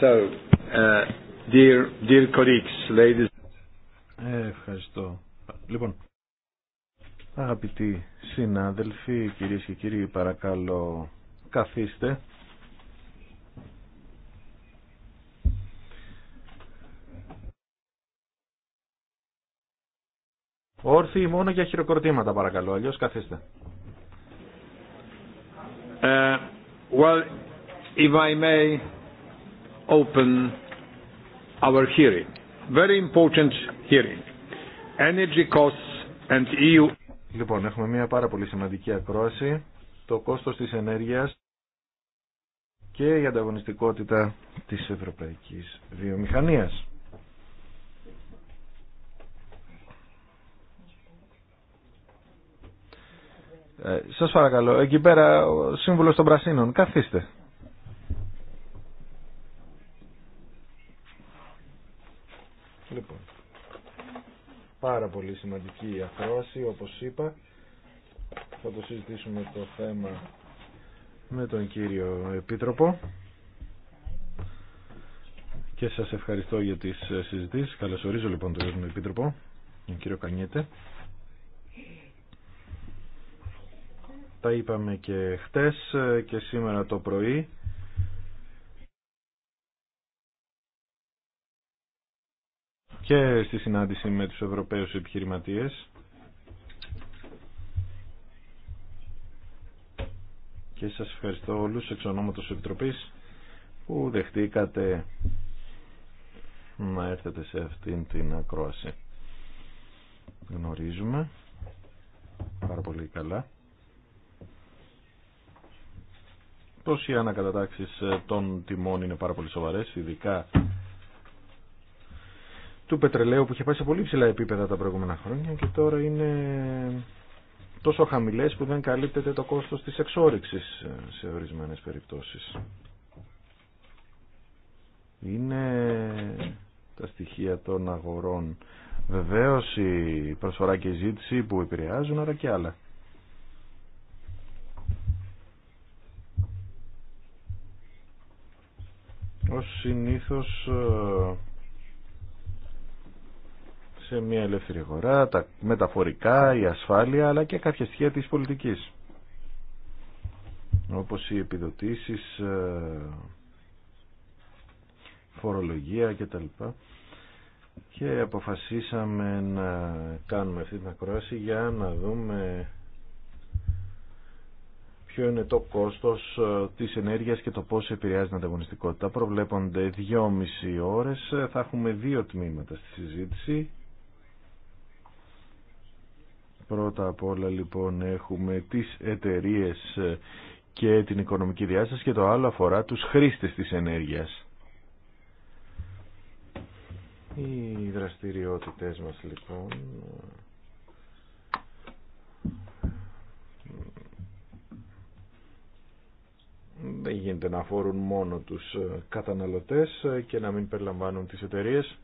So, uh, dear, dear colleagues, ladies. Ε, ευχαριστώ. Λοιπόν, αγαπητοί συνάδελφοι, κυρίες και κύριοι, παρακαλώ καθίστε. Όρθιοι μόνο για χειροκροτήματα παρακαλώ, αλλιώς καθίστε. Uh, well, if I may open our hearing. Very important hearing. Energy costs and EU. Λοιπόν, έχουμε μια πάρα πολύ σημαντική ακρόαση. Το κόστος της ενέργειας και η ανταγωνιστικότητα της ευρωπαϊκής βιομηχανίας. Ε, σας παρακαλώ, εκεί πέρα ο σύμβουλος των Πρασίνων, καθίστε. Λοιπόν, πάρα πολύ σημαντική η ακρόαση, όπως είπα. Θα το συζητήσουμε το θέμα με τον κύριο Επίτροπο. Και σας ευχαριστώ για τις συζητήσεις. Καλωσορίζω λοιπόν τον κύριο Επίτροπο, τον κύριο Κανιέτε. Τα είπαμε και χτες και σήμερα το πρωί και στη συνάντηση με τους Ευρωπαίους επιχειρηματίες και σας ευχαριστώ όλους εξ ονόματος Επιτροπής που δεχτήκατε να έρθετε σε αυτήν την ακρόαση. Γνωρίζουμε πάρα πολύ καλά πως οι ανακατατάξεις των τιμών είναι πάρα πολύ σοβαρές, ειδικά του πετρελαίου που είχε πάει σε πολύ ψηλά επίπεδα τα προηγούμενα χρόνια και τώρα είναι τόσο χαμηλές που δεν καλύπτεται το κόστος της εξόριξης ε, σε ορισμένες περιπτώσεις. Είναι τα στοιχεία των αγορών. Βεβαίως η προσφορά και η ζήτηση που επηρεάζουν, αλλά και άλλα. Ως συνήθως ε, σε μια ελεύθερη αγορά, τα μεταφορικά, η ασφάλεια, αλλά και κάποια στοιχεία της πολιτικής. Όπως οι επιδοτήσεις, ε, φορολογία κτλ. Και αποφασίσαμε να κάνουμε αυτή την ακρόαση για να δούμε ποιο είναι το κόστος ε, της ενέργειας και το πώς επηρεάζει την ανταγωνιστικότητα. Προβλέπονται 2,5 ώρες, θα έχουμε δύο τμήματα στη συζήτηση. Πρώτα απ' όλα λοιπόν έχουμε τις εταιρίες ε, και την οικονομική διάσταση και το άλλο αφορά τους χρήστες της ενέργειας. Οι δραστηριότητες μας λοιπόν ε, δεν γίνεται να αφορούν μόνο τους ε, καταναλωτές και να μην περιλαμβάνουν τις εταιρείες.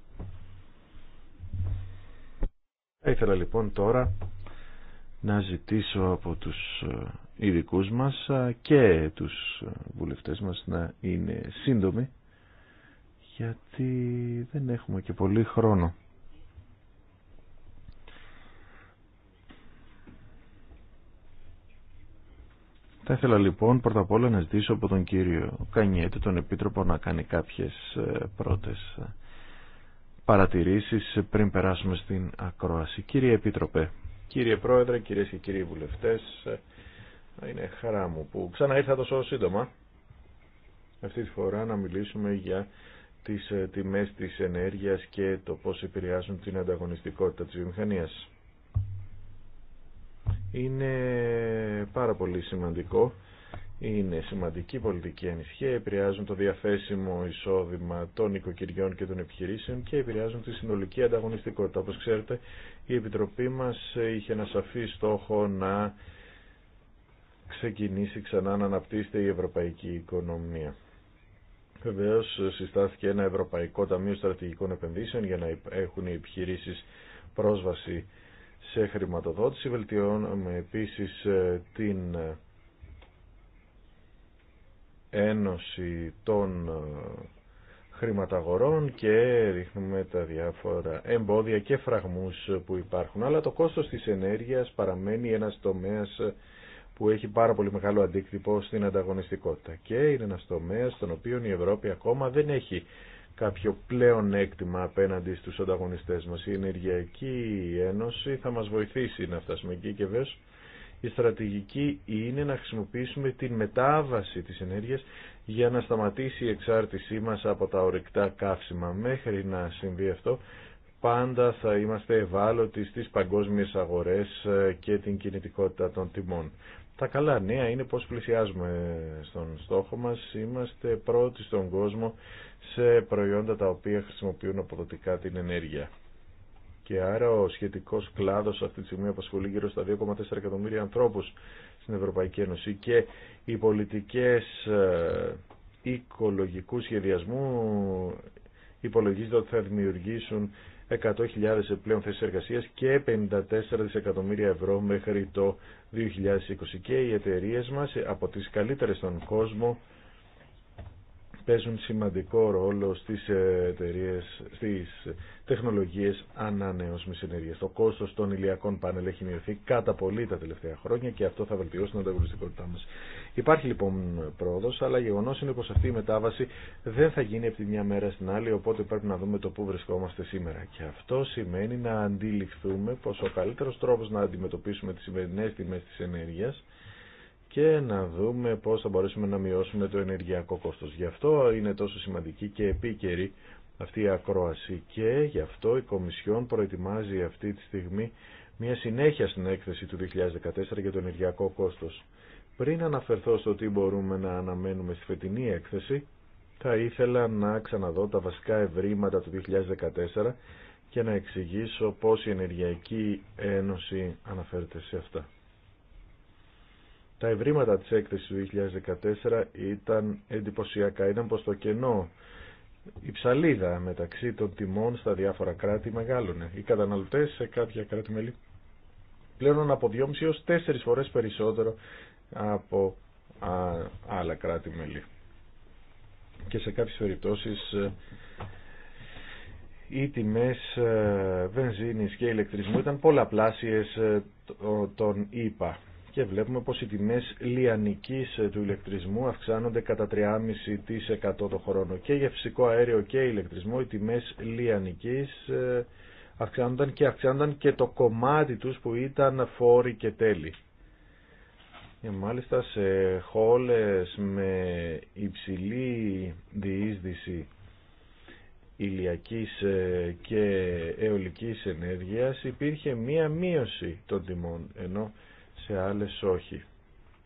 Θα ήθελα λοιπόν τώρα να ζητήσω από τους ε, ειδικού μας ε, και τους ε, βουλευτές μας να είναι σύντομοι γιατί δεν έχουμε και πολύ χρόνο. Θα ήθελα λοιπόν πρώτα απ' όλα να ζητήσω από τον κύριο Κανιέτη, τον Επίτροπο, να κάνει κάποιες πρώτες παρατηρήσεις πριν περάσουμε στην ακρόαση. Κύριε Επίτροπε, Κύριε Πρόεδρε, κυρίες και κύριοι βουλευτές, είναι χαρά μου που ξαναήρθα ήρθα τόσο σύντομα αυτή τη φορά να μιλήσουμε για τις ε, τιμές της ενέργειας και το πώς επηρεάζουν την ανταγωνιστικότητα της βιομηχανίας. Είναι πάρα πολύ σημαντικό είναι σημαντική πολιτική ανησυχία, επηρεάζουν το διαθέσιμο εισόδημα των οικοκυριών και των επιχειρήσεων και επηρεάζουν τη συνολική ανταγωνιστικότητα. Όπως ξέρετε, η Επιτροπή μας είχε ένα σαφή στόχο να ξεκινήσει ξανά να αναπτύσσεται η ευρωπαϊκή οικονομία. Βεβαίω συστάθηκε ένα Ευρωπαϊκό Ταμείο Στρατηγικών Επενδύσεων για να έχουν οι επιχειρήσεις πρόσβαση σε χρηματοδότηση. Βελτιώνουμε επίσης ε, την ε, ένωση των ε, χρηματαγορών και ρίχνουμε τα διάφορα εμπόδια και φραγμούς που υπάρχουν. Αλλά το κόστος της ενέργειας παραμένει ένας τομέας που έχει πάρα πολύ μεγάλο αντίκτυπο στην ανταγωνιστικότητα. Και είναι ένας τομέας στον οποίο η Ευρώπη ακόμα δεν έχει κάποιο πλέον έκτημα απέναντι στους ανταγωνιστές μας. Η Ενεργειακή Ένωση θα μας βοηθήσει να φτάσουμε εκεί και βέβαια η στρατηγική είναι να χρησιμοποιήσουμε την μετάβαση της ενέργειας για να σταματήσει η εξάρτησή μας από τα ορεικτά καύσιμα. Μέχρι να συμβεί αυτό πάντα θα είμαστε ευάλωτοι στις παγκόσμιες αγορές ε, και την κινητικότητα των τιμών. Τα καλά νέα είναι πως πλησιάζουμε στον στόχο μας. Είμαστε πρώτοι στον κόσμο σε προϊόντα τα οποία χρησιμοποιούν αποδοτικά την ενέργεια. Και άρα ο σχετικό κλάδος αυτή τη στιγμή απασχολεί γύρω στα 2,4 εκατομμύρια ανθρώπους στην Ευρωπαϊκή Ένωση και οι πολιτικές ε, οικολογικού σχεδιασμού υπολογίζεται ότι θα δημιουργήσουν 100.000 επιπλέον θέσεις εργασίας και 54 δισεκατομμύρια ευρώ μέχρι το 2020 και οι εταιρείε μα ε, από τις καλύτερες στον κόσμο παίζουν σημαντικό ρόλο στις εταιρείε, στις τεχνολογίες ανανεώσιμης ενέργειας. Το κόστος των ηλιακών πάνελ έχει μειωθεί κατά πολύ τα τελευταία χρόνια και αυτό θα βελτιώσει την ανταγωνιστικότητά μας. Υπάρχει λοιπόν πρόοδος, αλλά γεγονό είναι πως αυτή η μετάβαση δεν θα γίνει από τη μια μέρα στην άλλη, οπότε πρέπει να δούμε το πού βρισκόμαστε σήμερα. Και αυτό σημαίνει να αντιληφθούμε πως ο καλύτερος τρόπος να αντιμετωπίσουμε τις σημερινές τιμές της ενέργειας και να δούμε πώς θα μπορέσουμε να μειώσουμε το ενεργειακό κόστος. Γι' αυτό είναι τόσο σημαντική και επίκαιρη αυτή η ακρόαση και γι' αυτό η Κομισιόν προετοιμάζει αυτή τη στιγμή μια συνέχεια στην έκθεση του 2014 για το ενεργειακό κόστος. Πριν αναφερθώ στο τι μπορούμε να αναμένουμε στη φετινή έκθεση, θα ήθελα να ξαναδώ τα βασικά ευρήματα του 2014 και να εξηγήσω πώς η Ενεργειακή Ένωση αναφέρεται σε αυτά. Τα ευρήματα της έκθεσης του 2014 ήταν εντυπωσιακά. Ήταν πως το κενό η ψαλίδα μεταξύ των τιμών στα διάφορα κράτη μεγάλωνε. Οι καταναλωτές σε κάποια κράτη-μέλη πλέον από 2,5 έως 4 φορές περισσότερο από άλλα κράτη-μέλη. Και σε κάποιες περιπτώσεις οι τιμές ε, βενζίνης και ηλεκτρισμού ήταν πολλαπλάσιες ε, των ΙΠΑ και βλέπουμε πως οι τιμές λιανικής ε, του ηλεκτρισμού αυξάνονται κατά 3,5% το χρόνο και για φυσικό αέριο και ηλεκτρισμό οι τιμές λιανικής ε, αυξάνονταν και αυξάνονταν και το κομμάτι τους που ήταν φόροι και τέλη. Και μάλιστα σε χώλες με υψηλή διείσδυση ηλιακής ε, και αιωλικής ενέργειας υπήρχε μία μείωση των τιμών ενώ σε άλλες όχι.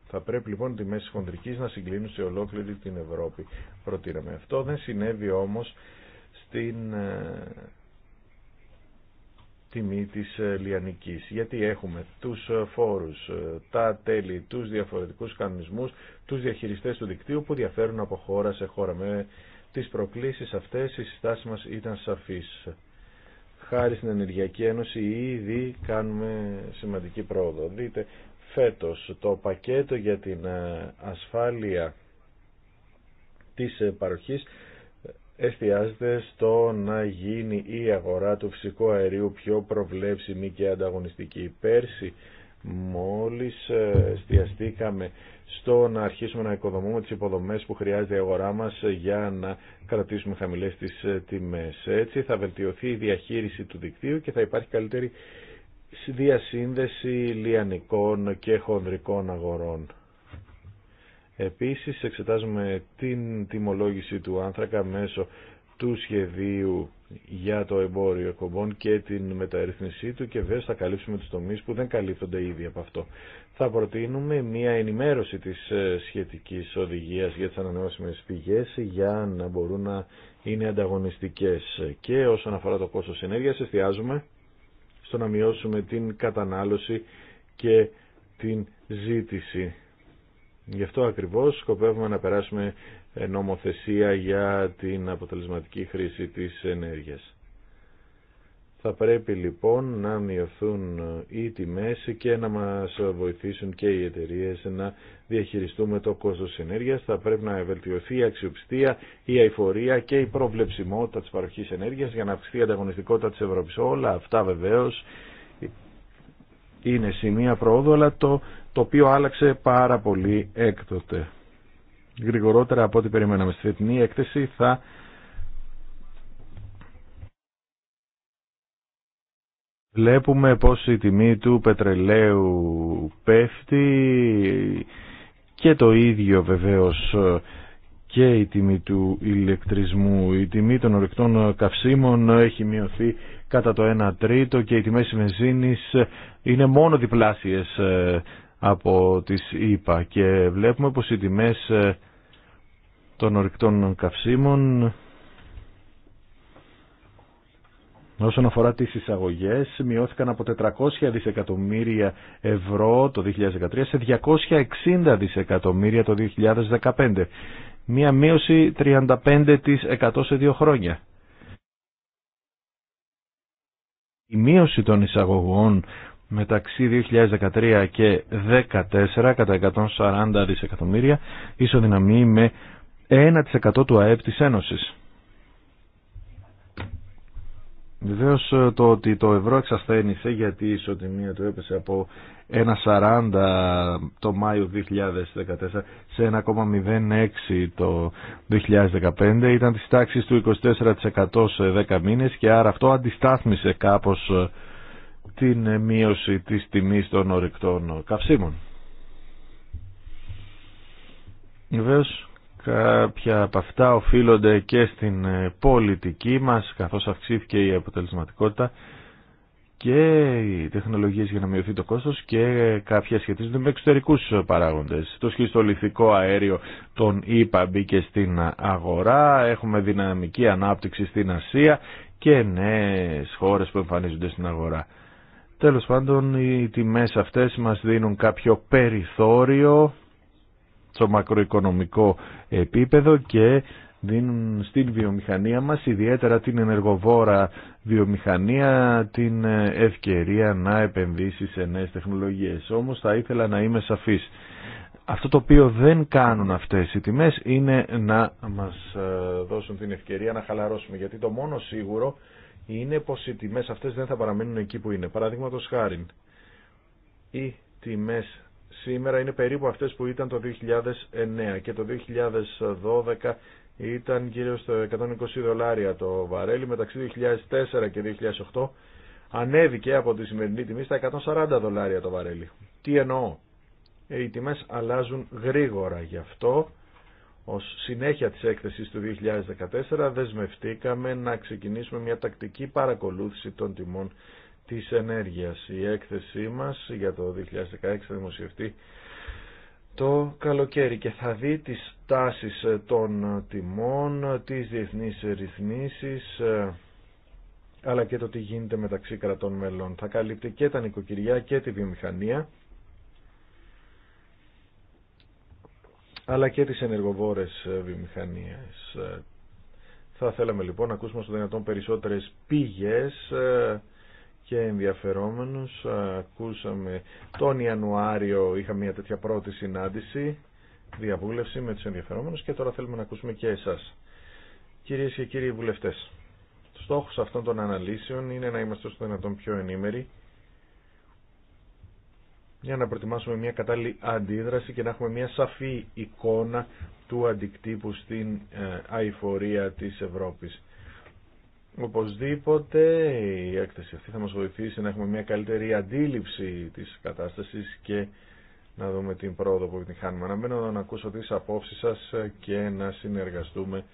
Θα πρέπει λοιπόν τη μέση χοντρική να συγκλίνουν σε ολόκληρη την Ευρώπη. Προτείναμε αυτό. Δεν συνέβη όμως στην ε, τιμή της ε, λιανικής. Γιατί έχουμε τους ε, φόρους, τα τέλη, τους διαφορετικούς κανονισμούς, τους διαχειριστές του δικτύου που διαφέρουν από χώρα σε χώρα. Με τις προκλήσεις αυτέ. η συστάση μας ήταν σαφής. Χάρη στην Ενεργειακή Ένωση ήδη κάνουμε σημαντική πρόοδο. Δείτε φέτος. Το πακέτο για την ε, ασφάλεια της ε, παροχής ε, εστιάζεται στο να γίνει η αγορά του φυσικού αερίου πιο προβλέψιμη και ανταγωνιστική. Πέρσι μόλις εστιαστήκαμε στο να αρχίσουμε να οικοδομούμε τις υποδομές που χρειάζεται η αγορά μας για να κρατήσουμε χαμηλές τις τιμές. Έτσι θα βελτιωθεί η διαχείριση του δικτύου και θα υπάρχει καλύτερη διασύνδεση λιανικών και χονδρικών αγορών. Επίσης εξετάζουμε την τιμολόγηση του άνθρακα μέσω του σχεδίου για το εμπόριο εκπομπών και την μεταρρύθμισή του και βέβαια θα καλύψουμε τους τομείς που δεν καλύπτονται ήδη από αυτό. Θα προτείνουμε μια ενημέρωση της ε, σχετικής οδηγίας για τις ανανεώσιμες πηγές για να μπορούν να είναι ανταγωνιστικές και όσον αφορά το κόστος ενέργειας εστιάζουμε στο να μειώσουμε την κατανάλωση και την ζήτηση. Γι' αυτό ακριβώς σκοπεύουμε να περάσουμε νομοθεσία για την αποτελεσματική χρήση της ενέργειας. Θα πρέπει λοιπόν να μειωθούν οι τιμές και να μας βοηθήσουν και οι εταιρείες να διαχειριστούμε το κόστος ενέργειας. Θα πρέπει να βελτιωθεί η αξιοπιστία, η αηφορία και η προβλεψιμότητα της παροχής ενέργειας για να αυξηθεί η ανταγωνιστικότητα της Ευρώπης. Όλα αυτά βεβαίως είναι σημεία πρόοδου, αλλά το οποίο άλλαξε πάρα πολύ έκτοτε. Γρηγορότερα από ό,τι περιμέναμε στη φετινή έκθεση θα Βλέπουμε πως η τιμή του πετρελαίου πέφτει και το ίδιο βεβαίως ε, και η τιμή του ηλεκτρισμού. Η τιμή των ορεικτών καυσίμων έχει μειωθεί κατά το 1 τρίτο και οι τιμές της είναι μόνο διπλάσιες ε, από τις ΙΠΑ και βλέπουμε πως οι τιμές ε, των ορεικτών καυσίμων Όσον αφορά τις εισαγωγές, μειώθηκαν από 400 δισεκατομμύρια ευρώ το 2013 σε 260 δισεκατομμύρια το 2015. Μία μείωση 35% σε δύο χρόνια. Η μείωση των εισαγωγών μεταξύ 2013 και 2014 κατά 140 δισεκατομμύρια ισοδυναμεί με 1% του ΑΕΠ της Ένωσης. Βεβαίω ε, το ότι το ευρώ εξασθένησε γιατί η ισοτιμία του έπεσε από 1,40 το Μάιο 2014 σε 1,06 το 2015 ήταν τη τάξη του 24% σε 10 μήνες και άρα αυτό αντιστάθμισε κάπως ε, την ε, μείωση της τιμής των ορεικτών καυσίμων. Βεβαίω. Κάποια από αυτά οφείλονται και στην ε, πολιτική μας, καθώς αυξήθηκε η αποτελεσματικότητα και οι τεχνολογίες για να μειωθεί το κόστος και κάποια σχετίζονται με εξωτερικούς παράγοντες. Το σχιστολιθικό αέριο των ΙΠΑ μπήκε στην αγορά, έχουμε δυναμική ανάπτυξη στην Ασία και νέες χώρες που εμφανίζονται στην αγορά. Τέλος πάντων οι τιμές αυτές μας δίνουν κάποιο περιθώριο στο μακροοικονομικό επίπεδο και δίνουν στην βιομηχανία μας, ιδιαίτερα την ενεργοβόρα βιομηχανία, την ευκαιρία να επενδύσει σε νέες τεχνολογίες. Όμως θα ήθελα να είμαι σαφής. Αυτό το οποίο δεν κάνουν αυτές οι τιμές είναι να μας ε, δώσουν την ευκαιρία να χαλαρώσουμε. Γιατί το μόνο σίγουρο είναι πως οι τιμές αυτές δεν θα παραμείνουν εκεί που είναι. Παραδείγματος χάρη, οι τιμές σήμερα είναι περίπου αυτές που ήταν το 2009 και το 2012 ήταν γύρω στο 120 δολάρια το βαρέλι μεταξύ 2004 και 2008 ανέβηκε από τη σημερινή τιμή στα 140 δολάρια το βαρέλι. Τι εννοώ. Ε, οι τιμές αλλάζουν γρήγορα γι' αυτό ως συνέχεια της έκθεσης του 2014 δεσμευτήκαμε να ξεκινήσουμε μια τακτική παρακολούθηση των τιμών της ενέργειας. Η έκθεσή μας για το 2016 θα δημοσιευτεί το καλοκαίρι και θα δει τις τάσεις των τιμών, τις διεθνείς ρυθμίσεις, αλλά και το τι γίνεται μεταξύ κρατών μελών. Θα καλύπτει και τα νοικοκυριά και τη βιομηχανία, αλλά και τις ενεργοβόρες βιομηχανίες. Θα θέλαμε λοιπόν να ακούσουμε στο δυνατόν περισσότερες πήγες ε, και ενδιαφερόμενους. Ακούσαμε τον Ιανουάριο, είχα μια τέτοια πρώτη συνάντηση, διαβούλευση με τους ενδιαφερόμενους και τώρα θέλουμε να ακούσουμε και εσάς. Κυρίες και κύριοι βουλευτές, στόχος αυτών των αναλύσεων είναι να είμαστε στο δυνατόν πιο ενήμεροι για να προετοιμάσουμε μια κατάλληλη αντίδραση και να έχουμε μια σαφή εικόνα του αντικτύπου στην ε, αηφορία της Ευρώπης. Οπωσδήποτε η έκθεση αυτή θα μας βοηθήσει να έχουμε μια καλύτερη αντίληψη της κατάστασης και να δούμε την πρόοδο που την Αναμένω να ακούσω τις απόψεις σας και να συνεργαστούμε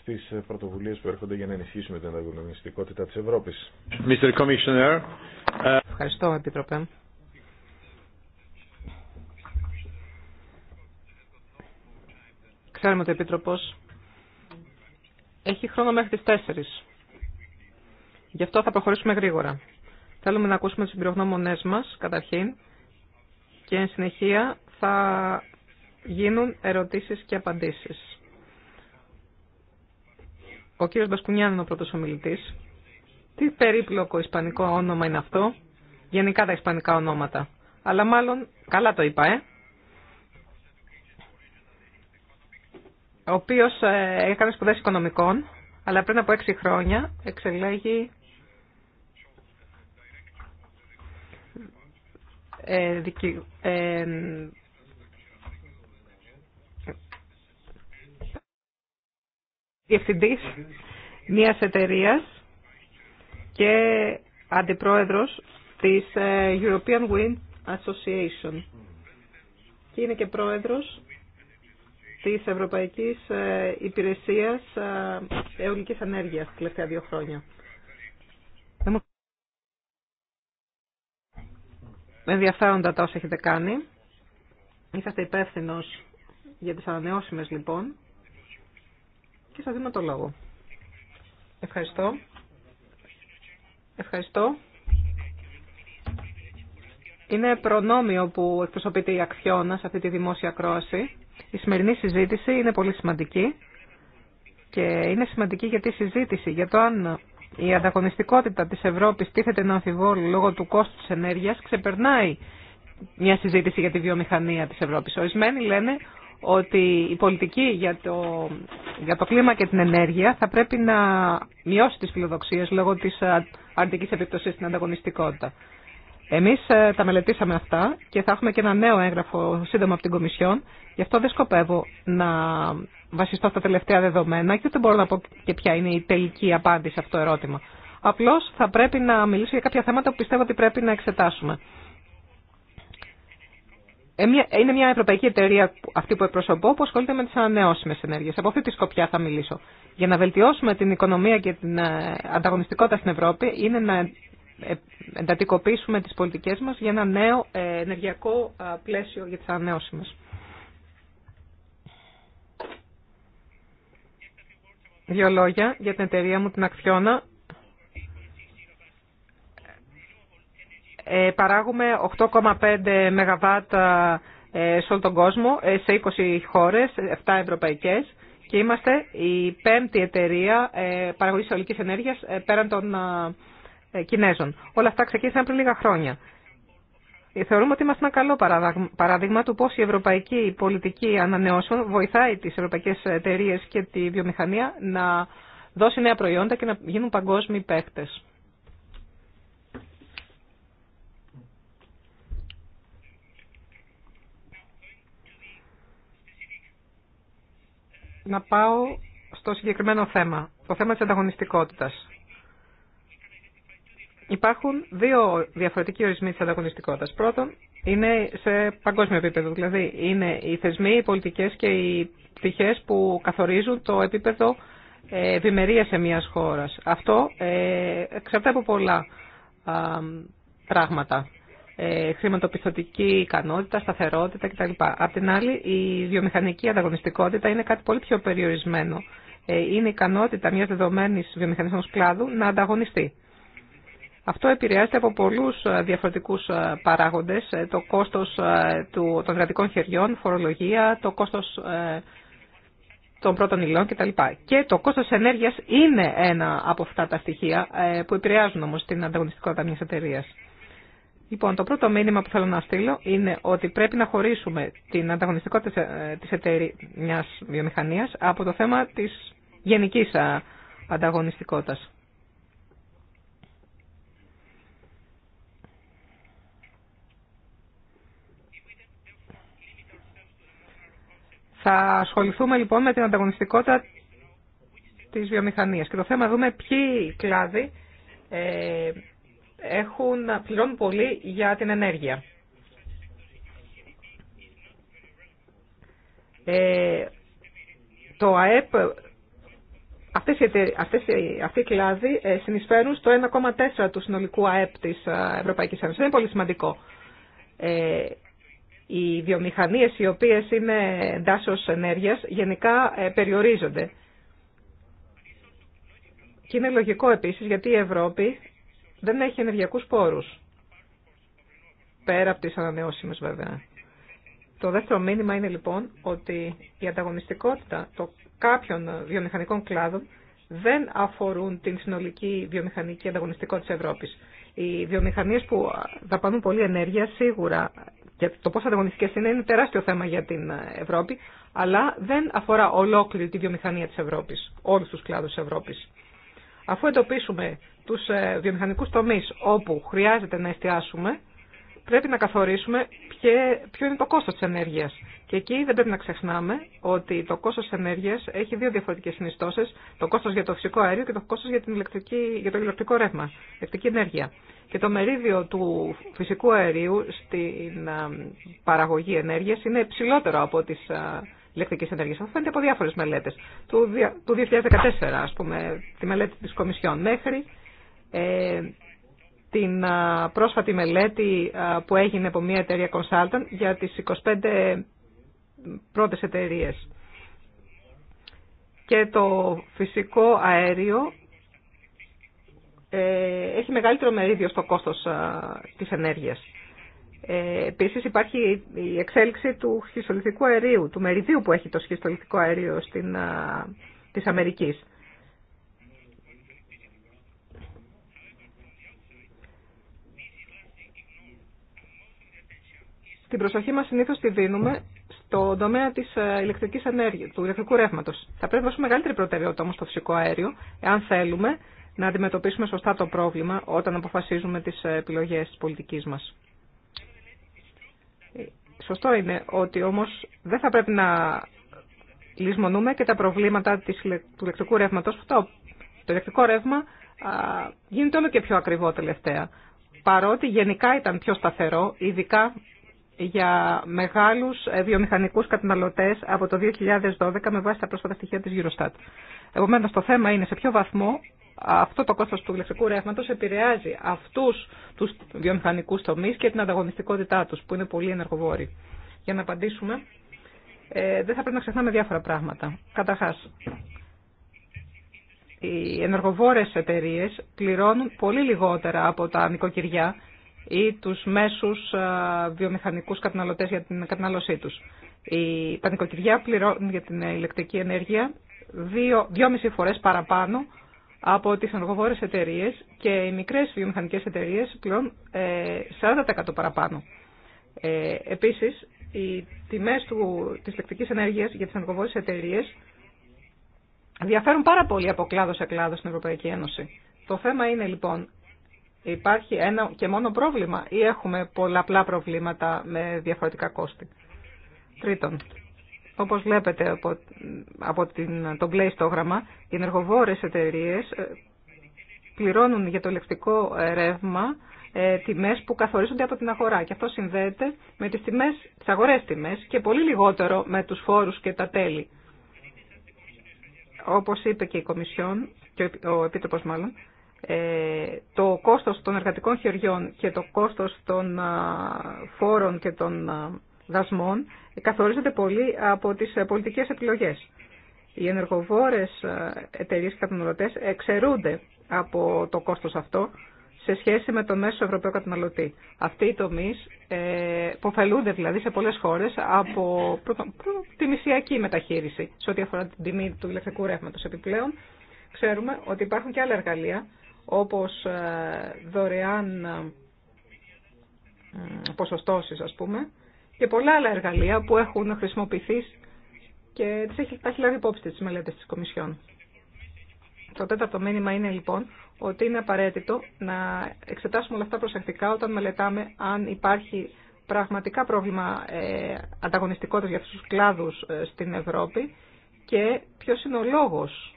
στις πρωτοβουλίες που έρχονται για να ενισχύσουμε την ανταγωνιστικότητα της Ευρώπης. Mr. Commissioner. Uh, Ευχαριστώ, Επίτροπε. Ξέρουμε ότι ο Επίτροπος έχει χρόνο μέχρι τις 4. Γι' αυτό θα προχωρήσουμε γρήγορα. Θέλουμε να ακούσουμε τις εμπειρογνώμονές μας, καταρχήν, και εν συνεχεία θα γίνουν ερωτήσεις και απαντήσεις. Ο κύριος Μπασκουνιάν είναι ο πρώτος ομιλητής. Τι περίπλοκο ισπανικό όνομα είναι αυτό. Γενικά τα ισπανικά ονόματα. Αλλά μάλλον, καλά το είπα, ε. ο οποίος ε, έκανε σπουδέ οικονομικών, αλλά πριν από έξι χρόνια εξελέγει ε, δικη, ε, διευθυντής μιας εταιρείας και αντιπρόεδρος της ε, European Wind Association και είναι και πρόεδρος της Ευρωπαϊκής ε, Υπηρεσίας ε, Αιωλικής Ανέργειας τα τελευταία δύο χρόνια. Ενδιαφέροντα τα όσα έχετε κάνει. Είσαστε υπεύθυνο για τις ανανεώσιμες λοιπόν και σας δίνω το λόγο. Ευχαριστώ. Ευχαριστώ. Είναι προνόμιο που εκπροσωπείται η Αξιώνα σε αυτή τη δημόσια κρόαση. Η σημερινή συζήτηση είναι πολύ σημαντική και είναι σημαντική γιατί η συζήτηση για το αν η ανταγωνιστικότητα της Ευρώπης τίθεται να αμφιβόλει λόγω του κόστου της ενέργειας ξεπερνάει μια συζήτηση για τη βιομηχανία της Ευρώπης. Ορισμένοι λένε ότι η πολιτική για το, για το κλίμα και την ενέργεια θα πρέπει να μειώσει τις φιλοδοξίες λόγω της αρνητικής επιπτωσής στην ανταγωνιστικότητα. Εμείς ε, τα μελετήσαμε αυτά και θα έχουμε και ένα νέο έγγραφο σύντομα από την Κομισιόν. Γι' αυτό δεν σκοπεύω να βασιστώ στα τελευταία δεδομένα και δεν μπορώ να πω και ποια είναι η τελική απάντηση σε αυτό το ερώτημα. Απλώ θα πρέπει να μιλήσω για κάποια θέματα που πιστεύω ότι πρέπει να εξετάσουμε. Ε, είναι μια ευρωπαϊκή εταιρεία αυτή που εκπροσωπώ που ασχολείται με τι ανανεώσιμε ενέργειε. Από αυτή τη σκοπιά θα μιλήσω. Για να βελτιώσουμε την οικονομία και την ε, ανταγωνιστικότητα στην Ευρώπη είναι να ε, εντατικοποιήσουμε τις πολιτικές μας για ένα νέο ε, ενεργειακό ε, πλαίσιο για τις μας. Δύο λόγια για την εταιρεία μου, την Ακθιώνα. παράγουμε 8,5 ΜΒ σε όλο τον κόσμο, σε 20 χώρες, 7 ευρωπαϊκές και είμαστε η πέμπτη εταιρεία παραγωγής ολικής ενέργειας πέραν των ε, Κινέζων. Όλα αυτά ξεκίνησαν πριν λίγα χρόνια. Ε, θεωρούμε ότι είμαστε ένα καλό παράδειγμα του πώς η ευρωπαϊκή πολιτική ανανεώσεων βοηθάει τις ευρωπαϊκές εταιρείε και τη βιομηχανία να δώσει νέα προϊόντα και να γίνουν παγκόσμιοι παίκτες. Να πάω στο συγκεκριμένο θέμα, το θέμα της ανταγωνιστικότητας. Υπάρχουν δύο διαφορετικοί ορισμοί τη ανταγωνιστικότητα. Πρώτον, είναι σε παγκόσμιο επίπεδο. Δηλαδή, είναι οι θεσμοί, οι πολιτικέ και οι πτυχέ που καθορίζουν το επίπεδο ε, ευημερία σε μια χώρα. Αυτό ε, εξαρτάται από πολλά πράγματα. Ε, χρηματοπιστωτική ικανότητα, σταθερότητα κτλ. Απ' την άλλη, η βιομηχανική ανταγωνιστικότητα είναι κάτι πολύ πιο περιορισμένο. Ε, είναι η ικανότητα μια δεδομένη βιομηχανικού κλάδου να ανταγωνιστεί. Αυτό επηρεάζεται από πολλούς ε, διαφορετικούς ε, παράγοντες, ε, το κόστος των κρατικών χεριών, φορολογία, το κόστος των πρώτων υλών κτλ. Και το κόστος ενέργειας είναι ένα από αυτά τα στοιχεία που επηρεάζουν όμως την ανταγωνιστικότητα μιας εταιρείας. Λοιπόν, το πρώτο μήνυμα που θέλω να στείλω είναι ότι πρέπει να χωρίσουμε την ανταγωνιστικότητα της εταιρείας μιας βιομηχανίας από το θέμα της γενικής ανταγωνιστικότητας. Θα ασχοληθούμε λοιπόν με την ανταγωνιστικότητα της βιομηχανίας και το θέμα δούμε ποιοι κλάδοι ε, έχουν, πληρώνουν πολύ για την ενέργεια. Ε, το ΑΕΠ, αυτές οι, αυτές οι, αυτοί κλάδοι ε, συνεισφέρουν στο 1,4 του συνολικού ΑΕΠ της ε, Ευρωπαϊκής Ένωσης. είναι πολύ σημαντικό. Ε, οι βιομηχανίες οι οποίες είναι δάσος ενέργειας γενικά ε, περιορίζονται. Και είναι λογικό επίσης γιατί η Ευρώπη δεν έχει ενεργειακούς πόρους. Πέρα από τις ανανεώσιμες βέβαια. Το δεύτερο μήνυμα είναι λοιπόν ότι η ανταγωνιστικότητα των κάποιων βιομηχανικών κλάδων δεν αφορούν την συνολική βιομηχανική ανταγωνιστικότητα της Ευρώπης. Οι βιομηχανίες που δαπανούν πολλή ενέργεια σίγουρα και το πόσο ανταγωνιστικέ είναι είναι τεράστιο θέμα για την Ευρώπη, αλλά δεν αφορά ολόκληρη τη βιομηχανία τη Ευρώπη, όλου του κλάδου τη Ευρώπη. Αφού εντοπίσουμε του ε, βιομηχανικού τομεί όπου χρειάζεται να εστιάσουμε, πρέπει να καθορίσουμε ποιο είναι το κόστο τη ενέργεια. Και εκεί δεν πρέπει να ξεχνάμε ότι το κόστος τη ενέργεια έχει δύο διαφορετικέ συνιστώσει: το κόστο για το φυσικό αέριο και το κόστο για, για το ηλεκτρικό ρεύμα, ηλεκτρική ενέργεια. Και το μερίδιο του φυσικού αερίου στην ε, παραγωγή ενέργειας είναι ψηλότερο από τις ε, ηλεκτρικής ενέργειες Αυτό φαίνεται από διάφορες μελέτες. Του 2014, ας πούμε, τη μελέτη της Κομισιόν μέχρι ε, την ε, πρόσφατη μελέτη που έγινε από μια εταιρεία consultant για τις 25 πρώτες εταιρείες. Και το φυσικό αέριο ε, έχει μεγαλύτερο μερίδιο στο κόστος της ενέργειας. Ε, επίσης υπάρχει η εξέλιξη του σχιστολιθικού αερίου, του μεριδίου που έχει το σχιστολιθικό αέριο στην, α, της Αμερικής. Την προσοχή μας συνήθως τη δίνουμε στον τομέα της ηλεκτρικής ενέργειας, του ηλεκτρικού ρεύματος. Θα πρέπει να δώσουμε μεγαλύτερη προτεραιότητα όμως στο φυσικό αέριο, εάν θέλουμε να αντιμετωπίσουμε σωστά το πρόβλημα όταν αποφασίζουμε τις επιλογές της πολιτικής μας. Σωστό είναι ότι όμως δεν θα πρέπει να λησμονούμε και τα προβλήματα της, του ηλεκτρικού ρεύματος. το ηλεκτρικό ρεύμα α, γίνεται όλο και πιο ακριβό τελευταία. Παρότι γενικά ήταν πιο σταθερό, ειδικά για μεγάλους ε, βιομηχανικούς καταναλωτές από το 2012 με βάση τα πρόσφατα στοιχεία της Eurostat. Επομένως, το θέμα είναι σε ποιο βαθμό αυτό το κόστος του ηλεκτρικού ρεύματος επηρεάζει αυτούς τους βιομηχανικούς τομείς και την ανταγωνιστικότητά τους, που είναι πολύ ενεργοβόροι. Για να απαντήσουμε, ε, δεν θα πρέπει να ξεχνάμε διάφορα πράγματα. Καταρχάς, οι ενεργοβόρες εταιρείε πληρώνουν πολύ λιγότερα από τα νοικοκυριά ή τους μέσους ε, βιομηχανικούς καταναλωτές για την κατανάλωσή του. τα νοικοκυριά πληρώνουν για την ηλεκτρική ενέργεια δύο, μισή φορές παραπάνω από τις ενεργοβόρες εταιρείε και οι μικρές βιομηχανικέ εταιρείε πλέον 40% ε, παραπάνω. Ε, επίσης, οι τιμές τη της ενέργεια ενέργειας για τις ενεργοβόρες εταιρείε διαφέρουν πάρα πολύ από κλάδο σε κλάδο στην Ευρωπαϊκή Ένωση. Το θέμα είναι λοιπόν, υπάρχει ένα και μόνο πρόβλημα ή έχουμε πολλαπλά προβλήματα με διαφορετικά κόστη. Τρίτον, όπως βλέπετε από, από την, το μπλε οι ενεργοβόρες εταιρείε ε, πληρώνουν για το λεκτικό ρεύμα ε, τιμές που καθορίζονται από την αγορά. Και αυτό συνδέεται με τις, τιμές, τις αγορές τιμές και πολύ λιγότερο με τους φόρους και τα τέλη. Όπως είπε και η Κομισιόν, και ο Επίτροπος μάλλον, ε, το κόστος των εργατικών χεριών και το κόστος των φόρων και των δασμών καθορίζονται πολύ από τις ε, πολιτικές επιλογές. Οι ενεργοβόρες ε, εταιρείες και καταναλωτές εξαιρούνται από το κόστος αυτό σε σχέση με το μέσο Ευρωπαίο καταναλωτή. Αυτοί οι τομεί ε, υποφελούνται δηλαδή σε πολλέ χώρε από τη μισιακή μεταχείριση σε ό,τι αφορά την τιμή του ηλεκτρικού ρεύματο. Επιπλέον, ξέρουμε ότι υπάρχουν και άλλα εργαλεία όπω ε, δωρεάν ε, ποσοστώσει, α πούμε, και πολλά άλλα εργαλεία που έχουν χρησιμοποιηθεί και τις έχει, τα έχει λάβει υπόψη τις μελέτες της Κομισιόν. Το τέταρτο μήνυμα είναι λοιπόν ότι είναι απαραίτητο να εξετάσουμε όλα αυτά προσεκτικά όταν μελετάμε αν υπάρχει πραγματικά πρόβλημα ε, ανταγωνιστικότητας για αυτούς τους κλάδους ε, στην Ευρώπη και ποιο είναι ο λόγος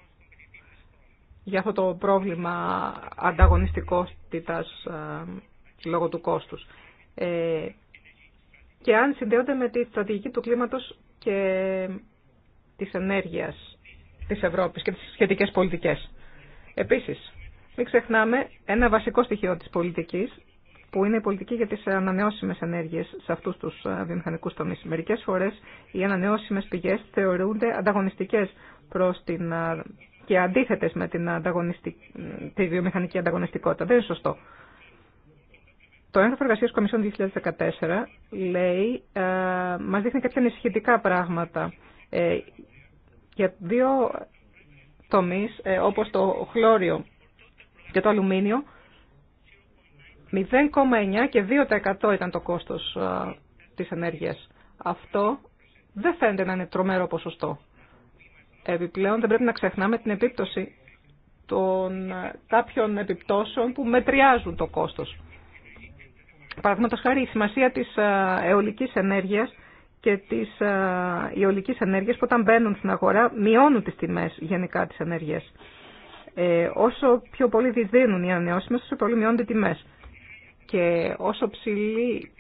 για αυτό το πρόβλημα ανταγωνιστικότητας ε, λόγω του κόστους. Ε, και αν συνδέονται με τη στρατηγική του κλίματος και της ενέργειας της Ευρώπης και τις σχετικές πολιτικές. Επίσης, μην ξεχνάμε ένα βασικό στοιχείο της πολιτικής, που είναι η πολιτική για τις ανανεώσιμες ενέργειες σε αυτούς τους ε, βιομηχανικούς τομείς. Μερικές φορές οι ανανεώσιμες πηγές θεωρούνται ανταγωνιστικές προς την, ε, και αντίθετες με την τη βιομηχανική ανταγωνιστικότητα. Δεν είναι σωστό. Το έγγραφο εργασία Κομισιόν 2014 λέει, ε, μας δείχνει κάποια ανησυχητικά πράγματα ε, για δύο τομεί, ε, όπως το χλώριο και το αλουμίνιο. 0,9 και 2% ήταν το κόστο ε, της ενέργειας. Αυτό δεν φαίνεται να είναι τρομερό ποσοστό. Επιπλέον δεν πρέπει να ξεχνάμε την επίπτωση των ε, κάποιων επιπτώσεων που μετριάζουν το κόστος. Παραδείγματο χάρη η σημασία της ε, αιωλική ενέργειας και της ε, αιωλική ενέργειας που όταν μπαίνουν στην αγορά μειώνουν τις τιμές γενικά της ενέργεια, ε, όσο πιο πολύ διδίνουν οι ανανεώσιμε, τόσο πολύ μειώνονται οι τιμές. Και όσο ψηλή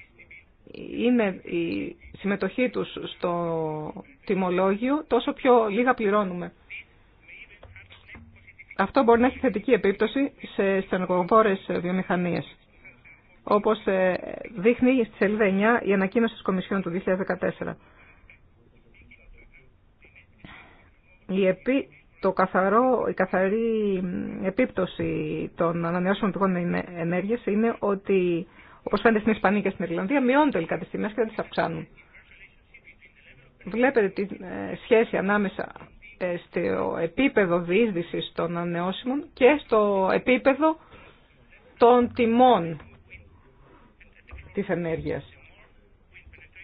είναι η συμμετοχή τους στο τιμολόγιο, τόσο πιο λίγα πληρώνουμε. Αυτό μπορεί να έχει θετική επίπτωση σε στενοκοβόρες βιομηχανίες όπως ε, δείχνει στη σελίδα 9 η ανακοίνωση της Κομισιόν του 2014. Η επί... το καθαρό, η καθαρή επίπτωση των ανανεώσιμων πηγών ενέργειας είναι ότι, όπω φαίνεται στην Ισπανία και στην Ιρλανδία, μειώνουν τελικά τι τιμέ και δεν τι αυξάνουν. Βλέπετε τη ε, σχέση ανάμεσα ε, στο επίπεδο διείσδυσης των ανανεώσιμων και στο επίπεδο των τιμών της ενέργειας.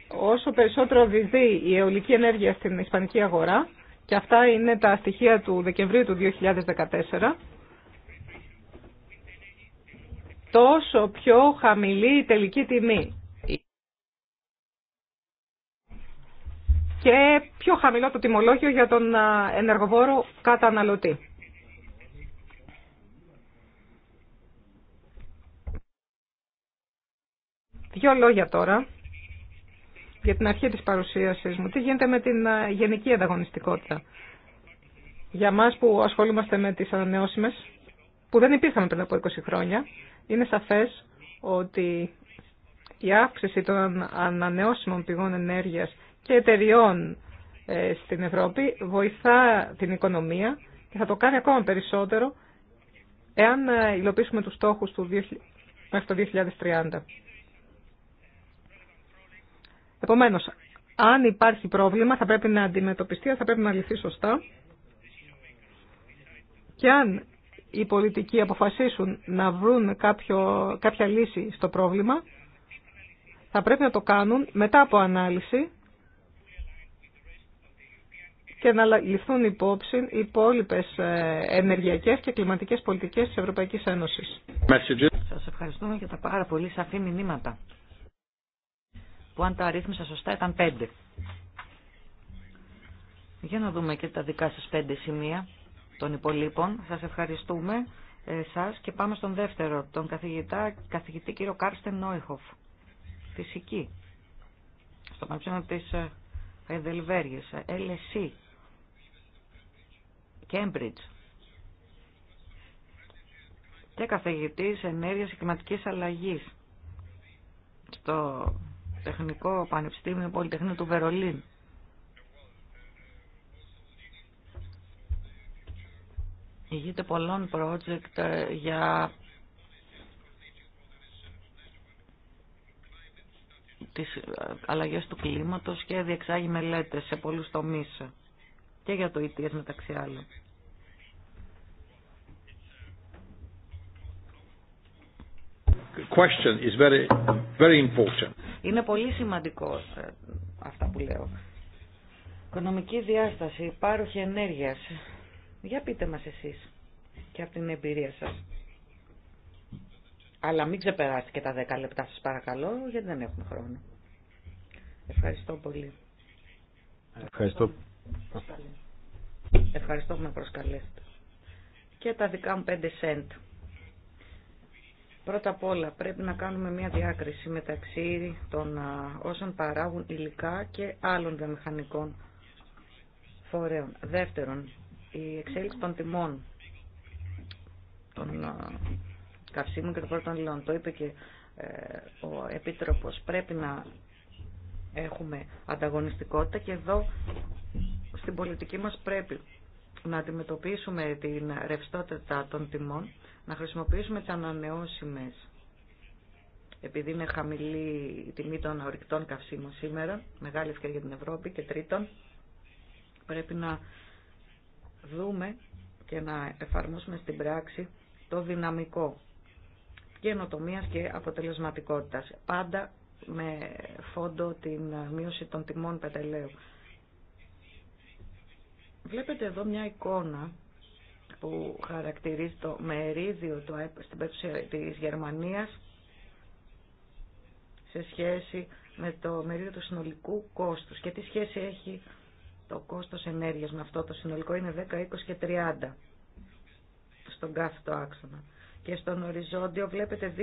Όσο περισσότερο διδεί η αιωλική ενέργεια στην ισπανική αγορά, και αυτά είναι τα στοιχεία του Δεκεμβρίου του 2014, τόσο πιο χαμηλή η τελική τιμή. Και πιο χαμηλό το τιμολόγιο για τον ενεργοβόρο καταναλωτή. Δύο λόγια τώρα για την αρχή της παρουσίασης μου. Τι γίνεται με την ε, γενική ανταγωνιστικότητα. Για μας που ασχολούμαστε με τις ανανεώσιμες, που δεν υπήρχαν πριν από 20 χρόνια, είναι σαφές ότι η αύξηση των ανανεώσιμων πηγών ενέργειας και εταιριών ε, στην Ευρώπη βοηθά την οικονομία και θα το κάνει ακόμα περισσότερο εάν ε, υλοποιήσουμε τους στόχους του μέχρι το 2030. Επομένως, αν υπάρχει πρόβλημα θα πρέπει να αντιμετωπιστεί, θα πρέπει να λυθεί σωστά. Και αν οι πολιτικοί αποφασίσουν να βρουν κάποιο, κάποια λύση στο πρόβλημα, θα πρέπει να το κάνουν μετά από ανάλυση και να ληφθούν υπόψη οι υπόλοιπε ε, ενεργειακές και κλιματικές πολιτικές της Ευρωπαϊκής Ένωσης. Σας ευχαριστούμε για τα πάρα πολύ σαφή μηνύματα που αν τα αρρύθμισα σωστά ήταν πέντε. Για να δούμε και τα δικά σας πέντε σημεία των υπολείπων. Σας ευχαριστούμε ε, σας και πάμε στον δεύτερο, τον καθηγητά, καθηγητή κύριο Κάρστεν Νόιχοφ, φυσική, στο Πανεπιστήμιο της Εδελβέργης, LSE, Cambridge και καθηγητής ενέργειας και κλιματική αλλαγής στο Τεχνικό Πανεπιστήμιο Πολυτεχνείο του Βερολίν. Υγείται πολλών project ε, για τις ε, αλλαγές του κλίματος και διεξάγει μελέτες σε πολλούς τομείς ε, και για το ETS μεταξύ άλλων. question is very, very important. Είναι πολύ σημαντικό ε, αυτά που λέω. Οικονομική διάσταση, πάροχη ενέργειας. Για πείτε μας εσείς και από την εμπειρία σας. Αλλά μην ξεπεράσετε και τα 10 λεπτά σας παρακαλώ, γιατί δεν έχουμε χρόνο. Ευχαριστώ πολύ. Ευχαριστώ. Ευχαριστώ που με προσκαλέσετε. Και τα δικά μου 5 cent. Πρώτα απ' όλα πρέπει να κάνουμε μια διάκριση μεταξύ των όσων παράγουν υλικά και άλλων βιομηχανικών φορέων. Δεύτερον, η εξέλιξη των τιμών των καυσίμων και των πρώτων υλών. Το είπε και ε, ο Επίτροπος. Πρέπει να έχουμε ανταγωνιστικότητα και εδώ στην πολιτική μας πρέπει να αντιμετωπίσουμε την ρευστότητα των τιμών, να χρησιμοποιήσουμε τις ανανεώσιμες επειδή είναι χαμηλή η τιμή των ορυκτών καυσίμων σήμερα, μεγάλη ευκαιρία για την Ευρώπη και τρίτον, πρέπει να δούμε και να εφαρμόσουμε στην πράξη το δυναμικό καινοτομίας και αποτελεσματικότητας. Πάντα με φόντο την μείωση των τιμών πετελαίου. Βλέπετε εδώ μια εικόνα που χαρακτηρίζει το μερίδιο του ΑΕΠ στην περίπτωση της Γερμανίας σε σχέση με το μερίδιο του συνολικού κόστους. Και τι σχέση έχει το κόστος ενέργειας με αυτό το συνολικό είναι 10, 20 και 30 στον κάθετο άξονα. Και στον οριζόντιο βλέπετε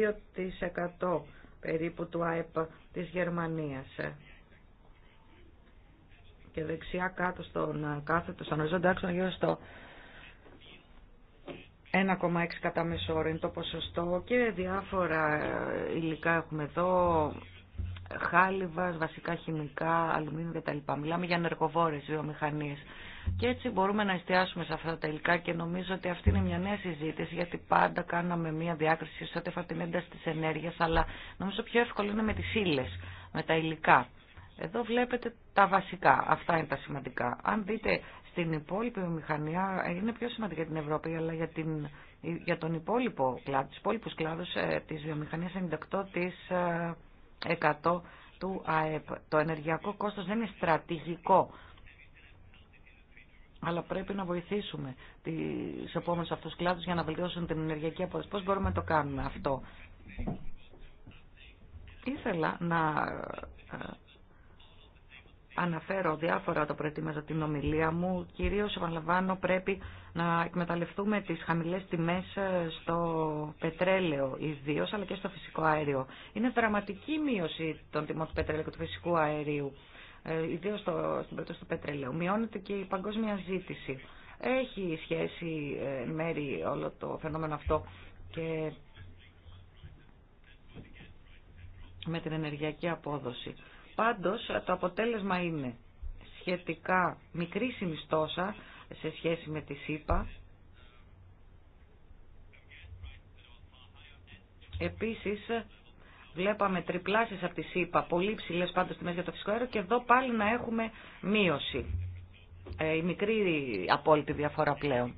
2% περίπου του ΑΕΠ της Γερμανίας και δεξιά κάτω στον ε, κάθετο, στον οριζόντα άξονα γύρω στο 1,6 κατά μέσο είναι το ποσοστό και διάφορα ε, υλικά έχουμε εδώ, χάλιβας, βασικά χημικά, αλουμίνιο κτλ. Μιλάμε για ενεργοβόρες βιομηχανίες. Και έτσι μπορούμε να εστιάσουμε σε αυτά τα υλικά και νομίζω ότι αυτή είναι μια νέα συζήτηση γιατί πάντα κάναμε μια διάκριση σε ό,τι αφορά την ένταση της ενέργειας αλλά νομίζω πιο εύκολο είναι με τις ύλες, με τα υλικά. Εδώ βλέπετε τα βασικά, αυτά είναι τα σημαντικά. Αν δείτε στην υπόλοιπη βιομηχανία, είναι πιο σημαντική για την Ευρώπη, αλλά για, την, για τον υπόλοιπο κλάδο, τους υπόλοιπους κλάδους ε, της βιομηχανίας 98% ε, του ΑΕΠ. Το ενεργειακό κόστος δεν είναι στρατηγικό, αλλά πρέπει να βοηθήσουμε τις επόμενες αυτούς κλάδους για να βελτιώσουν την ενεργειακή αποδοσια. Πώς μπορούμε να το κάνουμε αυτό. Ήθελα να ε, αναφέρω διάφορα το προετοίμαζα την ομιλία μου. Κυρίως, επαναλαμβάνω, πρέπει να εκμεταλλευτούμε τις χαμηλές τιμές ε, στο πετρέλαιο ιδίω, αλλά και στο φυσικό αέριο. Είναι δραματική μείωση των τιμών του πετρέλαιου και του φυσικού αερίου, ε, ιδίως στο, στην περίπτωση του πετρελαίου. Μειώνεται και η παγκόσμια ζήτηση. Έχει σχέση ε, μέρη όλο το φαινόμενο αυτό και με την ενεργειακή απόδοση. Πάντως το αποτέλεσμα είναι σχετικά μικρή συνιστόσα σε σχέση με τη ΣΥΠΑ. Επίσης βλέπαμε τριπλάσεις από τη ΣΥΠΑ, πολύ ψηλές πάντως τιμές για το φυσικό αέριο και εδώ πάλι να έχουμε μείωση. Ε, η μικρή απόλυτη διαφορά πλέον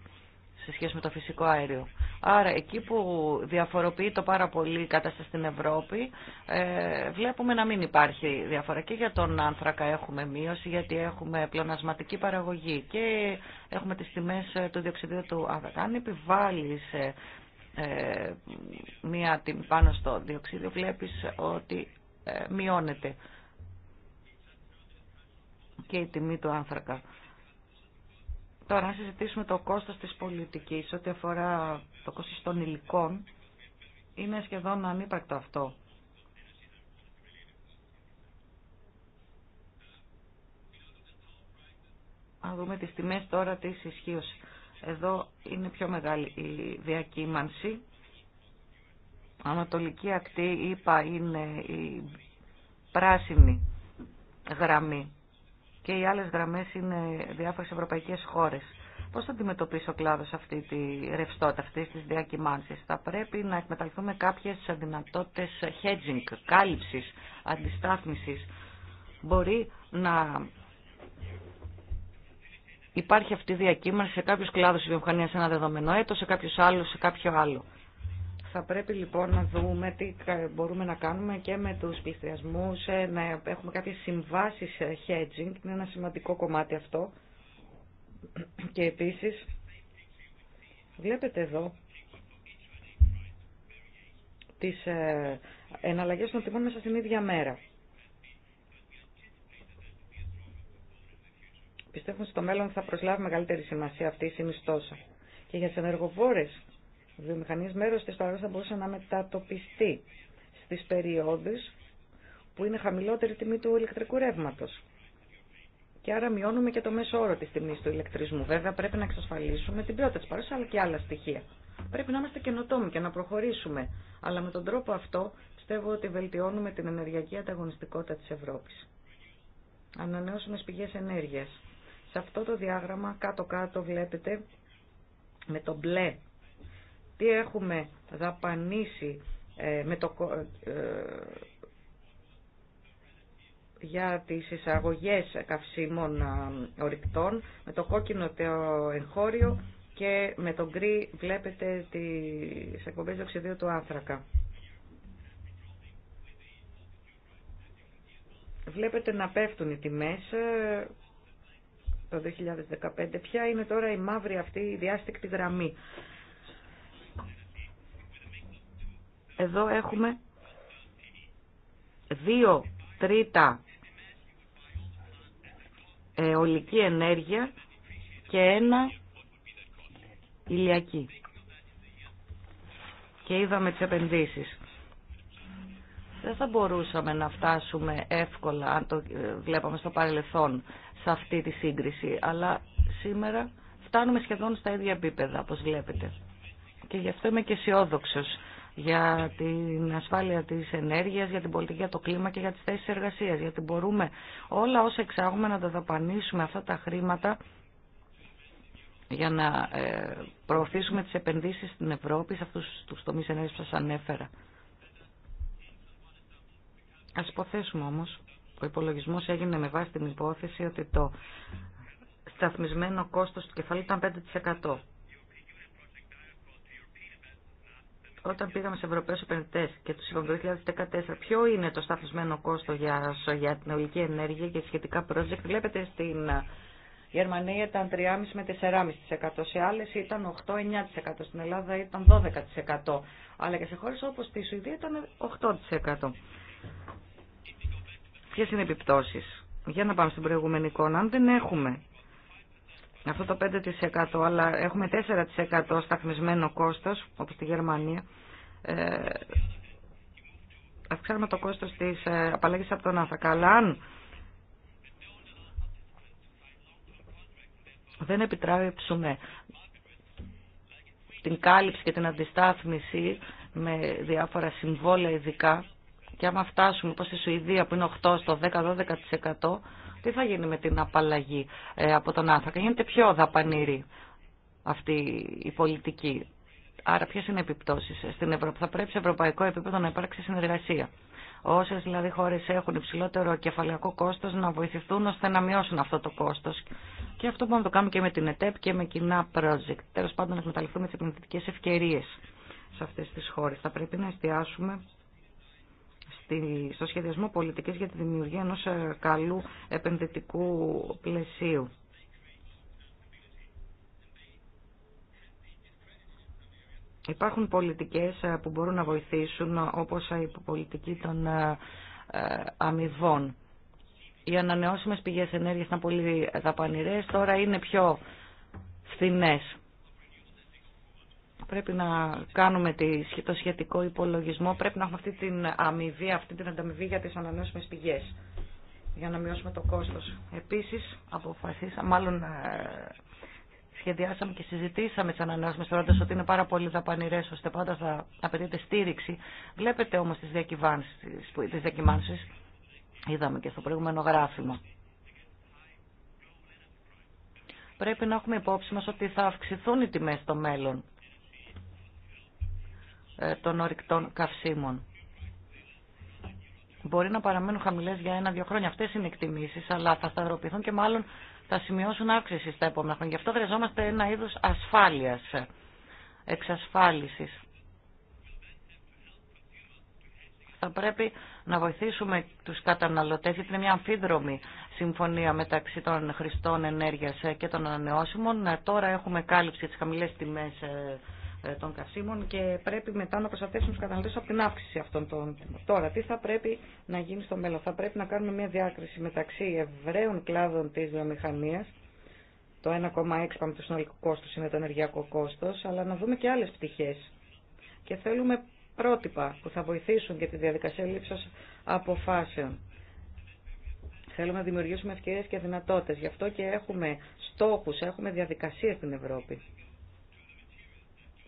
σε σχέση με το φυσικό αέριο. Άρα εκεί που διαφοροποιεί το πάρα πολύ η κατάσταση στην Ευρώπη ε, βλέπουμε να μην υπάρχει διαφορά. Και για τον άνθρακα έχουμε μείωση γιατί έχουμε πλεονασματική παραγωγή και έχουμε τις τιμές ε, του διοξιδίου του άνθρακα. Αν επιβάλλεις ε, μία τιμή πάνω στο διοξίδιο βλέπεις ότι ε, μειώνεται και η τιμή του άνθρακα. Τώρα, να συζητήσουμε το κόστος της πολιτικής ό,τι αφορά το κόστο των υλικών, είναι σχεδόν ανύπαρκτο αυτό. Αν δούμε τις τιμές τώρα της ισχύω. Εδώ είναι πιο μεγάλη η διακύμανση. Ανατολική ακτή, είπα, είναι η πράσινη γραμμή και οι άλλες γραμμές είναι διάφορες ευρωπαϊκές χώρες. Πώς θα αντιμετωπίσει ο κλάδος αυτή τη ρευστότητα, αυτή τη διακυμάνσεις. Θα πρέπει να εκμεταλλευτούμε κάποιες δυνατότητες hedging, κάλυψης, αντιστάθμισης. Μπορεί να υπάρχει αυτή η διακύμανση σε κάποιους κλάδους της βιομηχανίας σε ένα δεδομένο έτος, σε κάποιους άλλους, σε κάποιο άλλο. Θα πρέπει λοιπόν να δούμε τι μπορούμε να κάνουμε και με τους πληστριασμούς, ε, να έχουμε κάποιες συμβάσεις ε, hedging, είναι ένα σημαντικό κομμάτι αυτό. Και επίσης, βλέπετε εδώ τις ε, εναλλαγές των τιμών μέσα στην ίδια μέρα. Πιστεύουμε στο μέλλον θα προσλάβει μεγαλύτερη σημασία αυτή η συνιστόσα. Και για τις ενεργοβόρες βιομηχανίας μέρος της παραγωγής θα μπορούσε να μετατοπιστεί στις περιόδους που είναι χαμηλότερη τιμή του ηλεκτρικού ρεύματος. Και άρα μειώνουμε και το μέσο όρο της τιμής του ηλεκτρισμού. Βέβαια πρέπει να εξασφαλίσουμε την πρώτη της αλλά και άλλα στοιχεία. Πρέπει να είμαστε καινοτόμοι και να προχωρήσουμε. Αλλά με τον τρόπο αυτό πιστεύω ότι βελτιώνουμε την ενεργειακή ανταγωνιστικότητα της Ευρώπης. Ανανεώσουμε πηγές ενέργειας. Σε αυτό το διάγραμμα κάτω-κάτω βλέπετε με το μπλε τι έχουμε δαπανίσει ε, με το, ε, για τις εισαγωγές καυσίμων ορυκτών με το κόκκινο το εγχώριο και με τον γκρι βλέπετε τις εκπομπές δοξιδίου του άνθρακα. Βλέπετε να πέφτουν οι τιμές ε, το 2015. Ποια είναι τώρα η μαύρη αυτή η διάστηκτη γραμμή Εδώ έχουμε δύο τρίτα ε, ολική ενέργεια και ένα ηλιακή. Και είδαμε τις επενδύσεις. Δεν θα μπορούσαμε να φτάσουμε εύκολα, αν το ε, βλέπαμε στο παρελθόν, σε αυτή τη σύγκριση. Αλλά σήμερα φτάνουμε σχεδόν στα ίδια επίπεδα, όπως βλέπετε. Και γι' αυτό είμαι και αισιόδοξο για την ασφάλεια της ενέργειας, για την πολιτική, για το κλίμα και για τις θέσει εργασία, Γιατί μπορούμε όλα όσα εξάγουμε να τα δαπανίσουμε αυτά τα χρήματα για να ε, προωθήσουμε τις επενδύσεις στην Ευρώπη σε αυτούς τους τομείς ενέργειας που σας ανέφερα. Ας υποθέσουμε όμως, ο υπολογισμός έγινε με βάση την υπόθεση ότι το σταθμισμένο κόστος του κεφαλαίου ήταν 5%. όταν πήγαμε σε Ευρωπαίους επενδυτέ και του είπαμε το 2014 ποιο είναι το σταθμισμένο κόστο για, για την ολική ενέργεια και σχετικά project, βλέπετε στην ε, Γερμανία ήταν 3,5 με 4,5%, σε αλλε ηταν ήταν 8-9%, στην Ελλάδα ήταν 12%, αλλά και σε χώρε όπως τη Σουηδία ήταν 8%. Ποιε είναι οι επιπτώσει, Για να πάμε στην προηγούμενη εικόνα. Αν δεν έχουμε αυτό το 5% αλλά έχουμε 4% σταθμισμένο κόστος όπως στη Γερμανία ε, αυξάνουμε το κόστος της ε, απαλλαγής από τον άνθρακα δεν επιτρέψουμε την κάλυψη και την αντιστάθμιση με διάφορα συμβόλαια ειδικά και άμα φτάσουμε όπως στη Σουηδία που είναι 8 στο 10-12% τι θα γίνει με την απαλλαγή ε, από τον άνθρακα. Γίνεται πιο δαπανηρή αυτή η πολιτική. Άρα ποιε είναι οι επιπτώσεις στην Ευρώπη. Θα πρέπει σε ευρωπαϊκό επίπεδο να υπάρξει συνεργασία. Όσε δηλαδή χώρε έχουν υψηλότερο κεφαλαιακό κόστο να βοηθηθούν ώστε να μειώσουν αυτό το κόστο. Και αυτό μπορούμε να το κάνουμε και με την ΕΤΕΠ και με κοινά project. Τέλο πάντων, να εκμεταλλευτούμε τι επενδυτικέ ευκαιρίε σε αυτέ τι χώρε. Θα πρέπει να εστιάσουμε στο σχεδιασμό πολιτικής για τη δημιουργία ενός ε, καλού επενδυτικού πλαισίου. Υπάρχουν πολιτικές ε, που μπορούν να βοηθήσουν, όπως η πολιτική των ε, αμοιβών. Οι ανανεώσιμες πηγές ενέργειας ήταν πολύ δαπανηρές, τώρα είναι πιο φθηνές. Πρέπει να κάνουμε το σχετικό υπολογισμό, πρέπει να έχουμε αυτή την αμοιβή, αυτή την ανταμοιβή για τις ανανεώσιμες πηγές, για να μειώσουμε το κόστος. Επίσης, αποφασίσαμε, μάλλον ε, σχεδιάσαμε και συζητήσαμε τι ανανεώσιμε θεωρώντα ότι είναι πάρα πολύ δαπανηρέ, ώστε πάντα θα απαιτείται στήριξη. Βλέπετε όμω τι διακυμάνσεις, Είδαμε και στο προηγούμενο γράφημα. Πρέπει να έχουμε υπόψη μα ότι θα αυξηθούν οι τιμέ στο μέλλον. Ε, των ορυκτών καυσίμων. Μπορεί να παραμένουν χαμηλέ για ένα-δύο χρόνια. Αυτέ είναι εκτιμήσει, αλλά θα σταθεροποιηθούν και μάλλον θα σημειώσουν αύξηση στα επόμενα χρόνια. Γι' αυτό χρειαζόμαστε ένα είδο ασφάλεια, εξασφάλιση. Θα πρέπει να βοηθήσουμε του καταναλωτέ, γιατί είναι μια αμφίδρομη συμφωνία μεταξύ των χρηστών ενέργεια και των ανανεώσιμων. Ε, τώρα έχουμε κάλυψη τι χαμηλέ τιμέ ε, ε, των καυσίμων και πρέπει μετά να προστατεύσουμε του καταναλωτέ από την αύξηση αυτών των τιμών. Τώρα, τι θα πρέπει να γίνει στο μέλλον. Θα πρέπει να κάνουμε μια διάκριση μεταξύ ευραίων κλάδων τη βιομηχανία, το 1,6 με το συνολικού κόστου είναι το ενεργειακό κόστο, αλλά να δούμε και άλλε πτυχέ. Και θέλουμε πρότυπα που θα βοηθήσουν για τη διαδικασία λήψη αποφάσεων. Θέλουμε να δημιουργήσουμε ευκαιρίε και δυνατότητε. Γι' αυτό και έχουμε στόχου, έχουμε διαδικασίε στην Ευρώπη.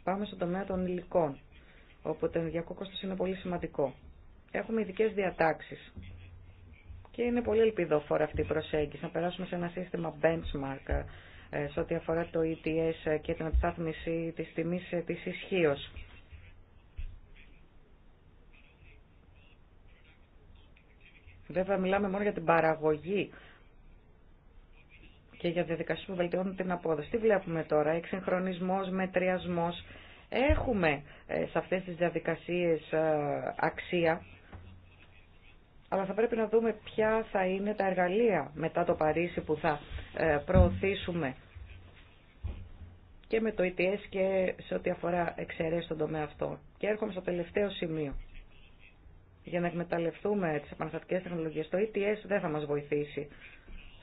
Πάμε στον τομέα των υλικών, όπου το ενδιακό είναι πολύ σημαντικό. Έχουμε ειδικέ διατάξεις και είναι πολύ ελπιδοφόρα αυτή η προσέγγιση. Να περάσουμε σε ένα σύστημα benchmark ε, σε ό,τι αφορά το ETS και την αντιστάθμιση της τιμής ε, της ισχύω. Βέβαια μιλάμε μόνο για την παραγωγή και για διαδικασίε που βελτιώνουν την απόδοση. Τι βλέπουμε τώρα, εξυγχρονισμό, μετριασμό. Έχουμε ε, σε αυτέ τι διαδικασίε ε, αξία, αλλά θα πρέπει να δούμε ποια θα είναι τα εργαλεία μετά το Παρίσι που θα ε, προωθήσουμε και με το ETS και σε ό,τι αφορά εξαιρέσει στον τομέα αυτό. Και έρχομαι στο τελευταίο σημείο. Για να εκμεταλλευτούμε τις επαναστατικές τεχνολογίες, το ETS δεν θα μας βοηθήσει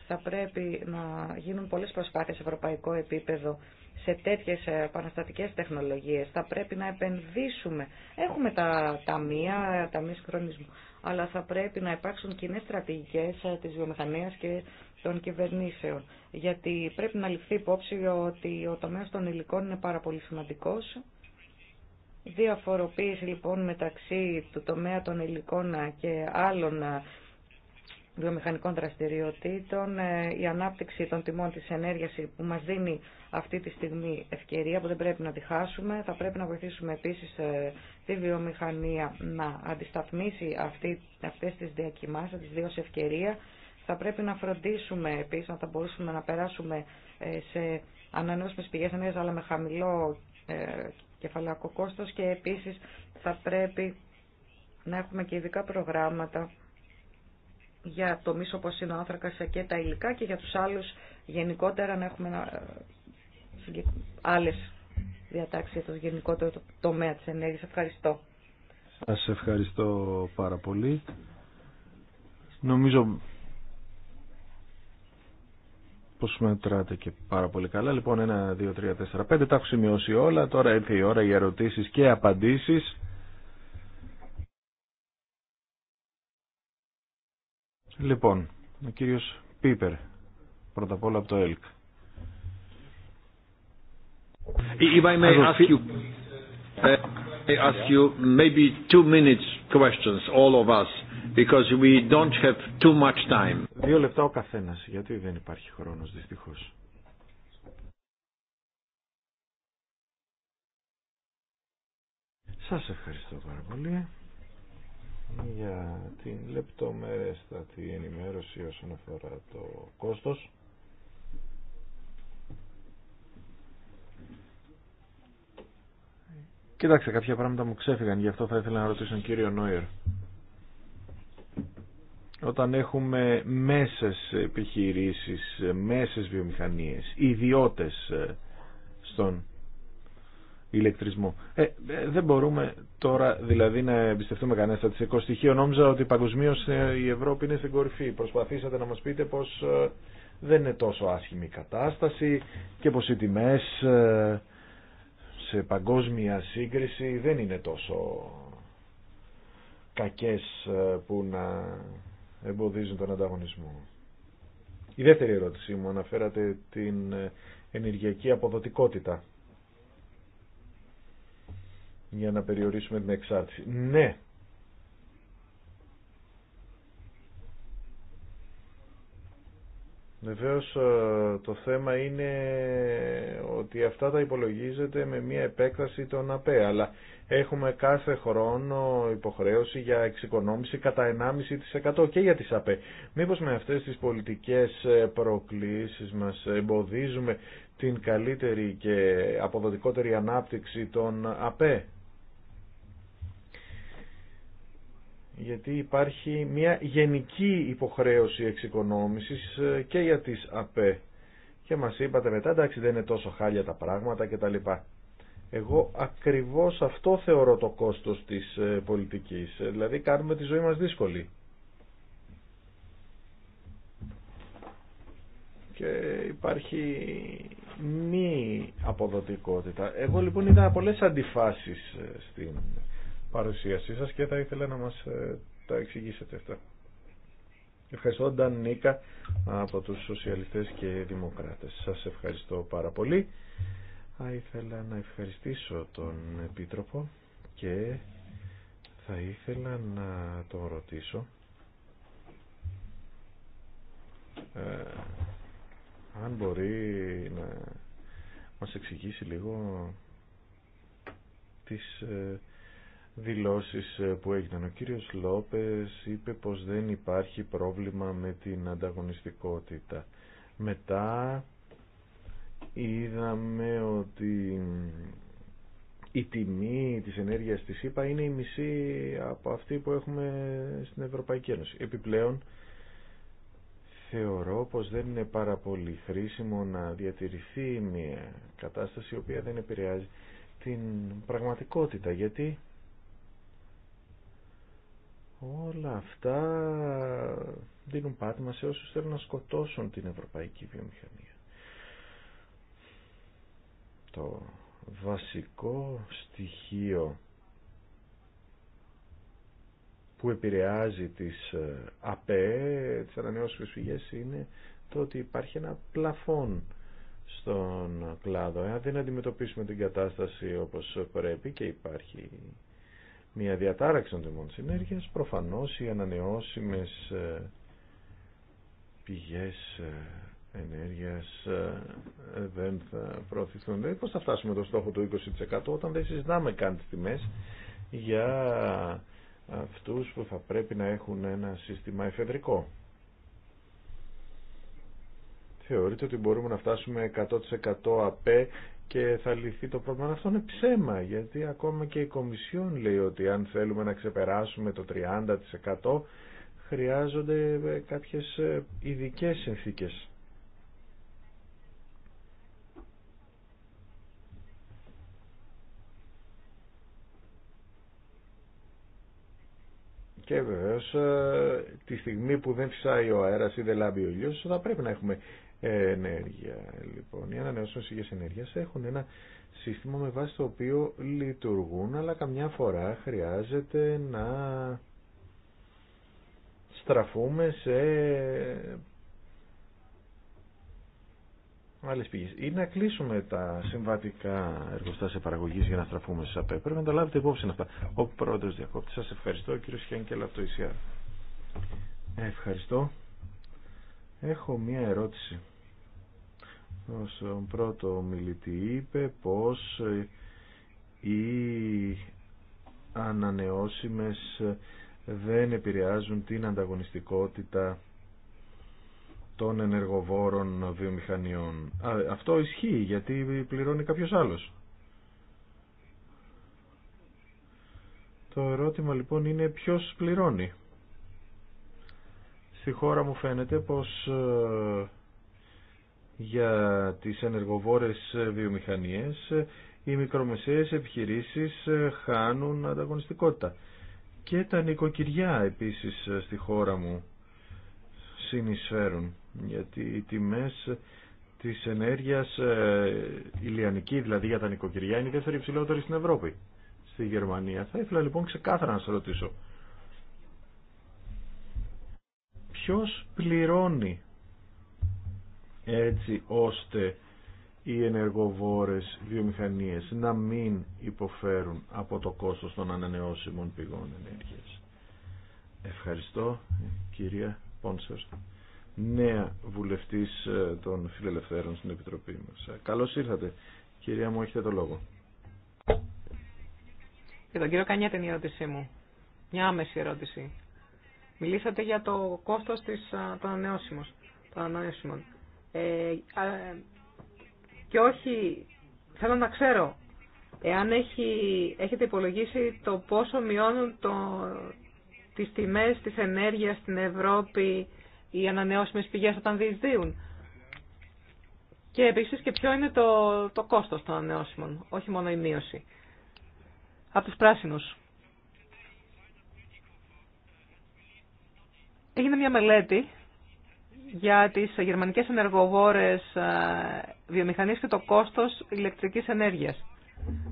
θα πρέπει να γίνουν πολλές προσπάθειες σε ευρωπαϊκό επίπεδο σε τέτοιες επαναστατικές τεχνολογίες. Θα πρέπει να επενδύσουμε. Έχουμε τα ταμεία, ταμεία συγχρονισμού, αλλά θα πρέπει να υπάρξουν κοινέ στρατηγικές της βιομηχανίας και των κυβερνήσεων. Γιατί πρέπει να ληφθεί υπόψη ότι ο τομέας των υλικών είναι πάρα πολύ σημαντικός. Διαφοροποίηση λοιπόν μεταξύ του τομέα των υλικών και άλλων βιομηχανικών δραστηριοτήτων, ε, η ανάπτυξη των τιμών της ενέργειας που μας δίνει αυτή τη στιγμή ευκαιρία που δεν πρέπει να τη χάσουμε. Θα πρέπει να βοηθήσουμε επίσης ε, τη βιομηχανία να αντισταθμίσει αυτή, αυτές τις διακοιμάσεις, τις δύο σε ευκαιρία. Θα πρέπει να φροντίσουμε επίσης να τα μπορούσουμε να περάσουμε ε, σε ανανεώσιμες πηγές ενέργειας αλλά με χαμηλό κεφαλαίο κόστος και επίσης θα πρέπει να έχουμε και ειδικά προγράμματα για το μίσο όπως είναι ο άνθρακας και τα υλικά και για τους άλλους γενικότερα να έχουμε άλλε άλλες διατάξεις για το γενικότερο τομέα της ενέργειας. Ευχαριστώ. Σας ευχαριστώ πάρα πολύ. Νομίζω πως μετράτε και πάρα πολύ καλά. Λοιπόν, ένα, δύο, τρία, τέσσερα, πέντε. Τα έχω σημειώσει όλα. Τώρα ήρθε η ώρα για ερωτήσεις και απαντήσεις. Λοιπόν, ο κύριος Πίπερ, πρώτα απ' όλα από το ΕΛΚ. If I may ask you, uh, I ask you maybe two minutes questions, all of us, because we don't have too much time. Δύο λεπτά ο καθένας, γιατί δεν υπάρχει χρόνος δυστυχώς. Σας ευχαριστώ πάρα πολύ για την λεπτομερέστατη ενημέρωση όσον αφορά το κόστος. Κοιτάξτε, κάποια πράγματα μου ξέφυγαν, γι' αυτό θα ήθελα να ρωτήσω τον κύριο Νόιερ. Όταν έχουμε μέσες επιχειρήσεις, μέσες βιομηχανίες, ιδιώτες ε, στον ηλεκτρισμού. Ε, ε, δεν μπορούμε τώρα δηλαδή να εμπιστευτούμε κανένα στατιστικό στοιχείο. Νόμιζα ότι παγκοσμίω ε, η Ευρώπη είναι στην κορυφή. Προσπαθήσατε να μας πείτε πως ε, δεν είναι τόσο άσχημη η κατάσταση και πως οι τιμές σε παγκόσμια σύγκριση δεν είναι τόσο κακές που να εμποδίζουν τον ανταγωνισμό. Η δεύτερη ερώτησή μου αναφέρατε την ενεργειακή αποδοτικότητα για να περιορίσουμε την εξάρτηση. Ναι. Βεβαίω ε, το θέμα είναι ότι αυτά τα υπολογίζεται με μια επέκταση των ΑΠΕ, αλλά έχουμε κάθε χρόνο υποχρέωση για εξοικονόμηση κατά 1,5% και για τις ΑΠΕ. Μήπως με αυτές τις πολιτικές ε, προκλήσεις μας εμποδίζουμε την καλύτερη και αποδοτικότερη ανάπτυξη των ΑΠΕ. γιατί υπάρχει μια γενική υποχρέωση εξοικονόμησης ε, και για τις ΑΠΕ. Και μας είπατε μετά, εντάξει δεν είναι τόσο χάλια τα πράγματα κτλ. Εγώ ακριβώς αυτό θεωρώ το κόστος της ε, πολιτικής, ε, δηλαδή κάνουμε τη ζωή μας δύσκολη. και υπάρχει μη αποδοτικότητα. Εγώ λοιπόν είδα πολλές αντιφάσεις στην παρουσίασή σας και θα ήθελα να μας ε, τα εξηγήσετε αυτά. Ευχαριστώ, Νταν Νίκα, από τους Σοσιαλιστές και Δημοκράτες. Σας ευχαριστώ πάρα πολύ. Θα ήθελα να ευχαριστήσω τον Επίτροπο και θα ήθελα να τον ρωτήσω ε, αν μπορεί να μας εξηγήσει λίγο τις ε, δηλώσεις ε, που έγιναν. Ο κύριος Λόπες είπε πως δεν υπάρχει πρόβλημα με την ανταγωνιστικότητα. Μετά είδαμε ότι η τιμή της ενέργειας της ΕΠΑ είναι η μισή από αυτή που έχουμε στην Ευρωπαϊκή Ένωση. Επιπλέον, θεωρώ πως δεν είναι πάρα πολύ χρήσιμο να διατηρηθεί μια κατάσταση η οποία δεν επηρεάζει την πραγματικότητα, γιατί Όλα αυτά δίνουν πάτημα σε όσους θέλουν να σκοτώσουν την ευρωπαϊκή βιομηχανία. Το βασικό στοιχείο που επηρεάζει τις ε, ΑΠΕ, τις ανανεώσιμες πηγές, είναι το ότι υπάρχει ένα πλαφόν στον κλάδο. Εάν δεν αντιμετωπίσουμε την κατάσταση όπως πρέπει και υπάρχει μια διατάραξη των τιμών συνέργειας, προφανώς οι ανανεώσιμες ε, πηγές ε, ενέργειας ε, δεν θα προωθηθούν. Δηλαδή πώς θα φτάσουμε το στόχο του 20% όταν δεν συζητάμε καν τις τιμές για αυτούς που θα πρέπει να έχουν ένα σύστημα εφεδρικό. Θεωρείτε ότι μπορούμε να φτάσουμε 100% ΑΠΕ και θα λυθεί το πρόβλημα. Αυτό είναι ψέμα, γιατί ακόμα και η Κομισιόν λέει ότι αν θέλουμε να ξεπεράσουμε το 30% χρειάζονται ε, κάποιες ε, ειδικέ συνθήκες. Και βεβαίω ε, τη στιγμή που δεν φυσάει ο αέρας ή δεν λάμπει ο ήλιος θα πρέπει να έχουμε ενέργεια. Λοιπόν, οι ανανεώσιμε πηγέ ενέργεια έχουν ένα σύστημα με βάση το οποίο λειτουργούν, αλλά καμιά φορά χρειάζεται να στραφούμε σε άλλε πηγέ. Ή να κλείσουμε τα συμβατικά εργοστάσια παραγωγή για να στραφούμε σε ΑΠΕ. Πρέπει να τα λάβετε υπόψη αυτά. Ο πρόεδρο διακόπτη, σα ευχαριστώ, κύριο Χένκελ από το Ευχαριστώ. Έχω μία ερώτηση. Ο πρώτο μιλητή είπε πως οι ανανεώσιμες δεν επηρεάζουν την ανταγωνιστικότητα των ενεργοβόρων βιομηχανιών. αυτό ισχύει γιατί πληρώνει κάποιος άλλος. Το ερώτημα λοιπόν είναι ποιος πληρώνει. Στη χώρα μου φαίνεται πως ε, για τις ενεργοβόρες βιομηχανίες οι μικρομεσαίες επιχειρήσεις ε, χάνουν ανταγωνιστικότητα. Και τα νοικοκυριά επίσης ε, στη χώρα μου συνεισφέρουν γιατί οι τιμές της ενέργειας ηλιανική δηλαδή για τα νοικοκυριά είναι η δεύτερη υψηλότερη στην Ευρώπη στη Γερμανία. Θα ήθελα λοιπόν ξεκάθαρα να σας ρωτήσω ποιος πληρώνει έτσι ώστε οι ενεργοβόρες βιομηχανίες να μην υποφέρουν από το κόστος των ανανεώσιμων πηγών ενέργειας. Ευχαριστώ κυρία Πόνσερ, νέα βουλευτής ε, των φιλελευθέρων στην Επιτροπή μας. Καλώς ήρθατε. Κυρία μου, έχετε το λόγο. Για τον κύριο Κανιέτη είναι η ερώτησή μου. Μια άμεση ερώτηση. Μιλήσατε για το κόστος της, των ανανεώσιμων. Των ανανεώσιμων. Ε, και όχι, θέλω να ξέρω, εάν έχει, έχετε υπολογίσει το πόσο μειώνουν το, τις τιμές της ενέργειας στην Ευρώπη οι ανανεώσιμες πηγές όταν διεισδύουν. Και επίσης και ποιο είναι το, το κόστος των ανανεώσιμων, όχι μόνο η μείωση. Από τους πράσινους. έγινε μια μελέτη για τις γερμανικές ενεργοβόρες ε, βιομηχανίες και το κόστος ηλεκτρικής ενέργειας.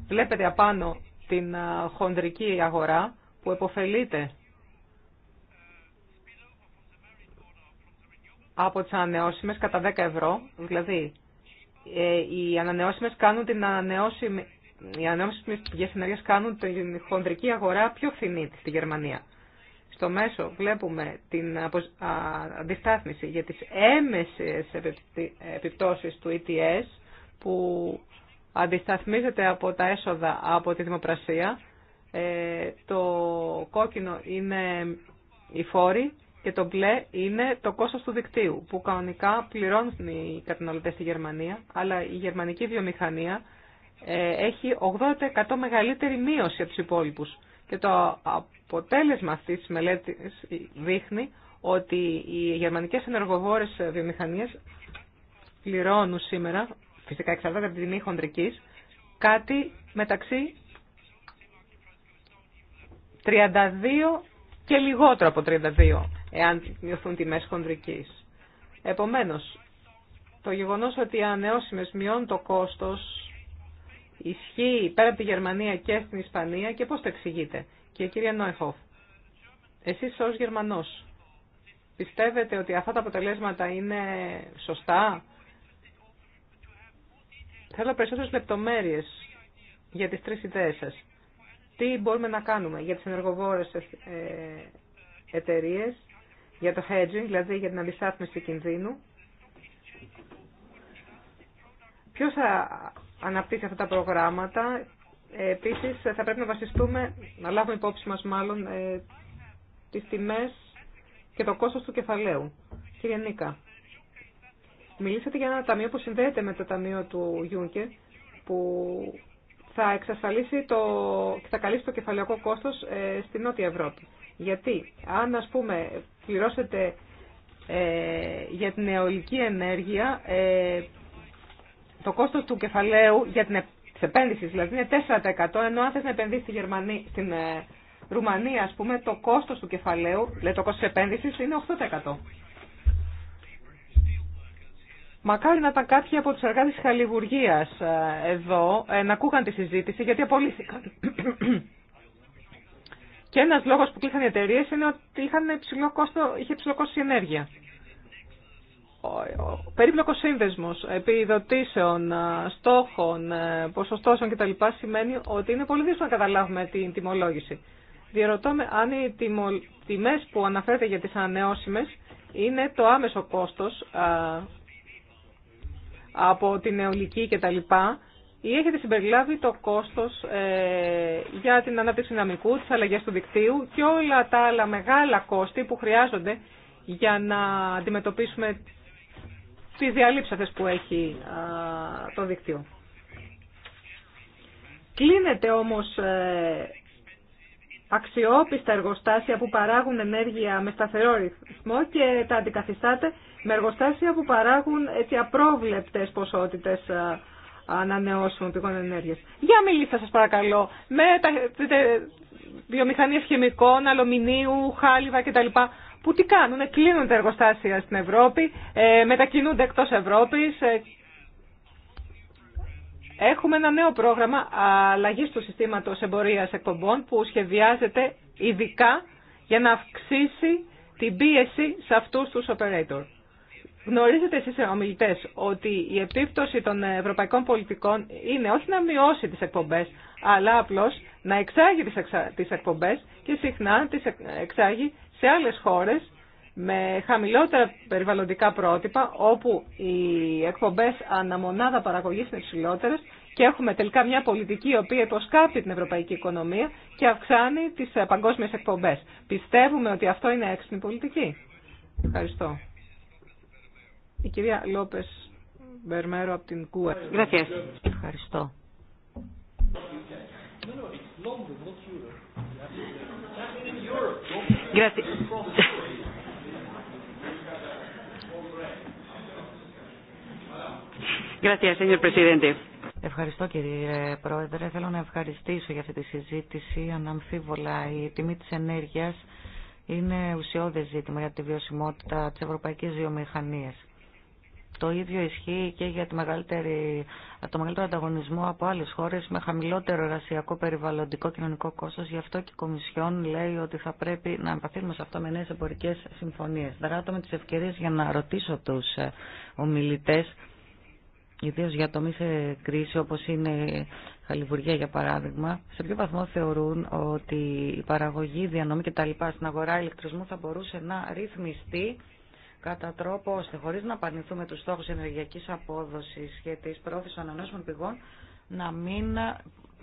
Βλέπετε απάνω την ε, χονδρική αγορά που επωφελείται από τις ανανεώσιμες κατά 10 ευρώ, δηλαδή ε, οι ανανεώσιμες κάνουν την ανανεώσιμη οι ανανεώσιμες πηγές ενέργειας κάνουν την χονδρική αγορά πιο φθηνή στη Γερμανία στο μέσο βλέπουμε την αντιστάθμιση για τις έμεσες επιπτώσεις του ETS που αντισταθμίζεται από τα έσοδα από τη δημοπρασία. Ε, το κόκκινο είναι η φόρη και το μπλε είναι το κόστος του δικτύου που κανονικά πληρώνουν οι καταναλωτές στη Γερμανία αλλά η γερμανική βιομηχανία ε, έχει 80% μεγαλύτερη μείωση από τους υπόλοιπους. Και το αποτέλεσμα αυτής της μελέτης δείχνει ότι οι γερμανικές ενεργοβόρες βιομηχανίες πληρώνουν σήμερα, φυσικά εξαρτάται από την τιμή χοντρικής, κάτι μεταξύ 32 και λιγότερο από 32, εάν μειωθούν τιμές χοντρικής. Επομένως, το γεγονός ότι οι ανεώσιμες μειώνουν το κόστος ισχύει πέρα από τη Γερμανία και στην Ισπανία και πώς το εξηγείτε. Και κυρία Νόεχοφ. εσείς ως Γερμανός πιστεύετε ότι αυτά τα αποτελέσματα είναι σωστά. Θέλω περισσότερες λεπτομέρειες για τις τρεις ιδέες σας. Τι μπορούμε να κάνουμε για τις ενεργοβόρες ε, εταιρείε, για το hedging, δηλαδή για την αντιστάθμιση κινδύνου. Ποιος θα αναπτύσσει αυτά τα προγράμματα. Επίση θα πρέπει να βασιστούμε, να λάβουμε υπόψη μα μάλλον, ε, τι τιμέ και το κόστο του κεφαλαίου. Κύριε Νίκα, μιλήσατε για ένα ταμείο που συνδέεται με το ταμείο του Γιούνκερ, που θα εξασφαλίσει το, θα καλύψει το κεφαλαιακό κόστο ε, στη Νότια Ευρώπη. Γιατί, αν ας πούμε πληρώσετε ε, για την αιωλική ενέργεια ε, το κόστος του κεφαλαίου για την επένδυση δηλαδή είναι 4% ενώ αν θες να επενδύσεις στη Γερμανία, στην ε, Ρουμανία ας πούμε το κόστος του κεφαλαίου, δηλαδή το κόστος της επένδυσης είναι 8%. Μακάρι να ήταν κάποιοι από τους εργάτες της Χαλιβουργίας ε, εδώ ε, να ακούγαν τη συζήτηση γιατί απολύθηκαν. Και ένας λόγος που κλείχαν οι εταιρείε είναι ότι είχαν ψηλό κόστο, είχε ψηλό κόστος η ενέργεια περίπλοκος σύνδεσμος επιδοτήσεων, ε, στόχων, ε, ποσοστώσεων κτλ. σημαίνει ότι είναι πολύ δύσκολο να καταλάβουμε την τιμολόγηση. Διερωτώ αν οι τιμές που αναφέρεται για τις ανανεώσιμες είναι το άμεσο κόστος ε, από την αιωλική κτλ. Ή έχετε συμπεριλάβει το κόστος για την ανάπτυξη δυναμικού, τις αλλαγές του δικτύου και όλα τα άλλα μεγάλα κόστη που χρειάζονται για να αντιμετωπίσουμε τις διαλύψατες που έχει το δίκτυο. Κλείνεται όμως ε, αξιόπιστα εργοστάσια που παράγουν ενέργεια με σταθερό ρυθμό και τα αντικαθιστάτε με εργοστάσια που παράγουν έτσι απρόβλεπτες ποσότητες ανανεώσιμων πηγών ενέργειας. Για μιλήστε σας παρακαλώ με τα βιομηχανίες χημικών, αλουμινίου, χάλιβα κτλ που τι κάνουν, κλείνουν τα εργοστάσια στην Ευρώπη, ε, μετακινούνται εκτός Ευρώπης. Ε. Έχουμε ένα νέο πρόγραμμα αλλαγή του συστήματος εμπορίας εκπομπών που σχεδιάζεται ειδικά για να αυξήσει την πίεση σε αυτούς τους operator. Γνωρίζετε εσείς ε, ομιλητές ότι η επίπτωση των ευρωπαϊκών πολιτικών είναι όχι να μειώσει τις εκπομπές, αλλά απλώς να εξάγει τις εκπομπές και συχνά τις εξάγει σε άλλες χώρες με χαμηλότερα περιβαλλοντικά πρότυπα, όπου οι εκπομπές αναμονάδα παραγωγής είναι υψηλότερες και έχουμε τελικά μια πολιτική η οποία υποσκάπτει την ευρωπαϊκή οικονομία και αυξάνει τις ε, παγκόσμιες εκπομπές. Πιστεύουμε ότι αυτό είναι έξυπνη πολιτική. Ευχαριστώ. Η κυρία Λόπες Μπερμέρο από την ΚΟΕ. Ευχαριστώ. Ευχαριστώ κύριε Πρόεδρε. Θέλω να ευχαριστήσω για αυτή τη συζήτηση. Αναμφίβολα η τιμή της ενέργειας είναι ουσιώδες ζήτημα για τη βιωσιμότητα της ευρωπαϊκής βιομηχανίας. Το ίδιο ισχύει και για τη μεγαλύτερη, το μεγαλύτερο ανταγωνισμό από άλλες χώρες με χαμηλότερο εργασιακό περιβαλλοντικό κοινωνικό κόστος. Γι' αυτό και η Κομισιόν λέει ότι θα πρέπει να εμπαθύνουμε σε αυτό με νέες εμπορικές συμφωνίες. Δράτω με τις ευκαιρίες για να ρωτήσω τους ε, ομιλητές, ιδίως για το σε κρίση όπως είναι η Χαλιβουργία για παράδειγμα, σε ποιο βαθμό θεωρούν ότι η παραγωγή, η διανομή κτλ. στην αγορά ηλεκτρισμού θα μπορούσε να ρυθμιστεί κατά τρόπο ώστε χωρίς να απαρνηθούμε τους στόχους ενεργειακής απόδοσης και της πρόθεση ανανεώσιμων πηγών να μην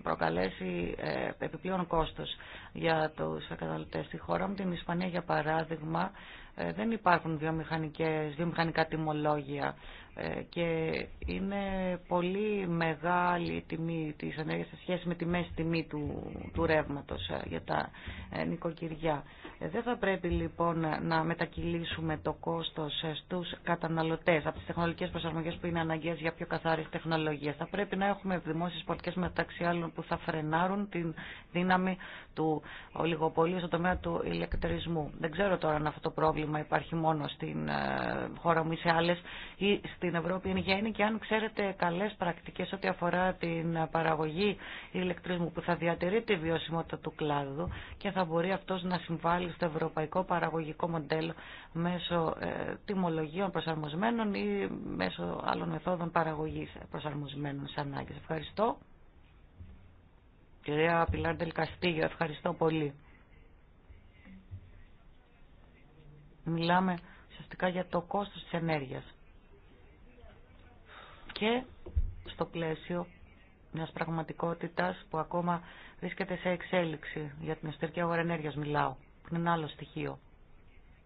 προκαλέσει ε, επιπλέον κόστος για τους καταναλωτές στη χώρα μου. Την Ισπανία, για παράδειγμα, ε, δεν υπάρχουν βιομηχανικά τιμολόγια ε, και είναι πολύ μεγάλη η τιμή της ενέργειας σε σχέση με τη μέση τιμή του, του ρεύματος για τα νοικοκυριά. Δεν θα πρέπει λοιπόν να μετακυλήσουμε το κόστος στους καταναλωτές από τις τεχνολογικές προσαρμογές που είναι αναγκαίες για πιο καθαρές τεχνολογίες. Θα πρέπει να έχουμε δημόσιες πολιτικές μεταξύ άλλων που θα φρενάρουν την δύναμη του ολιγοπολίου στο τομέα του ηλεκτρισμού. Δεν ξέρω τώρα αν αυτό το πρόβλημα υπάρχει μόνο στην ε, χώρα μου ή σε άλλες ή στην Ευρώπη εν γέννη και αν ξέρετε καλές πρακτικές ό,τι αφορά την παραγωγή ηλεκτρισμού που θα διατηρεί τη βιωσιμότητα του κλάδου και θα μπορεί αυτός να συμβάλλει στο ευρωπαϊκό παραγωγικό μοντέλο μέσω ε, τιμολογίων προσαρμοσμένων ή μέσω άλλων μεθόδων παραγωγής προσαρμοσμένων σε ανάγκες. Ευχαριστώ. Κυρία Πιλάρ Καστίγιο, ευχαριστώ πολύ. Μιλάμε ουσιαστικά για το κόστος της ενέργειας. Και στο πλαίσιο μιας πραγματικότητας που ακόμα βρίσκεται σε εξέλιξη για την εσωτερική αγορά ενέργειας μιλάω. Είναι ένα άλλο στοιχείο.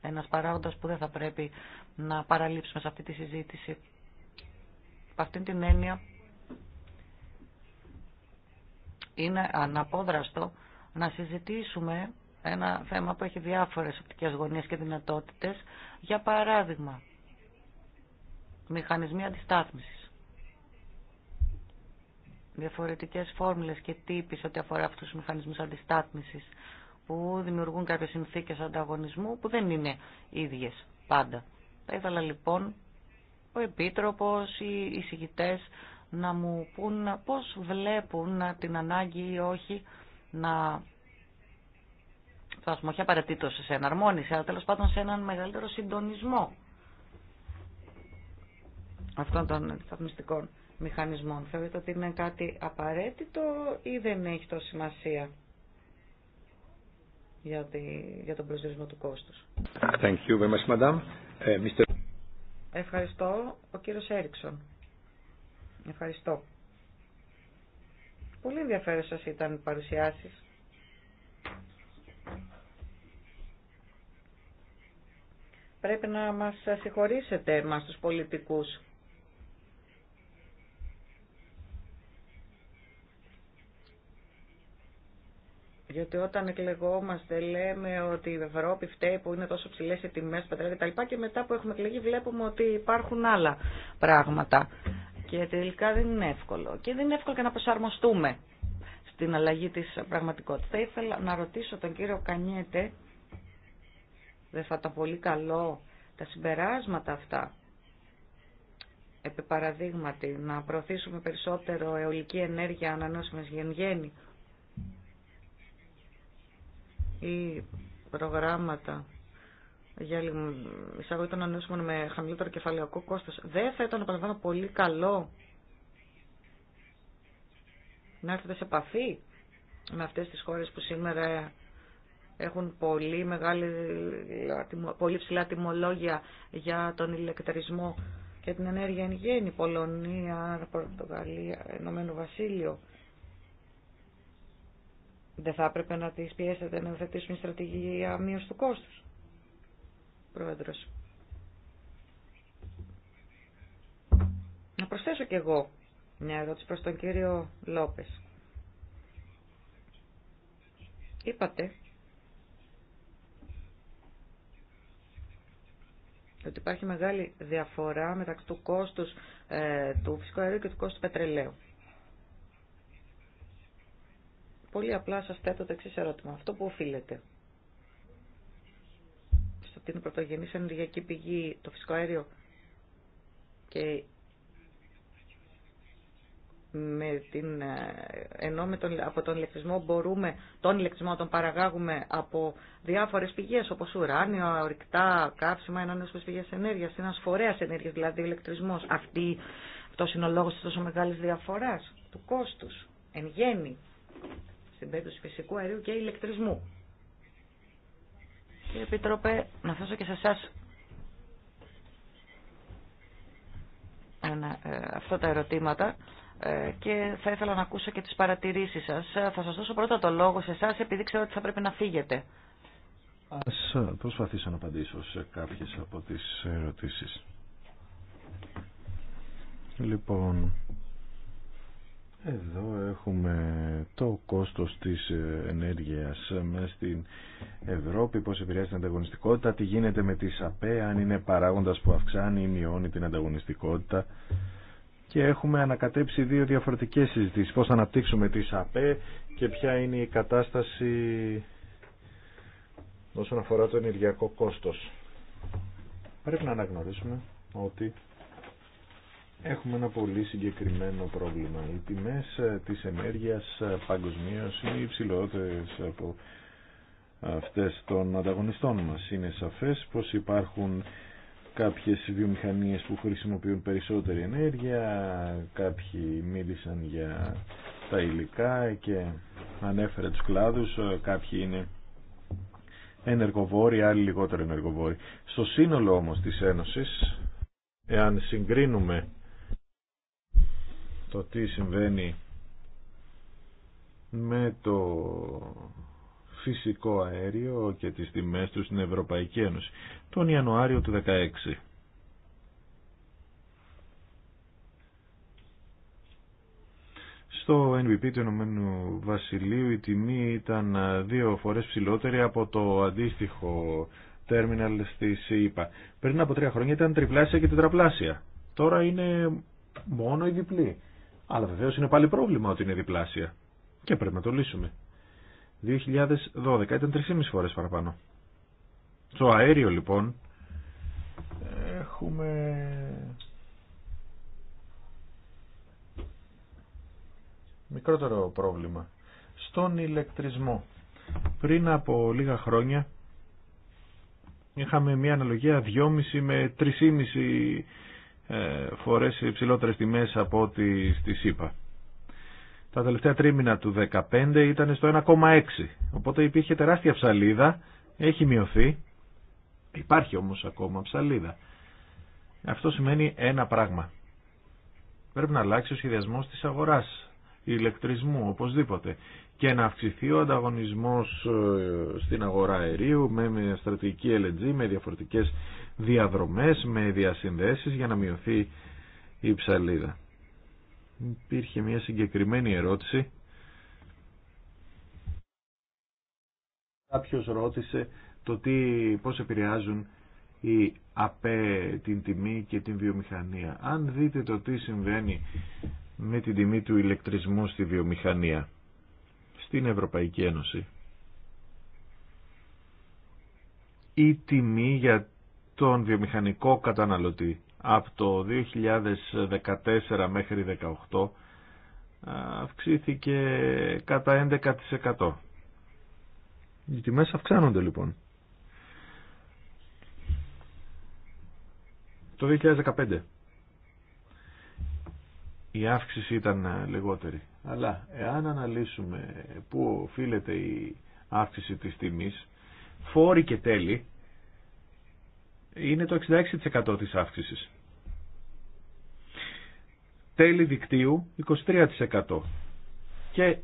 Ένας παράγοντας που δεν θα πρέπει να παραλείψουμε σε αυτή τη συζήτηση. Από αυτήν την έννοια είναι αναπόδραστο να συζητήσουμε ένα θέμα που έχει διάφορες οπτικές γωνίες και δυνατότητες. Για παράδειγμα, μηχανισμοί αντιστάθμισης. Διαφορετικές φόρμουλες και τύποι ό,τι αφορά αυτούς τους μηχανισμούς αντιστάθμισης που δημιουργούν κάποιες συνθήκες ανταγωνισμού που δεν είναι ίδιες πάντα. Θα ήθελα λοιπόν ο Επίτροπος, οι εισηγητές να μου πούν πώς βλέπουν την ανάγκη ή όχι να φτάσουμε όχι απαραίτητο σε εναρμόνιση, αλλά τέλος πάντων σε έναν μεγαλύτερο συντονισμό αυτών των θαυμιστικών μηχανισμών. Θεωρείτε ότι είναι κάτι απαραίτητο ή δεν έχει τόση σημασία για, τη, για τον προσδιορισμό του κόστους. Thank you very much, madam. Ε, Ευχαριστώ. Ο κύριος Έριξον. Ευχαριστώ. Πολύ ενδιαφέρουσες ήταν οι παρουσιάσεις. Πρέπει να μας συγχωρήσετε μας τους πολιτικούς. Γιατί όταν εκλεγόμαστε λέμε ότι η Ευρώπη φταίει που είναι τόσο ψηλές οι τιμέ τα κτλ. Και μετά που έχουμε εκλεγεί βλέπουμε ότι υπάρχουν άλλα πράγματα. Και τελικά δεν είναι εύκολο. Και δεν είναι εύκολο και να προσαρμοστούμε στην αλλαγή της πραγματικότητας. Θα ήθελα να ρωτήσω τον κύριο Κανιέτε, δεν θα πολύ καλό τα συμπεράσματα αυτά, επί παραδείγματι, να προωθήσουμε περισσότερο αιωλική ενέργεια μες γενιένη ή προγράμματα για εισαγωγή των ανέσμων με χαμηλότερο κεφαλαιακό κόστος. Δεν θα ήταν, επαναλαμβάνω, πολύ καλό να έρθετε σε επαφή με αυτές τις χώρες που σήμερα έχουν πολύ, μεγάλη, πολύ ψηλά τιμολόγια για τον ηλεκτρισμό και την ενέργεια εν γέννη, Πολωνία, Πορτογαλία, Ενωμένο Βασίλειο. Δεν θα έπρεπε να τις πιέσετε να θετήσουν στρατηγία μείωση του κόστους. Να προσθέσω κι εγώ μια ερώτηση προς τον κύριο Λόπες. Είπατε ότι υπάρχει μεγάλη διαφορά μεταξύ του κόστους ε, του φυσικού αερίου και του κόστου πετρελαίου. Πολύ απλά σας θέτω το εξής ερώτημα. Αυτό που οφείλεται την πρωτογενή ενεργειακή πηγή, το φυσικό αέριο και με την, ε, ενώ με τον, από τον ηλεκτρισμό μπορούμε, τον ηλεκτρισμό να τον παραγάγουμε από διάφορες πηγές όπως ουράνιο, ορυκτά, καύσιμα, ενάνωσες πηγές ενέργειας, ένας φορέας ενέργειας, δηλαδή ηλεκτρισμός. Αυτή, αυτός είναι ο λόγος της τόσο μεγάλης διαφοράς του κόστους, εν γέννη, στην περίπτωση φυσικού αερίου και ηλεκτρισμού. Επίτροπε, να θέσω και σε εσά ε, αυτά τα ερωτήματα ε, και θα ήθελα να ακούσω και τις παρατηρήσεις σας. Θα σας δώσω πρώτα το λόγο σε εσά επειδή ξέρω ότι θα πρέπει να φύγετε. Ας ε, προσπαθήσω να απαντήσω σε κάποιες από τις ερωτήσεις. Λοιπόν, εδώ έχουμε το κόστος της ε, ενέργειας ε, μέσα στην Ευρώπη, πώς επηρεάζει την ανταγωνιστικότητα, τι γίνεται με τη απέ αν είναι παράγοντας που αυξάνει ή μειώνει την ανταγωνιστικότητα. Και έχουμε ανακατέψει δύο διαφορετικές συζητήσεις, πώς θα αναπτύξουμε τις ΑΠΕ και ποια είναι η κατάσταση όσον αφορά το ενεργειακό κόστος. Πρέπει να αναγνωρίσουμε ότι έχουμε ένα πολύ συγκεκριμένο πρόβλημα. Οι τιμές ε, της ενέργειας ε, παγκοσμίω είναι υψηλότερες από αυτές των ανταγωνιστών μας. Είναι σαφές πως υπάρχουν κάποιες βιομηχανίες που χρησιμοποιούν περισσότερη ενέργεια, κάποιοι μίλησαν για τα υλικά και ανέφερε τους κλάδους, ε, κάποιοι είναι ενεργοβόροι, άλλοι λιγότερο ενεργοβόροι. Στο σύνολο όμως της Ένωσης, εάν συγκρίνουμε το τι συμβαίνει με το φυσικό αέριο και τις τιμές του στην Ευρωπαϊκή Ένωση τον Ιανουάριο του 2016. Στο NBP του Ηνωμένου Βασιλείου η τιμή ήταν δύο φορές ψηλότερη από το αντίστοιχο τέρμιναλ στη ΣΥΠΑ. Πριν από τρία χρόνια ήταν τριπλάσια και τετραπλάσια. Τώρα είναι μόνο η διπλή. Αλλά βεβαίω είναι πάλι πρόβλημα ότι είναι διπλάσια. Και πρέπει να το λύσουμε. 2012 ήταν 3,5 φορές παραπάνω. Στο αέριο λοιπόν έχουμε... Μικρότερο πρόβλημα. Στον ηλεκτρισμό. Πριν από λίγα χρόνια είχαμε μια αναλογία 2,5 με 3,5 ε, φορές υψηλότερες τιμές από ό,τι στη ΣΥΠΑ. Τα τελευταία τρίμηνα του 2015 ήταν στο 1,6. Οπότε υπήρχε τεράστια ψαλίδα, έχει μειωθεί. Υπάρχει όμως ακόμα ψαλίδα. Αυτό σημαίνει ένα πράγμα. Πρέπει να αλλάξει ο σχεδιασμός της αγοράς ηλεκτρισμού, οπωσδήποτε και να αυξηθεί ο ανταγωνισμός ε, στην αγορά αερίου με μια στρατηγική LNG, με διαφορετικές διαδρομές, με διασυνδέσεις για να μειωθεί η ψαλίδα. Υπήρχε μια συγκεκριμένη ερώτηση. Κάποιος ρώτησε το τι, πώς επηρεάζουν η ΑΠΕ την τιμή και την βιομηχανία. Αν δείτε το τι συμβαίνει με την τιμή του ηλεκτρισμού στη βιομηχανία στην Ευρωπαϊκή Ένωση. Η τιμή για τον βιομηχανικό καταναλωτή από το 2014 μέχρι 2018 αυξήθηκε κατά 11%. Οι τιμές αυξάνονται λοιπόν. Το 2015 η αύξηση ήταν ε, λιγότερη. Αλλά εάν αναλύσουμε πού οφείλεται η αύξηση της τιμής, φόροι και τέλη είναι το 66% της αύξησης. Τέλη δικτύου 23%. Και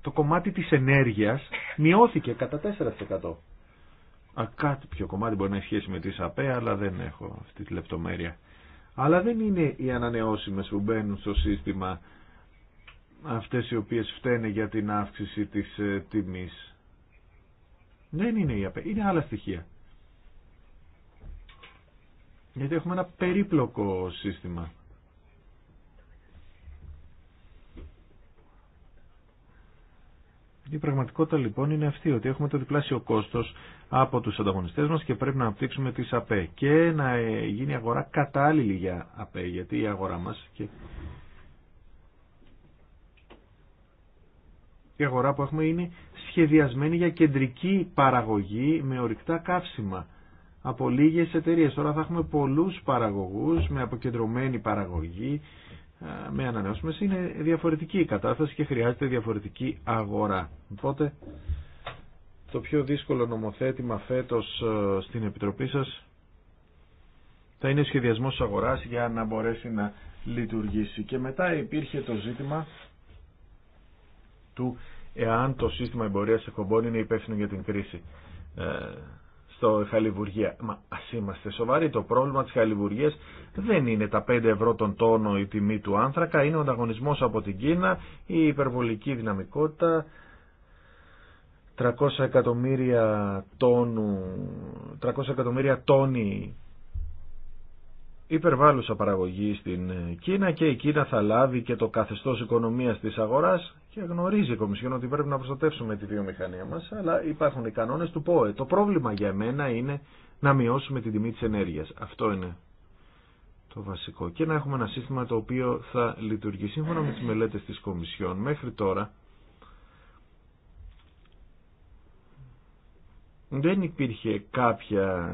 το κομμάτι της ενέργειας μειώθηκε κατά 4%. Α, κάτι πιο κομμάτι μπορεί να έχει σχέση με τη ΣΑΠΕ, αλλά δεν έχω αυτή τη λεπτομέρεια αλλά δεν είναι οι ανανεώσιμες που μπαίνουν στο σύστημα αυτές οι οποίες φταίνε για την αύξηση της ε, τιμής. Δεν είναι η ΑΠΕ, είναι άλλα στοιχεία. Γιατί έχουμε ένα περίπλοκο σύστημα. Η πραγματικότητα λοιπόν είναι αυτή, ότι έχουμε το διπλάσιο κόστος από τους ανταγωνιστές μας και πρέπει να αναπτύξουμε τις ΑΠΕ και να γίνει αγορά κατάλληλη για ΑΠΕ γιατί η αγορά μας και η αγορά που έχουμε είναι σχεδιασμένη για κεντρική παραγωγή με ορυκτά καύσιμα από λίγες εταιρείες. Τώρα θα έχουμε πολλούς παραγωγούς με αποκεντρωμένη παραγωγή με ανανεώσιμες. Είναι διαφορετική η κατάσταση και χρειάζεται διαφορετική αγορά. Οπότε το πιο δύσκολο νομοθέτημα φέτος ε, στην Επιτροπή σας θα είναι ο σχεδιασμός αγοράς για να μπορέσει να λειτουργήσει. Και μετά υπήρχε το ζήτημα του εάν το σύστημα εμπορίας εκπομπών είναι υπεύθυνο για την κρίση ε, στο χαλιβουργία. Μα ας είμαστε σοβαροί, το πρόβλημα της χαλιβουργίας δεν είναι τα 5 ευρώ τον τόνο η τιμή του άνθρακα, είναι ο ανταγωνισμός από την Κίνα, η υπερβολική δυναμικότητα, 300 εκατομμύρια τόνου, 300 εκατομμύρια τόνοι υπερβάλλουσα παραγωγή στην Κίνα και η Κίνα θα λάβει και το καθεστώς οικονομίας της αγοράς και γνωρίζει η Κομισιόν ότι πρέπει να προστατεύσουμε τη βιομηχανία μας αλλά υπάρχουν οι κανόνες του ΠΟΕ. Το πρόβλημα για μένα είναι να μειώσουμε την τιμή της ενέργειας. Αυτό είναι το βασικό. Και να έχουμε ένα σύστημα το οποίο θα λειτουργεί σύμφωνα με τις μελέτες της Κομισιόν. Μέχρι τώρα δεν υπήρχε κάποια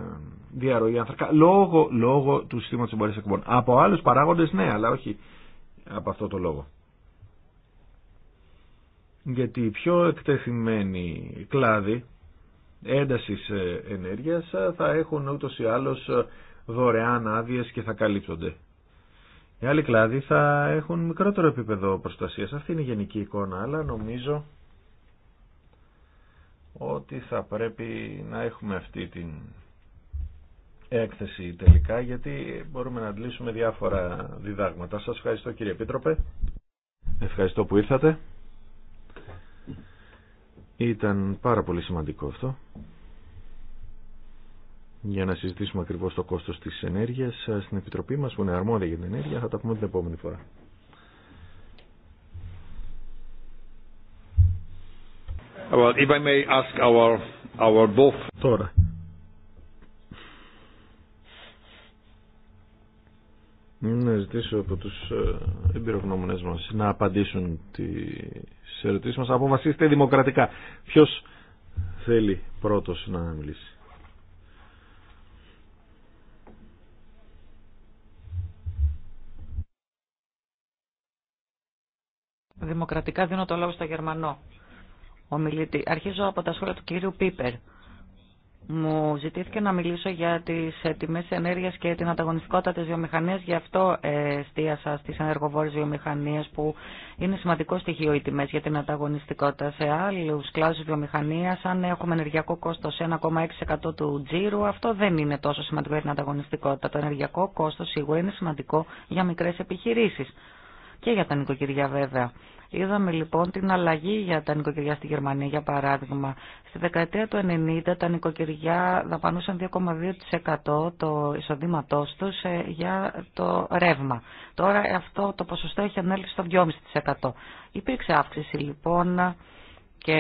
διαρροή ανθρακά λόγω, λόγω του συστήματος εμπορίας εκπομπών. Από άλλους παράγοντες ναι, αλλά όχι από αυτό το λόγο. Γιατί οι πιο εκτεθειμένη κλάδη έντασης ε, ενέργειας ε, θα έχουν ούτως ή άλλως ε, δωρεάν άδειε και θα καλύπτονται. Οι άλλοι κλάδοι θα έχουν μικρότερο επίπεδο προστασίας. Αυτή είναι η γενική εικόνα, αλλά νομίζω ότι θα πρέπει να έχουμε αυτή την έκθεση τελικά γιατί μπορούμε να αντλήσουμε διάφορα διδάγματα. Σας ευχαριστώ κύριε Επίτροπε. Ευχαριστώ που ήρθατε. Ήταν πάρα πολύ σημαντικό αυτό για να συζητήσουμε ακριβώς το κόστος της ενέργειας στην Επιτροπή μας που είναι αρμόδια για την ενέργεια. Θα τα πούμε την επόμενη φορά. Τώρα. Να ζητήσω από τους ε, εμπειρογνώμονες μας να απαντήσουν τις ερωτήσεις μας. Αποφασίστε δημοκρατικά. Ποιο θέλει πρώτος να μιλήσει. Δημοκρατικά δίνω το λόγο στο Γερμανό ομιλητή. Αρχίζω από τα σχόλια του κύριου Πίπερ. Μου ζητήθηκε να μιλήσω για τις τιμέ ενέργειας και την ανταγωνιστικότητα τη βιομηχανία, γι' αυτό ε, εστίασα στις ενεργοβόρες βιομηχανίε, που είναι σημαντικό στοιχείο οι τιμέ για την ανταγωνιστικότητα. Σε άλλους κλάδους βιομηχανία. αν έχουμε ενεργειακό κόστος 1,6% του τζίρου, αυτό δεν είναι τόσο σημαντικό για την ανταγωνιστικότητα. Το ενεργειακό κόστο σίγουρα είναι σημαντικό για μικρέ επιχειρήσει και για τα νοικοκυριά βέβαια. Είδαμε λοιπόν την αλλαγή για τα νοικοκυριά στη Γερμανία, για παράδειγμα. Στη δεκαετία του 90 τα νοικοκυριά δαπανούσαν 2,2% το εισοδήματό του ε, για το ρεύμα. Τώρα ε, αυτό το ποσοστό έχει ανέλθει στο 2,5%. Υπήρξε αύξηση λοιπόν και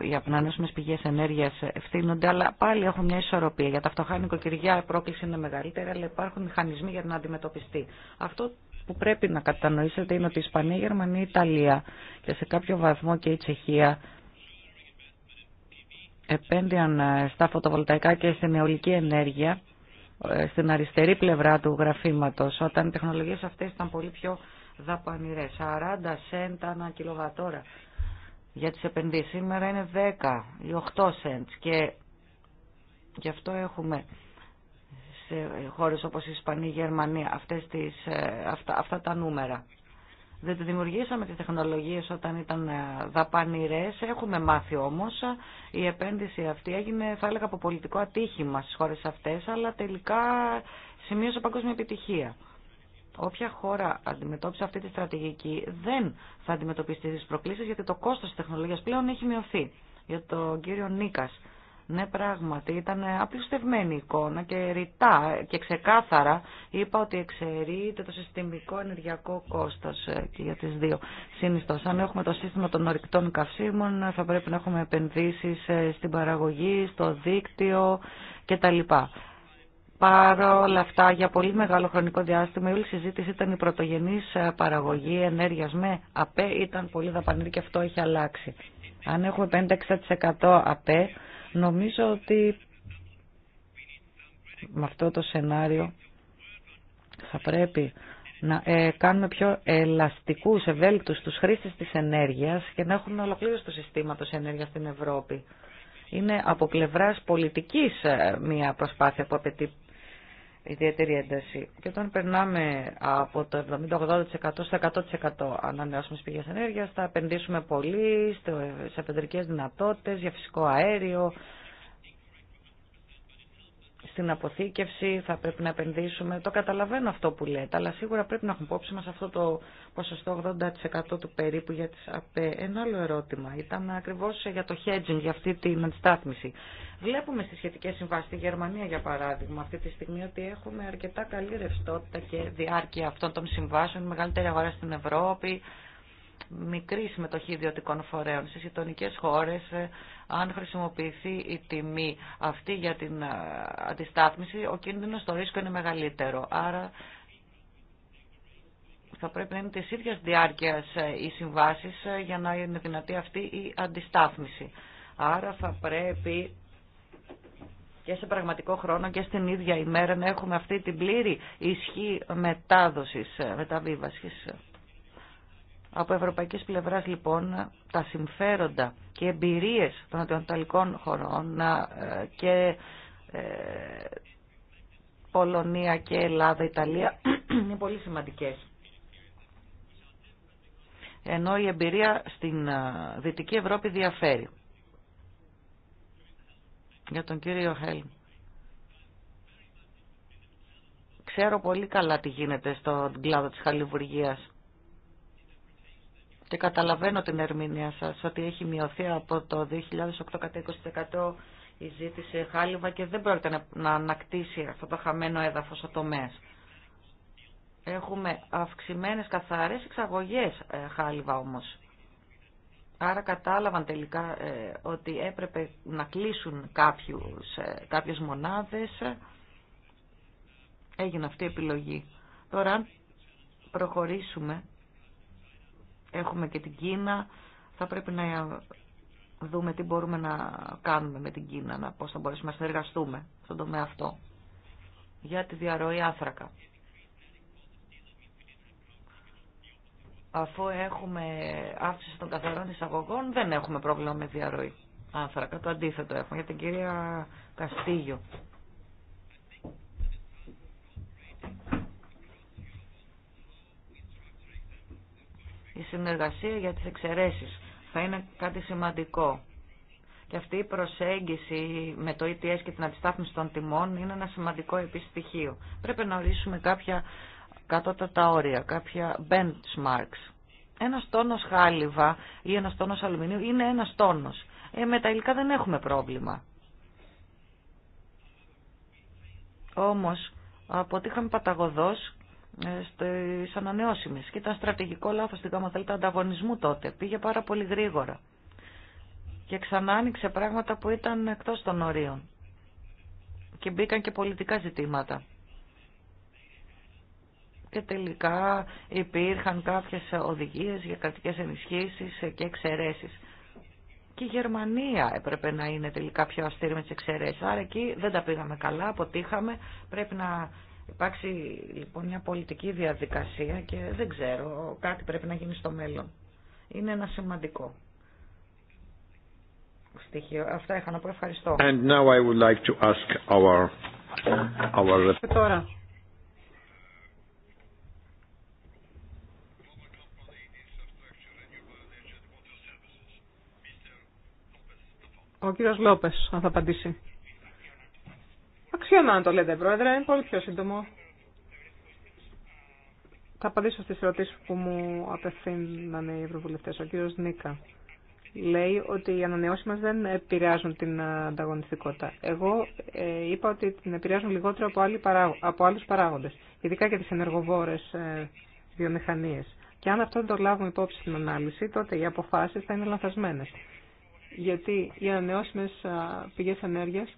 οι απνανέσουμε πηγέ ενέργεια ευθύνονται, αλλά πάλι έχουν μια ισορροπία. Για τα φτωχά νοικοκυριά η πρόκληση είναι μεγαλύτερη, αλλά υπάρχουν μηχανισμοί για να αντιμετωπιστεί. Αυτό που πρέπει να κατανοήσετε είναι ότι η Ισπανία, η Γερμανία, η Ιταλία και σε κάποιο βαθμό και η Τσεχία επένδυαν ε, στα φωτοβολταϊκά και στην αιωλική ενέργεια ε, στην αριστερή πλευρά του γραφήματος όταν οι τεχνολογίες αυτές ήταν πολύ πιο δαπανηρές 40 σέντ ανά κιλοβατόρα για τις επενδύσεις σήμερα είναι 10 ή 8 σέντ και γι' αυτό έχουμε σε χώρες όπως η Ισπανία, η Γερμανία, αυτές τις, ε, αυτά, αυτά τα νούμερα. Δεν τη δημιουργήσαμε τις τεχνολογίες όταν ήταν ε, δαπανηρές, έχουμε μάθει όμως. Η επένδυση αυτή έγινε, θα έλεγα, από πολιτικό ατύχημα στις χώρες αυτές, αλλά τελικά σημείωσε παγκόσμια επιτυχία. Όποια χώρα αντιμετώπισε αυτή τη στρατηγική δεν θα αντιμετωπίσει τις προκλήσεις, γιατί το κόστος της τεχνολογίας πλέον έχει μειωθεί. Για τον κύριο Νίκας, ναι, πράγματι, ήταν απλουστευμένη η εικόνα και ρητά και ξεκάθαρα είπα ότι εξαιρείται το συστημικό ενεργειακό κόστος ε, για τις δύο συνιστός. Αν έχουμε το σύστημα των ορυκτών καυσίμων θα πρέπει να έχουμε επενδύσεις ε, στην παραγωγή, στο δίκτυο κτλ. Παρ' όλα αυτά, για πολύ μεγάλο χρονικό διάστημα, η όλη συζήτηση ήταν η πρωτογενή ε, παραγωγή ενέργεια με ΑΠΕ. Ήταν πολύ δαπανή και αυτό έχει αλλάξει. Αν εχουμε 5 5-6% ΑΠΕ, Νομίζω ότι με αυτό το σενάριο θα πρέπει να ε, κάνουμε πιο ελαστικούς, ευέλικτους τους χρήστες της ενέργειας και να έχουμε ολοκλήρωση του συστήματος ενέργειας στην Ευρώπη. Είναι από πλευράς πολιτικής ε, μια προσπάθεια που απαιτεί ιδιαίτερη ένταση. Και όταν περνάμε από το 70-80% στο 100% ανανεώσιμε πηγέ ενέργεια, θα επενδύσουμε πολύ σε πεντρικέ δυνατότητε, για φυσικό αέριο, στην αποθήκευση, θα πρέπει να επενδύσουμε. Το καταλαβαίνω αυτό που λέτε, αλλά σίγουρα πρέπει να έχουμε υπόψη μα αυτό το ποσοστό 80% του περίπου για τι ΑΠΕ. Ένα άλλο ερώτημα ήταν ακριβώ για το hedging, για αυτή την αντιστάθμιση. Βλέπουμε στι σχετικέ συμβάσει στη Γερμανία για παράδειγμα, αυτή τη στιγμή ότι έχουμε αρκετά καλή ρευστότητα και διάρκεια αυτών των συμβάσεων, μεγαλύτερη αγορά στην Ευρώπη, μικρή συμμετοχή ιδιωτικών φορέων στι γειτονικέ χώρε. Αν χρησιμοποιηθεί η τιμή αυτή για την ε, αντιστάθμιση, ο κίνδυνος στο ρίσκο είναι μεγαλύτερο. Άρα θα πρέπει να είναι της ίδιας διάρκειας ε, οι συμβάσεις ε, για να είναι δυνατή αυτή η αντιστάθμιση. Άρα θα πρέπει και σε πραγματικό χρόνο και στην ίδια ημέρα να έχουμε αυτή την πλήρη ισχύ μετάδοσης, μεταβίβασης. Από ευρωπαϊκής πλευράς λοιπόν τα συμφέροντα και εμπειρίες των αντιονταλικών χωρών ε, και ε, Πολωνία και Ελλάδα, Ιταλία είναι πολύ σημαντικές. Ενώ η εμπειρία στην ε, Δυτική Ευρώπη διαφέρει. Για τον κύριο Χέλμ. Ξέρω πολύ καλά τι γίνεται στον κλάδο της Χαλιβουργίας και καταλαβαίνω την ερμηνεία σας ότι έχει μειωθεί από το 2008 κατά 20% η ζήτηση χάλιβα και δεν πρόκειται να ανακτήσει αυτό το χαμένο έδαφος ο τομέας. Έχουμε αυξημένες καθαρές εξαγωγές ε, χάλιβα όμως. Άρα κατάλαβαν τελικά ε, ότι έπρεπε να κλείσουν κάποιους, ε, κάποιες μονάδες. Έγινε αυτή η επιλογή. Τώρα αν προχωρήσουμε Έχουμε και την Κίνα. Θα πρέπει να δούμε τι μπορούμε να κάνουμε με την Κίνα, να πώς θα μπορέσουμε να συνεργαστούμε στον τομέα αυτό. Για τη διαρροή άθρακα. Αφού έχουμε αύξηση των καθαρών εισαγωγών, δεν έχουμε πρόβλημα με διαρροή άνθρακα. Το αντίθετο έχουμε. Για την κυρία Καστίγιο. η συνεργασία για τις εξαιρέσεις θα είναι κάτι σημαντικό. Και αυτή η προσέγγιση με το ETS και την αντιστάθμιση των τιμών είναι ένα σημαντικό επίσης Πρέπει να ορίσουμε κάποια κατώτατα όρια, κάποια benchmarks. Ένας τόνος χάλιβα ή ένας τόνος αλουμινίου είναι ένας τόνος. Ε, με τα υλικά δεν έχουμε πρόβλημα. Όμως, αποτύχαμε παταγωδός ε, στις ανανεώσιμες. Και ήταν στρατηγικό λάθος στην ΚΔ ανταγωνισμού τότε. Πήγε πάρα πολύ γρήγορα. Και ξανά άνοιξε πράγματα που ήταν εκτός των ορίων. Και μπήκαν και πολιτικά ζητήματα. Και τελικά υπήρχαν κάποιες οδηγίες για κρατικές ενισχύσεις και εξαιρέσεις. Και η Γερμανία έπρεπε να είναι τελικά πιο αστήρη με τι εξαιρέσει. Άρα εκεί δεν τα πήγαμε καλά, αποτύχαμε. Πρέπει να Υπάρξει λοιπόν μια πολιτική διαδικασία και δεν ξέρω, κάτι πρέπει να γίνει στο μέλλον. Είναι ένα σημαντικό στοιχείο. Αυτά είχα να πω. Ευχαριστώ. And now I would like to ask our... Our... Και τώρα. Ο κύριος Λόπες θα απαντήσει. Αξιώνω να το λέτε, Πρόεδρε. Είναι πολύ πιο σύντομο. Θα απαντήσω στις ερωτήσεις που μου απευθύνανε οι ευρωβουλευτές. Ο κύριος Νίκα λέει ότι οι ανανεώσιμες δεν επηρεάζουν την ανταγωνιστικότητα. Εγώ ε, είπα ότι την επηρεάζουν λιγότερο από, άλλοι από άλλους παράγοντες, ειδικά και τις ενεργοβόρες ε, βιομηχανίες. Και αν αυτό δεν το λάβουμε υπόψη στην ανάλυση, τότε οι αποφάσεις θα είναι λανθασμένες. Γιατί οι ανανεώσιμες ε, πηγές ενέργειας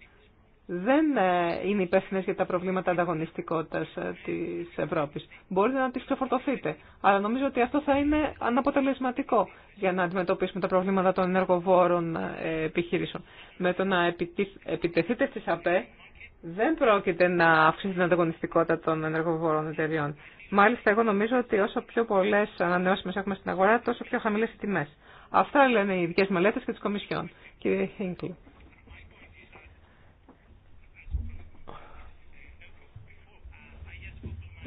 δεν ε, είναι υπεύθυνε για τα προβλήματα ανταγωνιστικότητα ε, τη Ευρώπη. Μπορείτε να τι ξεφορτωθείτε. Αλλά νομίζω ότι αυτό θα είναι αναποτελεσματικό για να αντιμετωπίσουμε τα προβλήματα των ενεργοβόρων ε, επιχειρήσεων. Με το να επιτεθείτε στι ΑΠΕ δεν πρόκειται να αυξήσει την ανταγωνιστικότητα των ενεργοβόρων εταιριών. Μάλιστα, εγώ νομίζω ότι όσο πιο πολλέ ανανεώσιμε έχουμε στην αγορά, τόσο πιο χαμηλέ οι τιμέ. Αυτά λένε οι ειδικέ μελέτε και τη Κομισιόν. Κύριε Χίνκλου.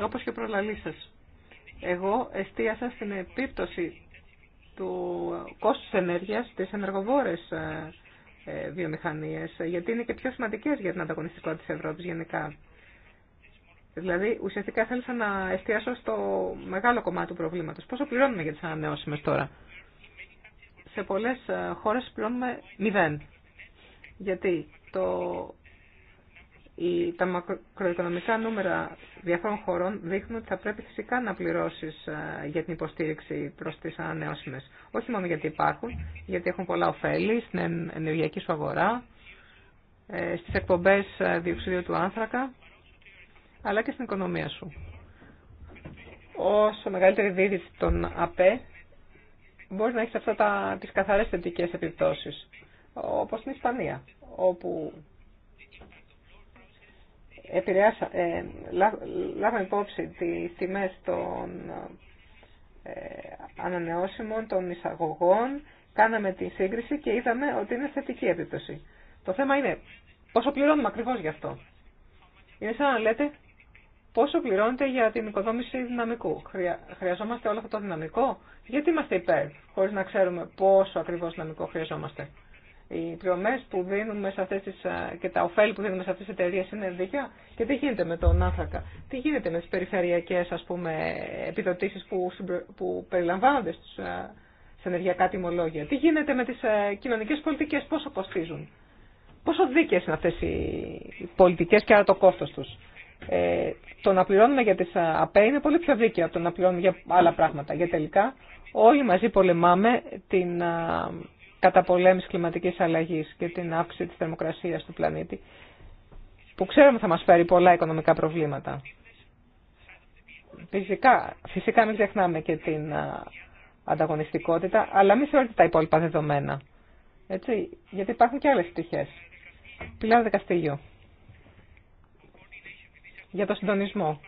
Όπως και προλαλή σας. Εγώ εστίασα στην επίπτωση του κόστους ενέργειας στις ενεργοβόρες ε, ε, βιομηχανίες, γιατί είναι και πιο σημαντικές για την ανταγωνιστικότητα της Ευρώπης γενικά. Δηλαδή, ουσιαστικά θέλησα να εστιάσω στο μεγάλο κομμάτι του προβλήματος. Πόσο πληρώνουμε για τις ανανεώσιμες τώρα. Σε πολλές ε, χώρες πληρώνουμε μηδέν. Γιατί το τα μακροοικονομικά νούμερα διαφόρων χωρών δείχνουν ότι θα πρέπει φυσικά να πληρώσεις ε, για την υποστήριξη προ τις ανανεώσιμε. Όχι μόνο γιατί υπάρχουν, γιατί έχουν πολλά ωφέλη στην ενεργειακή σου αγορά, ε, στις εκπομπές ε, διοξιδίου του άνθρακα, αλλά και στην οικονομία σου. Όσο μεγαλύτερη δίδυση των ΑΠΕ, μπορεί να έχει αυτά τα, τις θετικέ επιπτώσει. επιπτώσεις, όπως στην Ισπανία, όπου επηρεάσα, ε, λά, λάβαμε υπόψη τις τιμές των ε, ανανεώσιμων, των εισαγωγών, κάναμε τη σύγκριση και είδαμε ότι είναι θετική επίπτωση. Το θέμα είναι πόσο πληρώνουμε ακριβώς γι' αυτό. Είναι σαν να λέτε πόσο πληρώνετε για την οικοδόμηση δυναμικού. χρειαζόμαστε όλο αυτό το δυναμικό. Γιατί είμαστε υπέρ, χωρίς να ξέρουμε πόσο ακριβώς δυναμικό χρειαζόμαστε οι πληρωμέ που δίνουμε σε αυτές και τα ωφέλη που δίνουμε σε αυτέ τι εταιρείε είναι δίκαια και τι γίνεται με τον άνθρακα. Τι γίνεται με τι περιφερειακέ επιδοτήσει που, που περιλαμβάνονται στους, σε ενεργειακά τιμολόγια. Τι γίνεται με τι κοινωνικέ πολιτικέ, πόσο κοστίζουν. Πόσο δίκαιε είναι αυτέ οι πολιτικέ και άρα το κόστο του. Ε, το να πληρώνουμε για τι ΑΠΕ είναι πολύ πιο δίκαιο από το να πληρώνουμε για άλλα πράγματα. Γιατί τελικά όλοι μαζί πολεμάμε την καταπολέμηση κλιματικής αλλαγής και την αύξηση της θερμοκρασίας του πλανήτη, που ξέρουμε θα μας φέρει πολλά οικονομικά προβλήματα. Φυσικά, φυσικά μην ξεχνάμε και την ανταγωνιστικότητα, αλλά μην θεωρείτε τα υπόλοιπα δεδομένα. Έτσι, γιατί υπάρχουν και άλλες πτυχές. δε Δικαστήριο. Για το συντονισμό.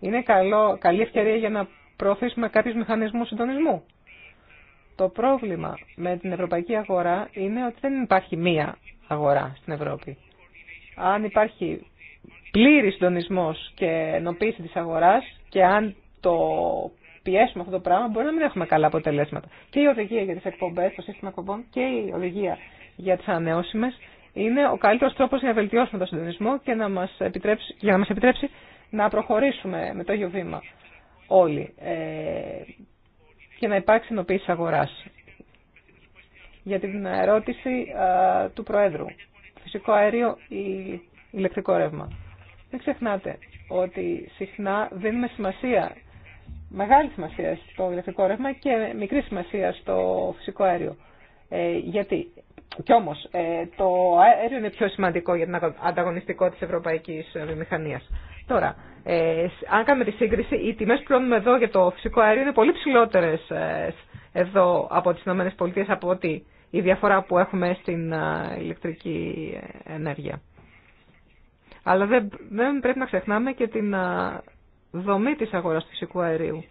Είναι καλό, καλή ευκαιρία για να προωθήσουμε κάποιους μηχανισμούς συντονισμού. Το πρόβλημα με την ευρωπαϊκή αγορά είναι ότι δεν υπάρχει μία αγορά στην Ευρώπη. Αν υπάρχει πλήρη συντονισμό και ενοποίηση τη αγορά και αν το πιέσουμε αυτό το πράγμα, μπορεί να μην έχουμε καλά αποτελέσματα. Και η οδηγία για τις εκπομπέ, το σύστημα εκπομπών και η οδηγία για τι ανανεώσιμε είναι ο καλύτερος τρόπος για να βελτιώσουμε τον συντονισμό και να μας επιτρέψει, για να επιτρέψει να προχωρήσουμε με το ίδιο βήμα όλοι. Ε, και να υπάρξει ενοποίηση αγορά. Για την ερώτηση του Προέδρου. Φυσικό αέριο ή ηλεκτρικό ρεύμα. Δεν ξεχνάτε ότι συχνά δίνουμε σημασία, μεγάλη σημασία στο ηλεκτρικό ρεύμα και μικρή σημασία στο φυσικό αέριο. Ε, γιατί κι όμως ε, το αέριο είναι πιο σημαντικό για την ανταγωνιστικό της ευρωπαϊκής ε, βιομηχανίας. Τώρα, ε, αν κάνουμε τη σύγκριση, οι τιμές που πληρώνουμε εδώ για το φυσικό αέριο είναι πολύ ψηλότερες ε, εδώ από τις ΗΠΑ από ότι η διαφορά που έχουμε στην ε, ηλεκτρική ενέργεια. Αλλά δεν, δεν πρέπει να ξεχνάμε και την ε, δομή της αγοράς του φυσικού αερίου.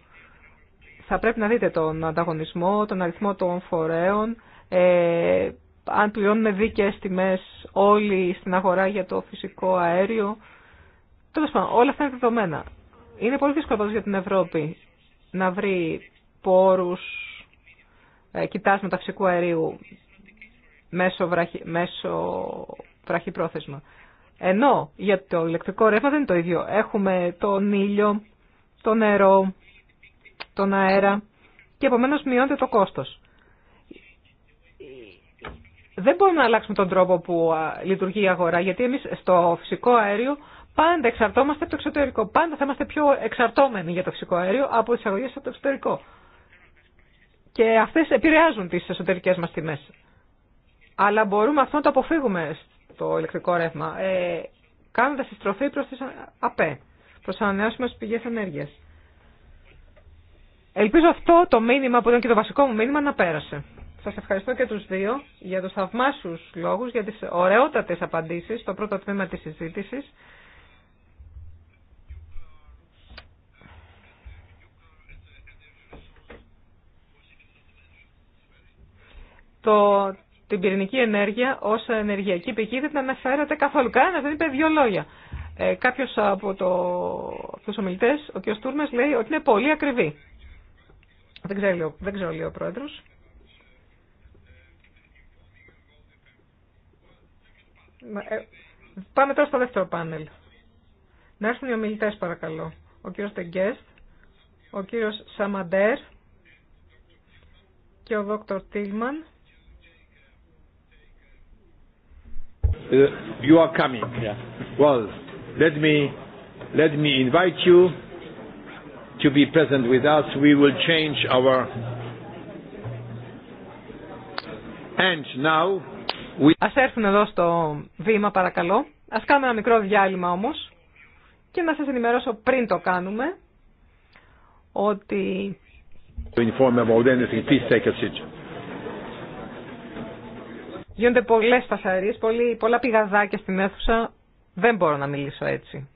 Θα πρέπει να δείτε τον ανταγωνισμό, τον αριθμό των φορέων, ε, αν πληρώνουμε δίκαιες τιμές όλοι στην αγορά για το φυσικό αέριο, Τέλο πάντων, όλα αυτά είναι δεδομένα. Είναι πολύ δύσκολο για την Ευρώπη να βρει πόρου ε, κοιτάσματα φυσικού αερίου μέσω, βραχυ, μέσω βραχυπρόθεσμα. Ενώ για το ηλεκτρικό ρεύμα δεν είναι το ίδιο. Έχουμε τον ήλιο, το νερό, τον αέρα και επομένως μειώνεται το κόστος. Δεν μπορούμε να αλλάξουμε τον τρόπο που λειτουργεί η αγορά, γιατί εμείς στο φυσικό αέριο Πάντα εξαρτώμαστε από το εξωτερικό. Πάντα θα είμαστε πιο εξαρτώμενοι για το φυσικό αέριο από τι αγωγέ από το εξωτερικό. Και αυτέ επηρεάζουν τι εσωτερικέ μα τιμέ. Αλλά μπορούμε αυτό να το αποφύγουμε στο ηλεκτρικό ρεύμα, ε, κάνοντα τη στροφή προ τι ΑΠΕ, προ ανανεώσιμε πηγέ ενέργεια. Ελπίζω αυτό το μήνυμα που ήταν και το βασικό μου μήνυμα να πέρασε. Σας ευχαριστώ και του δύο για του θαυμάσιους λόγου, για τις ωραιότατε απαντήσει στο πρώτο τμήμα τη συζήτηση. το, την πυρηνική ενέργεια ω ενεργειακή πηγή δεν την αναφέρατε καθόλου. Κανένα δεν είπε δύο λόγια. Ε, κάποιος από το, τους ομιλητές, ο κ. Τούρμες, λέει ότι είναι πολύ ακριβή. Δεν ξέρω, δεν λέει ο πρόεδρος. Ε, πάμε τώρα στο δεύτερο πάνελ. Να έρθουν οι ομιλητές παρακαλώ. Ο κ. Τεγκέστ, ο κύριος Σαμαντέρ και ο δόκτωρ Τίλμαν you are coming. Yeah. Well, let me let me invite you to be present with us. We will change our. And now we. Ας έρθουν εδώ στο βήμα παρακαλώ. Ας κάνουμε ένα μικρό διάλειμμα όμως και να σας ενημερώσω πριν το κάνουμε ότι. To inform about anything, please take a seat. Γίνονται πολλέ φασαρίε, πολλά πηγαδάκια στην αίθουσα. Δεν μπορώ να μιλήσω έτσι.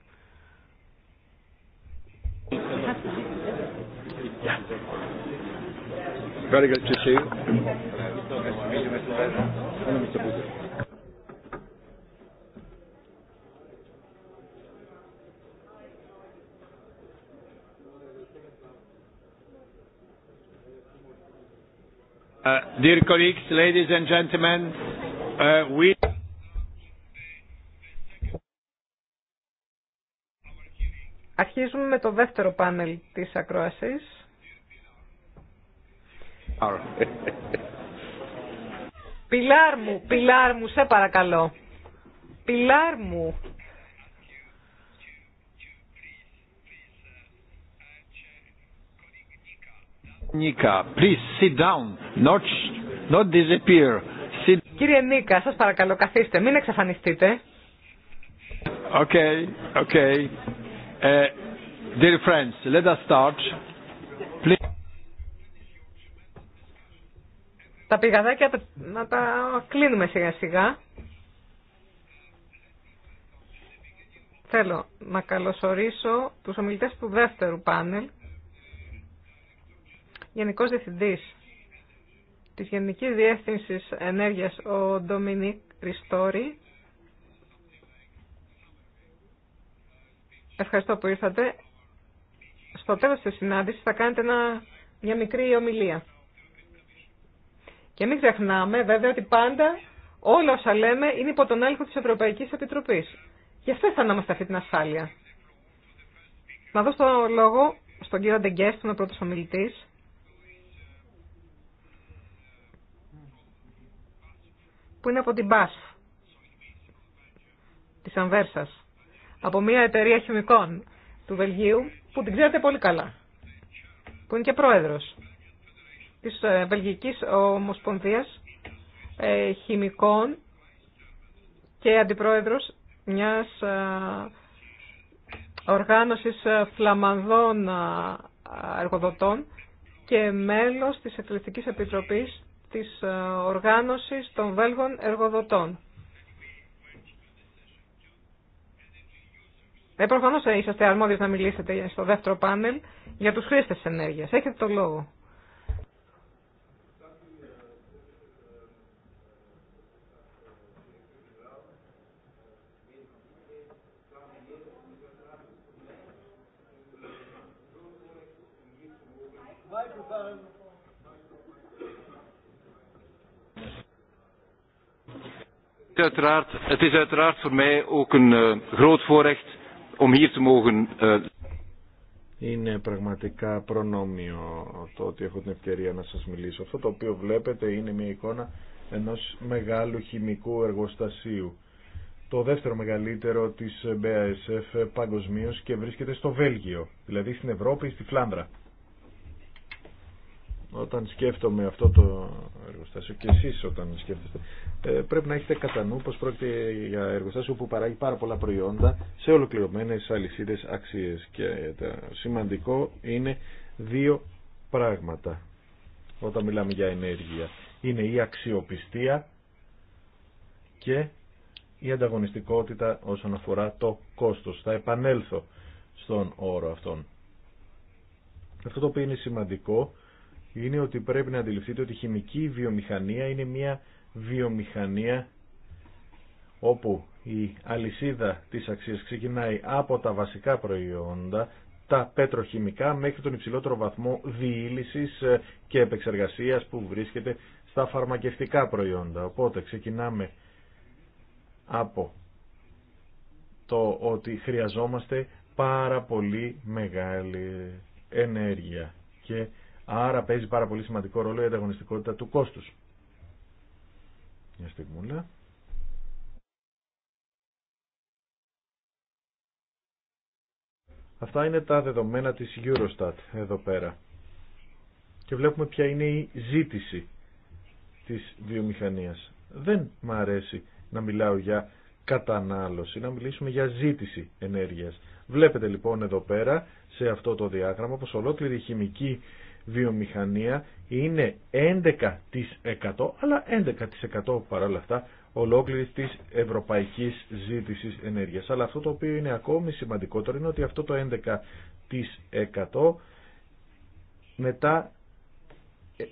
Uh, dear colleagues, ladies and gentlemen, uh, Αρχίζουμε με το δεύτερο πάνελ της ακρόασης. Πιλάρ μου, πιλάρ μου, σε παρακαλώ. Πιλάρ μου. Νίκα, Κύριε Νίκα, σας παρακαλώ καθίστε, μην εξαφανιστείτε. Okay, okay. Ε, dear friends, let us start. Please. Τα πηγαδάκια να τα κλείνουμε σιγά σιγά. Θέλω να καλωσορίσω τους ομιλητές του δεύτερου πάνελ Γενικό Διευθυντή τη Γενική Διεύθυνση ενέργεια ο Ντομινίκ Ριστόρη. Ευχαριστώ που ήρθατε. Στο τέλο τη συνάντηση θα κάνετε μια μικρή ομιλία. Και μην ξεχνάμε βέβαια ότι πάντα όλα όσα λέμε είναι υπό τον έλεγχο τη Ευρωπαϊκή Επιτροπή. Γι' αυτό αισθανόμαστε αυτή την ασφάλεια. Να δώσω το λόγο στον κύριο Ντεγκέστον, ο πρώτο ομιλητής. που είναι από την BASF της Ανβέρσας, από μια εταιρεία χημικών του Βελγίου που την ξέρετε πολύ καλά, που είναι και πρόεδρος της ε, Βελγικής Ομοσπονδίας ε, Χημικών και αντιπρόεδρος μιας ε, οργάνωσης φλαμανδών εργοδοτών και μέλος της Εκλεκτικής Επιτροπής της ε, οργάνωσης των Βέλγων εργοδοτών. Ε, προφανώς είσαστε αρμόδιος να μιλήσετε στο δεύτερο πάνελ για τους χρήστες ενέργειας. Έχετε το λόγο. Είναι πραγματικά προνόμιο το ότι έχω την ευκαιρία να σας μιλήσω. Αυτό το οποίο βλέπετε είναι μια εικόνα ενός μεγάλου χημικού εργοστασίου. Το δεύτερο μεγαλύτερο της BASF παγκοσμίω και βρίσκεται στο Βέλγιο, δηλαδή στην Ευρώπη, στη Φλάνδρα όταν σκέφτομαι αυτό το εργοστάσιο και εσεί όταν σκέφτεστε ε, πρέπει να έχετε κατά νου πως πρόκειται για εργοστάσιο που παράγει πάρα πολλά προϊόντα σε ολοκληρωμένε αλυσίδε, αξίες και σημαντικό είναι δύο πράγματα όταν μιλάμε για ενέργεια είναι η αξιοπιστία και η ανταγωνιστικότητα όσον αφορά το κόστος θα επανέλθω στον όρο αυτόν αυτό το οποίο είναι σημαντικό είναι ότι πρέπει να αντιληφθείτε ότι η χημική βιομηχανία είναι μια βιομηχανία όπου η αλυσίδα της αξίας ξεκινάει από τα βασικά προϊόντα, τα πετροχημικά μέχρι τον υψηλότερο βαθμό διήλυσης ε, και επεξεργασίας που βρίσκεται στα φαρμακευτικά προϊόντα. Οπότε ξεκινάμε από το ότι χρειαζόμαστε πάρα πολύ μεγάλη ενέργεια και Άρα παίζει πάρα πολύ σημαντικό ρόλο η ανταγωνιστικότητα του κόστους. Μια στιγμούλα. Αυτά είναι τα δεδομένα της Eurostat εδώ πέρα. Και βλέπουμε ποια είναι η ζήτηση της βιομηχανίας. Δεν μ' αρέσει να μιλάω για κατανάλωση, να μιλήσουμε για ζήτηση ενέργειας. Βλέπετε λοιπόν εδώ πέρα σε αυτό το διάγραμμα πως ολόκληρη η χημική βιομηχανία είναι 11% αλλά 11% παράλληλα αυτά ολόκληρη της ευρωπαϊκής ζήτησης ενέργειας. Αλλά αυτό το οποίο είναι ακόμη σημαντικότερο είναι ότι αυτό το 11% μετά ε,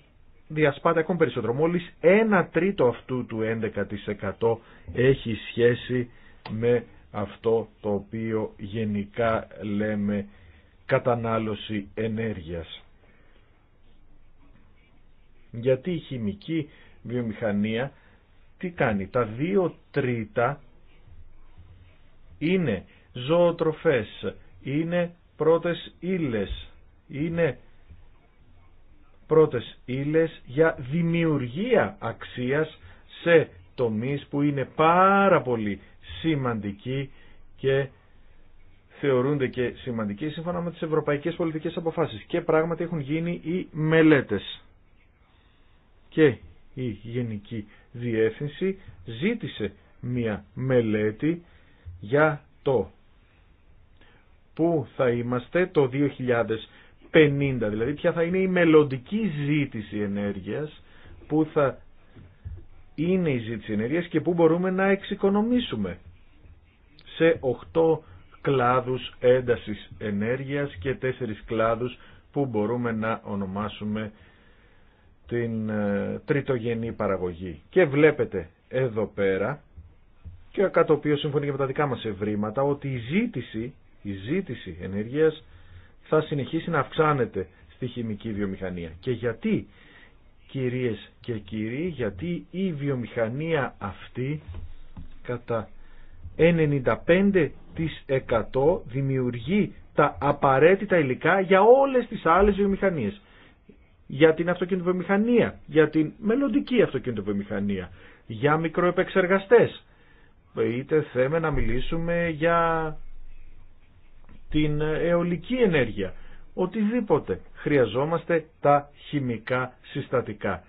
διασπάται ακόμη περισσότερο. Μόλις ένα τρίτο αυτού του 11% έχει σχέση με αυτό το οποίο γενικά λέμε κατανάλωση ενέργειας. Γιατί η χημική βιομηχανία τι κάνει. Τα δύο τρίτα είναι ζωοτροφές, είναι πρώτες ύλες, είναι πρώτες ύλες για δημιουργία αξίας σε τομείς που είναι πάρα πολύ σημαντικοί και θεωρούνται και σημαντικοί σύμφωνα με τις ευρωπαϊκές πολιτικές αποφάσεις και πράγματι έχουν γίνει οι μελέτες και η Γενική Διεύθυνση ζήτησε μία μελέτη για το που θα είμαστε το 2050, δηλαδή ποια θα είναι η μελλοντική ζήτηση ενέργειας, που θα είναι η ζήτηση ενέργειας και που μπορούμε να εξοικονομήσουμε σε 8 κλάδους έντασης ενέργειας και 4 κλάδους που μπορούμε να ονομάσουμε την ε, τριτογενή παραγωγή. Και βλέπετε εδώ πέρα, και κάτω το οποίο συμφωνεί και με τα δικά μας ευρήματα, ότι η ζήτηση, η ζήτηση ενέργειας θα συνεχίσει να αυξάνεται στη χημική βιομηχανία. Και γιατί, κυρίες και κύριοι, γιατί η βιομηχανία αυτή κατά 95% δημιουργεί τα απαραίτητα υλικά για όλες τις άλλες βιομηχανίες για την αυτοκινητοβιομηχανία, για την μελλοντική αυτοκινητοβιομηχανία, για μικροεπεξεργαστές. Είτε θέμε να μιλήσουμε για την αιωλική ενέργεια. Οτιδήποτε χρειαζόμαστε τα χημικά συστατικά.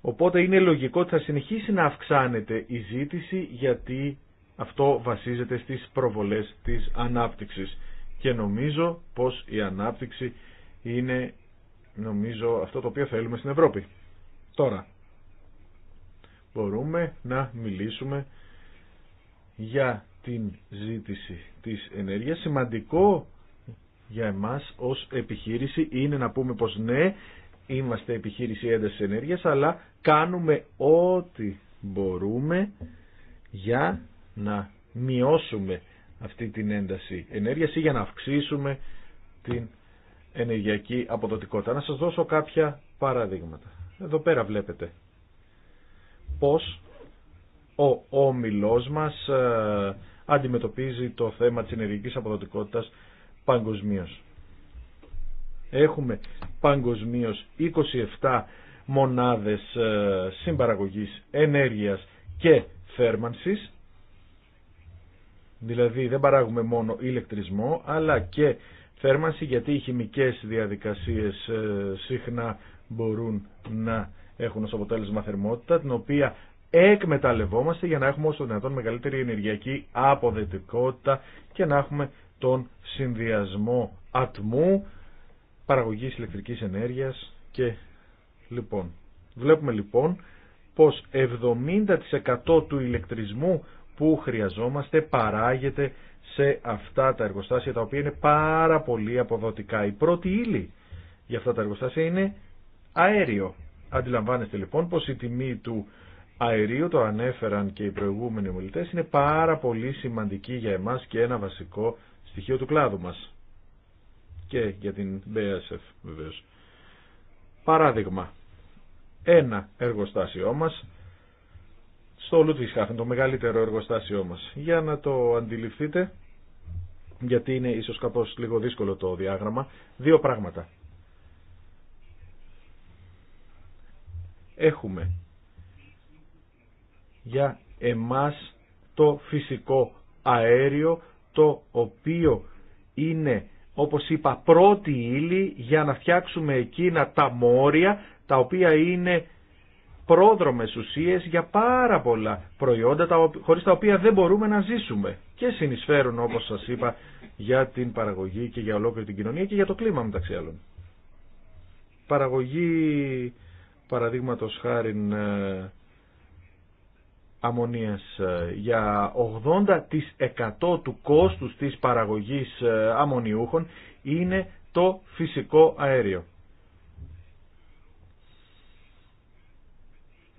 Οπότε είναι λογικό ότι θα συνεχίσει να αυξάνεται η ζήτηση γιατί αυτό βασίζεται στις προβολές της ανάπτυξης. Και νομίζω πως η ανάπτυξη είναι νομίζω αυτό το οποίο θέλουμε στην Ευρώπη. Τώρα, μπορούμε να μιλήσουμε για την ζήτηση της ενέργειας. Σημαντικό για εμάς ως επιχείρηση είναι να πούμε πως ναι, είμαστε επιχείρηση έντασης ενέργειας, αλλά κάνουμε ό,τι μπορούμε για να μειώσουμε αυτή την ένταση ενέργειας ή για να αυξήσουμε την ενεργειακή αποδοτικότητα. Να σας δώσω κάποια παραδείγματα. Εδώ πέρα βλέπετε πώς ο όμιλός μας ε, αντιμετωπίζει το θέμα της ενεργειακής αποδοτικότητας παγκοσμίω. Έχουμε παγκοσμίω 27 μονάδες ε, συμπαραγωγής ενέργειας και θέρμανσης. Δηλαδή δεν παράγουμε μόνο ηλεκτρισμό αλλά και θέρμανση γιατί οι χημικές διαδικασίες ε, συχνά μπορούν να έχουν ως αποτέλεσμα θερμότητα την οποία εκμεταλλευόμαστε για να έχουμε όσο δυνατόν μεγαλύτερη ενεργειακή αποδετικότητα και να έχουμε τον συνδυασμό ατμού, παραγωγής ηλεκτρικής ενέργειας και λοιπόν. Βλέπουμε λοιπόν πως 70% του ηλεκτρισμού που χρειαζόμαστε παράγεται σε αυτά τα εργοστάσια τα οποία είναι πάρα πολύ αποδοτικά. Η πρώτη ύλη για αυτά τα εργοστάσια είναι αέριο. Αντιλαμβάνεστε λοιπόν πως η τιμή του αερίου, το ανέφεραν και οι προηγούμενοι ομιλητές, είναι πάρα πολύ σημαντική για εμάς και ένα βασικό στοιχείο του κλάδου μας. Και για την BASF βεβαίως. Παράδειγμα, ένα εργοστάσιό μας στο Λούτβισχάφεν, το μεγαλύτερο εργοστάσιό μας. Για να το αντιληφθείτε, γιατί είναι ίσως κάπως λίγο δύσκολο το διάγραμμα, δύο πράγματα. Έχουμε για εμάς το φυσικό αέριο, το οποίο είναι, όπως είπα, πρώτη ύλη για να φτιάξουμε εκείνα τα μόρια, τα οποία είναι πρόδρομες ουσίες για πάρα πολλά προϊόντα χωρίς τα οποία δεν μπορούμε να ζήσουμε και συνεισφέρουν όπως σας είπα για την παραγωγή και για ολόκληρη την κοινωνία και για το κλίμα μεταξύ άλλων. Παραγωγή παραδείγματος χάρη ε, αμμονίας ε, για 80% του κόστους της παραγωγής ε, αμμονιούχων είναι το φυσικό αέριο.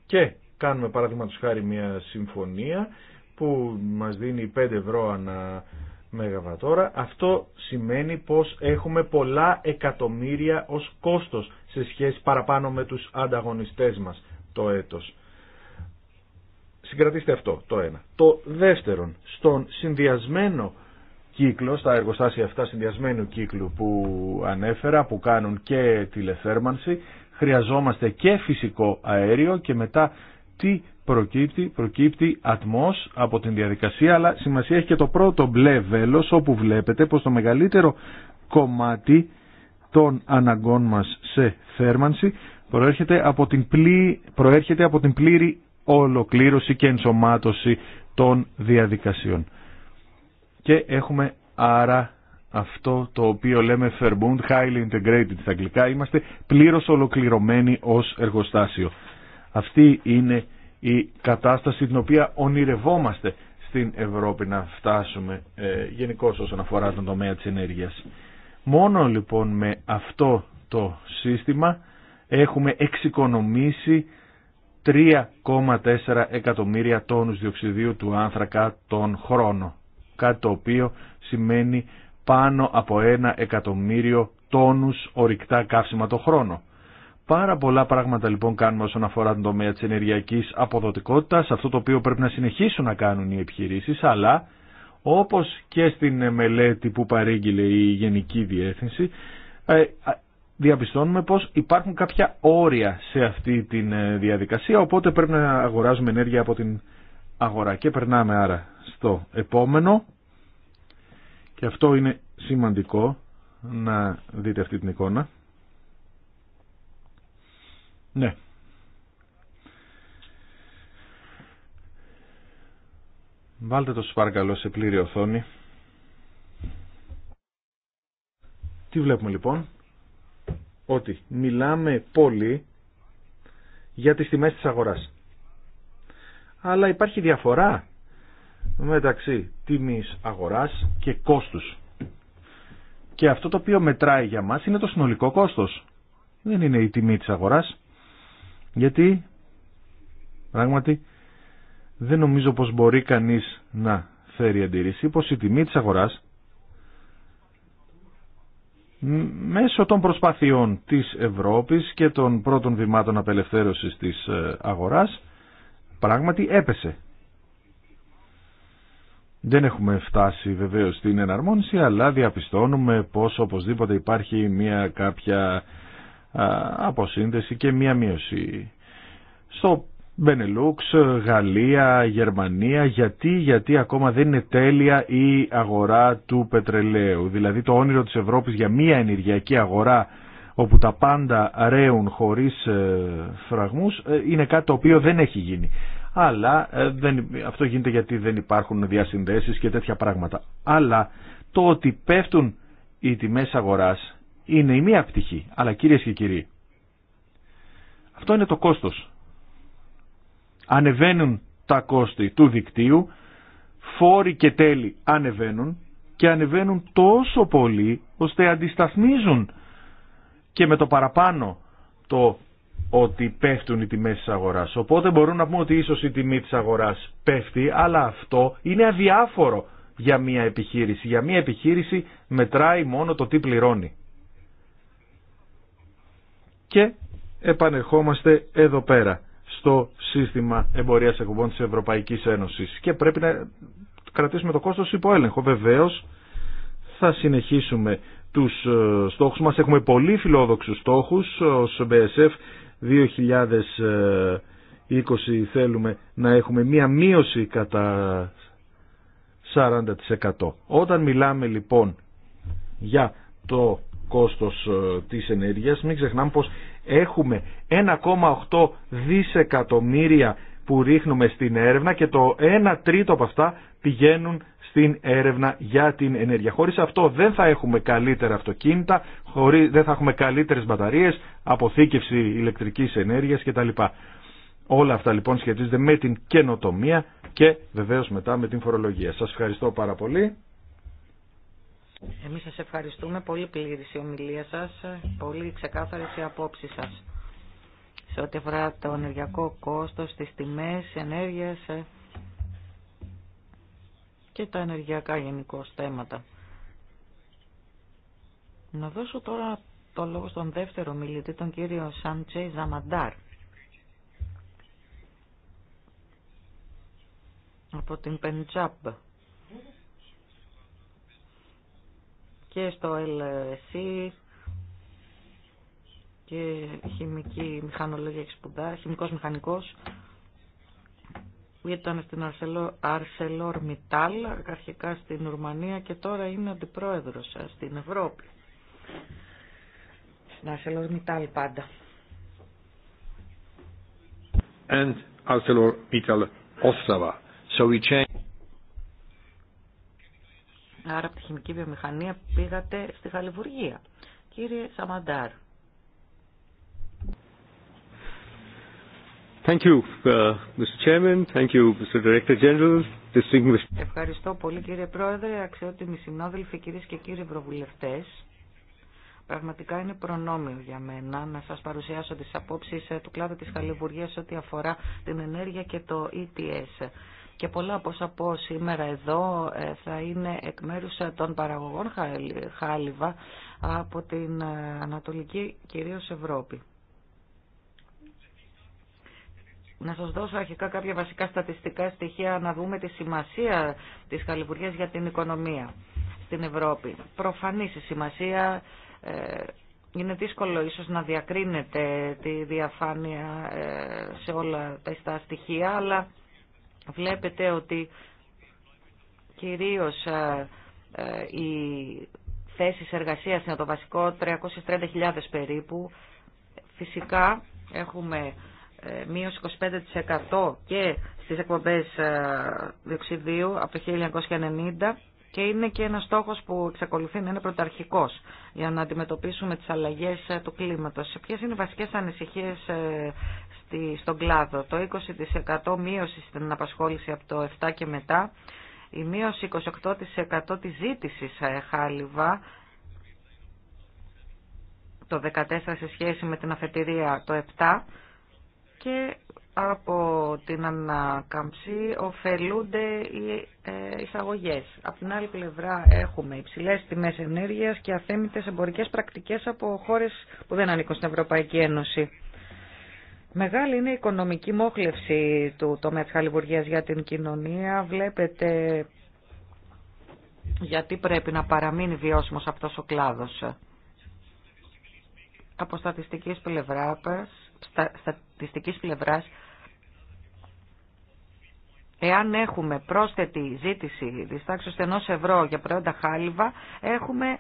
και κάνουμε παράδειγμα τους χάρη μια συμφωνία που μας δίνει 5 ευρώ ανά μεγαβατόρα, αυτό σημαίνει πως έχουμε πολλά εκατομμύρια ως κόστος σε σχέση παραπάνω με τους ανταγωνιστές μας το έτος. Συγκρατήστε αυτό το ένα. Το δεύτερον, στον συνδυασμένο κύκλο, στα εργοστάσια αυτά συνδυασμένου κύκλου που ανέφερα, που κάνουν και τηλεθέρμανση, χρειαζόμαστε και φυσικό αέριο και μετά τι προκύπτει, προκύπτει ατμός από την διαδικασία, αλλά σημασία έχει και το πρώτο μπλε βέλος όπου βλέπετε πως το μεγαλύτερο κομμάτι των αναγκών μας σε θέρμανση προέρχεται από την, πλή, προέρχεται από την πλήρη ολοκλήρωση και ενσωμάτωση των διαδικασιών. Και έχουμε άρα αυτό το οποίο λέμε Verbund Highly Integrated στα αγγλικά, είμαστε πλήρως ολοκληρωμένοι ως εργοστάσιο. Αυτή είναι η κατάσταση την οποία ονειρευόμαστε στην Ευρώπη να φτάσουμε ε, γενικώ όσον αφορά τον τομέα της ενέργειας. Μόνο λοιπόν με αυτό το σύστημα έχουμε εξοικονομήσει 3,4 εκατομμύρια τόνους διοξιδίου του άνθρακα τον χρόνο. Κάτι το οποίο σημαίνει πάνω από ένα εκατομμύριο τόνους ορυκτά καύσιμα το χρόνο. Πάρα πολλά πράγματα λοιπόν κάνουμε όσον αφορά τον τομέα της ενεργειακής αποδοτικότητας, αυτό το οποίο πρέπει να συνεχίσουν να κάνουν οι επιχειρήσεις, αλλά όπως και στην μελέτη που παρήγγειλε η Γενική Διεύθυνση, ε, διαπιστώνουμε πως υπάρχουν κάποια όρια σε αυτή τη ε, διαδικασία, οπότε πρέπει να αγοράζουμε ενέργεια από την αγορά. Και περνάμε άρα στο επόμενο και αυτό είναι σημαντικό να δείτε αυτή την εικόνα. Ναι. Βάλτε το σπάρκαλο σε πλήρη οθόνη. Τι βλέπουμε λοιπόν. Ότι μιλάμε πολύ για τις τιμές της αγοράς. Αλλά υπάρχει διαφορά μεταξύ τιμής αγοράς και κόστους. Και αυτό το οποίο μετράει για μας είναι το συνολικό κόστος. Δεν είναι η τιμή της αγοράς. Γιατί πράγματι δεν νομίζω πως μπορεί κανείς να φέρει αντίρρηση πως η τιμή της αγοράς μέσω των προσπαθειών της Ευρώπης και των πρώτων βημάτων απελευθέρωσης της ε, αγοράς πράγματι έπεσε. Δεν έχουμε φτάσει βεβαίως στην εναρμόνιση, αλλά διαπιστώνουμε πως οπωσδήποτε υπάρχει μια κάποια αποσύνδεση και μια μείωση. Στο Μπενελούξ, Γαλλία, Γερμανία, γιατί, γιατί ακόμα δεν είναι τέλεια η αγορά του πετρελαίου. Δηλαδή το όνειρο της Ευρώπης για μια ενεργειακή αγορά όπου τα πάντα ρέουν χωρίς ε, φραγμούς ε, είναι κάτι το οποίο δεν έχει γίνει αλλά ε, δεν, αυτό γίνεται γιατί δεν υπάρχουν διασυνδέσεις και τέτοια πράγματα. Αλλά το ότι πέφτουν οι τιμές αγοράς είναι η μία πτυχή, αλλά κυρίες και κύριοι, αυτό είναι το κόστος. Ανεβαίνουν τα κόστη του δικτύου, φόροι και τέλη ανεβαίνουν και ανεβαίνουν τόσο πολύ ώστε αντισταθμίζουν και με το παραπάνω το ότι πέφτουν οι τιμές της αγοράς. Οπότε μπορούμε να πούμε ότι ίσως η τιμή της αγοράς πέφτει, αλλά αυτό είναι αδιάφορο για μια επιχείρηση. Για μια επιχείρηση μετράει μόνο το τι πληρώνει. Και επανερχόμαστε εδώ πέρα στο σύστημα εμπορίας εκπομπών της Ευρωπαϊκής Ένωσης και πρέπει να κρατήσουμε το κόστος υπό έλεγχο. Βεβαίως θα συνεχίσουμε τους ε, στόχους μας. Έχουμε πολύ φιλόδοξους στόχους. Ε, ως BSF 2020 θέλουμε να έχουμε μία μείωση κατά 40%. Όταν μιλάμε λοιπόν για το κόστος ε, της ενέργειας, μην ξεχνάμε πως έχουμε 1,8 δισεκατομμύρια που ρίχνουμε στην έρευνα και το 1 τρίτο από αυτά πηγαίνουν την έρευνα για την ενέργεια. Χωρίς αυτό δεν θα έχουμε καλύτερα αυτοκίνητα, χωρί δεν θα έχουμε καλύτερες μπαταρίες, αποθήκευση ηλεκτρικής ενέργειας κτλ. Όλα αυτά λοιπόν σχετίζονται με την καινοτομία και βεβαίω μετά με την φορολογία. Σας ευχαριστώ πάρα πολύ. Εμείς σας ευχαριστούμε. Πολύ πλήρη η ομιλία σας, πολύ ξεκάθαρη οι απόψη σας. Σε ό,τι αφορά το ενεργειακό κόστος, τις τιμές ενέργειας, και τα ενεργειακά γενικώ θέματα. Να δώσω τώρα το λόγο στον δεύτερο μιλητή, τον κύριο Σαντζέι Ζαμαντάρ. Από την Πεντζάμπ. Και στο ΕΛΕΣΥ e και χημική μηχανολόγια και χημικός μηχανικός ήταν στην Αρσελόρ Μιτάλ, αρχικά στην Ουρμανία και τώρα είναι αντιπρόεδρος στην Ευρώπη. Στην Αρσελόρ Μιτάλ πάντα. And Arcelor Mittal Ostrava. So we Άρα από τη χημική βιομηχανία πήγατε στη Χαλιβουργία. Κύριε Σαμαντάρ, Thank you, uh, Mr. Chairman. Thank you, Mr. Director General. Ευχαριστώ πολύ κύριε Πρόεδρε, αξιότιμοι συνάδελφοι, κυρίες και κύριοι ευρωβουλευτές. Πραγματικά είναι προνόμιο για μένα να σας παρουσιάσω τις απόψεις ε, του κλάδου της Χαλιβουργίας ό,τι αφορά την ενέργεια και το ETS. Και πολλά από όσα πω σήμερα εδώ ε, θα είναι εκ μέρους ε, των παραγωγών χάλιβα από την Ανατολική κυρίως Ευρώπη. Να σας δώσω αρχικά κάποια βασικά στατιστικά στοιχεία να δούμε τη σημασία της χαλιβουργίας για την οικονομία στην Ευρώπη. Προφανής η σημασία ε, είναι δύσκολο ίσως να διακρίνεται τη διαφάνεια ε, σε όλα τα στοιχεία, αλλά βλέπετε ότι κυρίως ε, οι θέσεις εργασίας είναι το βασικό, 330.000 περίπου. Φυσικά έχουμε ε, μείωση 25% και στις εκπομπές ε, διοξιδίου από το 1990 και είναι και ένας στόχος που εξακολουθεί να είναι πρωταρχικός για να αντιμετωπίσουμε τις αλλαγές ε, του κλίματος. Ποιες είναι οι βασικές ανησυχίες στον κλάδο. Το 20% μείωση στην απασχόληση από το 7 και μετά, η μείωση 28% της ζήτησης χάλιβα το 14 σε σχέση με την αφετηρία το 7 και από την ανακαμψή ωφελούνται οι ε, εισαγωγές. Από την άλλη πλευρά έχουμε υψηλές τιμές ενέργειας και αθέμητες εμπορικές πρακτικές από χώρες που δεν ανήκουν στην Ευρωπαϊκή Ένωση. Μεγάλη είναι η οικονομική μόχλευση του τομέα της χαλιβουργίας για την κοινωνία. Βλέπετε γιατί πρέπει να παραμείνει βιώσιμος αυτός ο κλάδος. Από στατιστικής πλευράς στα, στατιστικής πλευράς, Εάν έχουμε πρόσθετη ζήτηση της τάξης ενός ευρώ για προϊόντα χάλιβα, έχουμε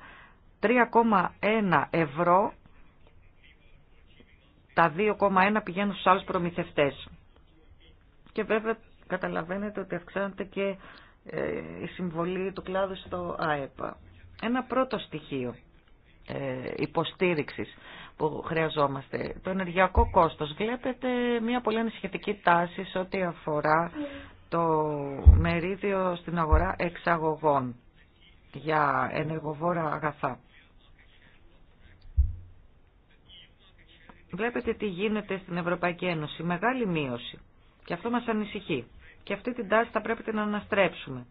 3,1 ευρώ, τα 2,1 πηγαίνουν στους άλλους προμηθευτές. Και βέβαια καταλαβαίνετε ότι αυξάνεται και ε, η συμβολή του κλάδου στο ΑΕΠΑ. Ένα πρώτο στοιχείο ε, υποστήριξης που χρειαζόμαστε. Το ενεργειακό κόστος. Βλέπετε μια πολύ ανησυχητική τάση σε ό,τι αφορά το μερίδιο στην αγορά εξαγωγών για ενεργοβόρα αγαθά. Βλέπετε τι γίνεται στην Ευρωπαϊκή Ένωση. Μεγάλη μείωση. Και αυτό μας ανησυχεί. Και αυτή την τάση θα πρέπει να αναστρέψουμε.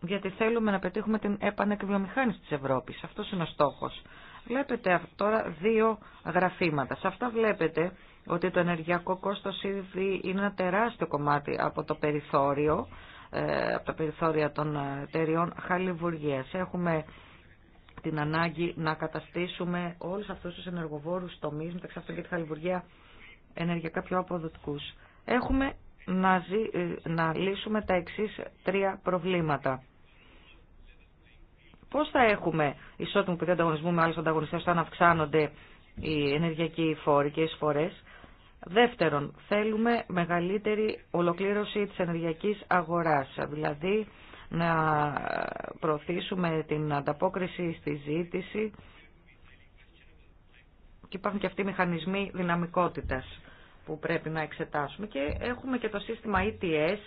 Γιατί θέλουμε να πετύχουμε την επανεκβιομηχάνηση της Ευρώπης. Αυτός είναι ο στόχος. Βλέπετε τώρα δύο γραφήματα. Σε αυτά βλέπετε ότι το ενεργειακό κόστος ήδη είναι ένα τεράστιο κομμάτι από το περιθώριο, ε, από τα περιθώρια των εταιριών χαλιβουργίας. Έχουμε την ανάγκη να καταστήσουμε όλους αυτούς τους ενεργοβόρους τομείς, μεταξύ αυτών και τη χαλιβουργία, ενεργειακά πιο αποδοτικούς. Έχουμε να, ε, να λύσουμε τα εξής τρία προβλήματα. Πώς θα έχουμε ισότιμο παιδί ανταγωνισμού με άλλου ανταγωνιστέ όταν αυξάνονται οι ενεργειακοί φόροι και οι Δεύτερον, θέλουμε μεγαλύτερη ολοκλήρωση της ενεργειακής αγοράς, δηλαδή να προωθήσουμε την ανταπόκριση στη ζήτηση και υπάρχουν και αυτοί οι μηχανισμοί δυναμικότητας που πρέπει να εξετάσουμε και έχουμε και το σύστημα ETS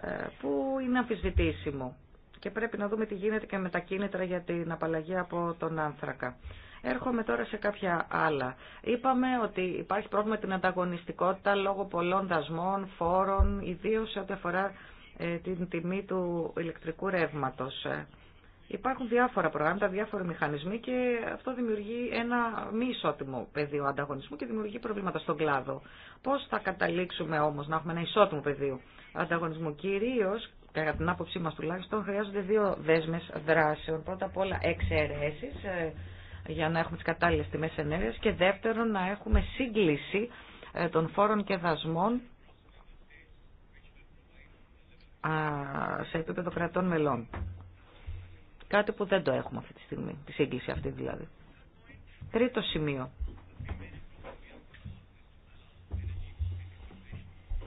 ε, που είναι αμφισβητήσιμο και πρέπει να δούμε τι γίνεται και με τα κίνητρα για την απαλλαγή από τον άνθρακα. Έρχομαι τώρα σε κάποια άλλα. Είπαμε ότι υπάρχει πρόβλημα με την ανταγωνιστικότητα λόγω πολλών δασμών, φόρων, ιδίως ό,τι αφορά ε, την τιμή του ηλεκτρικού ρεύματος. Ε, υπάρχουν διάφορα προγράμματα, διάφοροι μηχανισμοί και αυτό δημιουργεί ένα μη ισότιμο πεδίο ανταγωνισμού και δημιουργεί προβλήματα στον κλάδο. Πώ θα καταλήξουμε όμω να έχουμε ένα ισότιμο πεδίο ανταγωνισμού, κυρίω κατά την άποψή μας τουλάχιστον, χρειάζονται δύο δέσμες δράσεων. Πρώτα απ' όλα εξαιρέσεις ε, για να έχουμε τις κατάλληλες τιμές ενέργειας και δεύτερον να έχουμε σύγκληση ε, των φόρων και δασμών σε επίπεδο κρατών μελών. Κάτι που δεν το έχουμε αυτή τη στιγμή, τη σύγκληση αυτή δηλαδή. Τρίτο σημείο.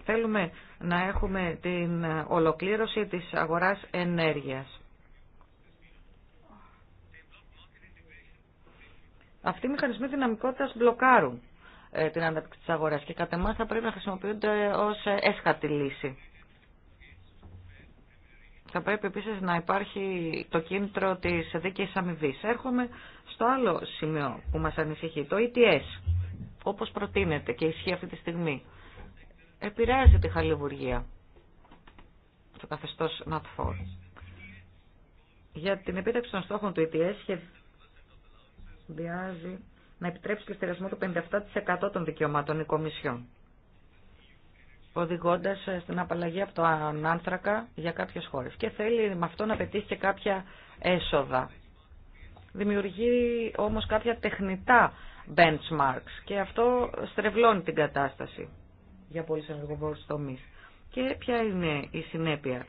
Θέλουμε να έχουμε την ολοκλήρωση της αγοράς ενέργειας. Αυτοί οι μηχανισμοί δυναμικότητας μπλοκάρουν ε, την ανάπτυξη της αγοράς και κατά θα πρέπει να χρησιμοποιούνται ως έσχατη λύση. Θα πρέπει επίσης να υπάρχει το κίνητρο της δίκαιης αμοιβή. Έρχομαι στο άλλο σημείο που μας ανησυχεί, το ETS, όπως προτείνεται και ισχύει αυτή τη στιγμή επηρεάζει τη χαλιβουργία το Not ΝΑΤΦΟΡ. Για την επίτευξη των στόχων του ETS σχεδιάζει να επιτρέψει πληστηριασμό του 57% των δικαιωμάτων η Κομισιόν, οδηγώντας στην απαλλαγή από το άνθρακα για κάποιε χώρε. Και θέλει με αυτό να πετύχει και κάποια έσοδα. Δημιουργεί όμως κάποια τεχνητά benchmarks και αυτό στρεβλώνει την κατάσταση για πολλούς ενεργοβόρους τομείς. Και ποια είναι η συνέπεια.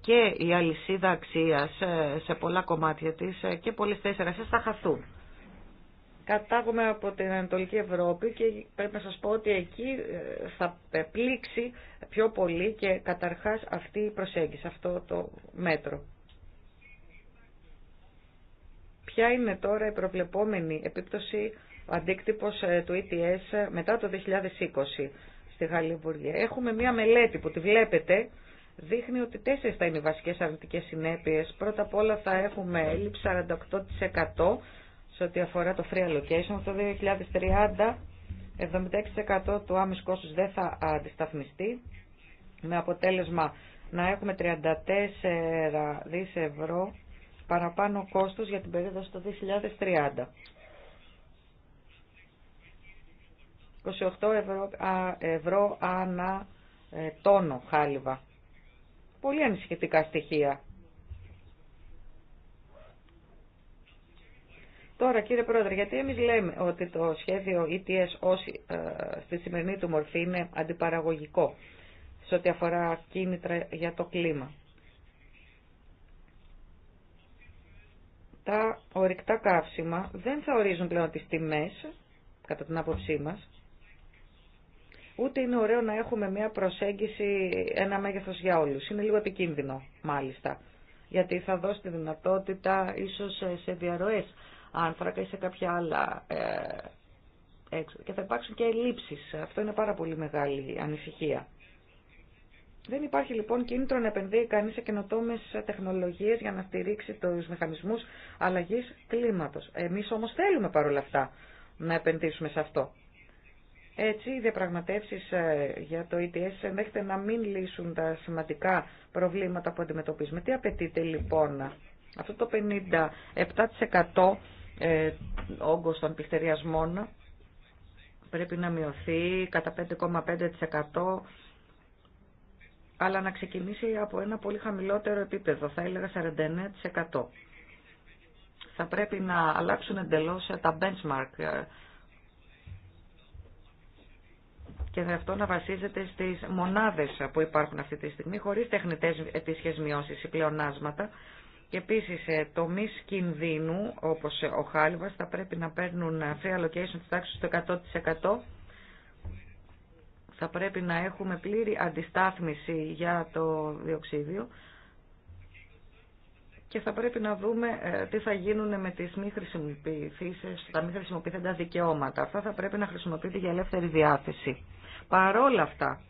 Και η αλυσίδα αξίας ε, σε πολλά κομμάτια της ε, και πολλές τέσσερα. Σας θα χαθούν. Κατάγομαι από την Ανατολική Ευρώπη και πρέπει να σας πω ότι εκεί ε, θα πλήξει πιο πολύ και καταρχάς αυτή η προσέγγιση, αυτό το μέτρο. Ποια είναι τώρα η προβλεπόμενη επίπτωση ο αντίκτυπος ε, του ETS ε, μετά το 2020 στη Γαλλιμπουργία. Έχουμε μία μελέτη που τη βλέπετε, δείχνει ότι τέσσερις θα είναι οι βασικές αρνητικές συνέπειες. Πρώτα απ' όλα θα έχουμε έλλειψη 48% σε ό,τι αφορά το free allocation. Το 2030 76% του άμεσου κόστους δεν θα αντισταθμιστεί, με αποτέλεσμα να έχουμε 34 δις ευρώ παραπάνω κόστος για την περίοδο στο 2030. 28 ευρώ, α, ανά ε, τόνο χάλιβα. Πολύ ανησυχητικά στοιχεία. Τώρα κύριε Πρόεδρε, γιατί εμείς λέμε ότι το σχέδιο ETS ε, στη σημερινή του μορφή είναι αντιπαραγωγικό σε ό,τι αφορά κίνητρα για το κλίμα. Τα ορυκτά καύσιμα δεν θα ορίζουν πλέον τις τιμές, κατά την άποψή μας, Ούτε είναι ωραίο να έχουμε μια προσέγγιση, ένα μέγεθος για όλους. Είναι λίγο επικίνδυνο, μάλιστα. Γιατί θα δώσει τη δυνατότητα ίσως ε, σε διαρροές άνθρακα ή σε κάποια άλλα ε, Και θα υπάρξουν και ελλείψεις. Αυτό είναι πάρα πολύ μεγάλη ανησυχία. Δεν υπάρχει λοιπόν κίνητρο να επενδύει κανείς σε καινοτόμες τεχνολογίες για να στηρίξει τους μηχανισμού αλλαγής κλίματος. Εμείς όμως θέλουμε παρόλα αυτά να επενδύσουμε σε αυτό. Έτσι, οι διαπραγματεύσει ε, για το ETS ενδέχεται να μην λύσουν τα σημαντικά προβλήματα που αντιμετωπίζουμε. Τι απαιτείται λοιπόν, αυτό το 57% ε, όγκο των πληστηριασμών πρέπει να μειωθεί κατά 5,5% αλλά να ξεκινήσει από ένα πολύ χαμηλότερο επίπεδο, θα έλεγα 49%. Θα πρέπει να αλλάξουν εντελώς ε, τα benchmark και αυτό να βασίζεται στις μονάδες που υπάρχουν αυτή τη στιγμή χωρίς τεχνητές επίσχες μειώσεις ή πλεονάσματα. Και ε, το μη κινδύνου όπως ε, ο Χάλιβας θα πρέπει να παίρνουν ε, free allocation της τάξης στο 100% θα πρέπει να έχουμε πλήρη αντιστάθμιση για το διοξίδιο και θα πρέπει να δούμε τι θα γίνουν με τις μη τα μη χρησιμοποιηθέντα δικαιώματα. Αυτά θα πρέπει να χρησιμοποιείται για ελεύθερη διάθεση. Παρόλα αυτά,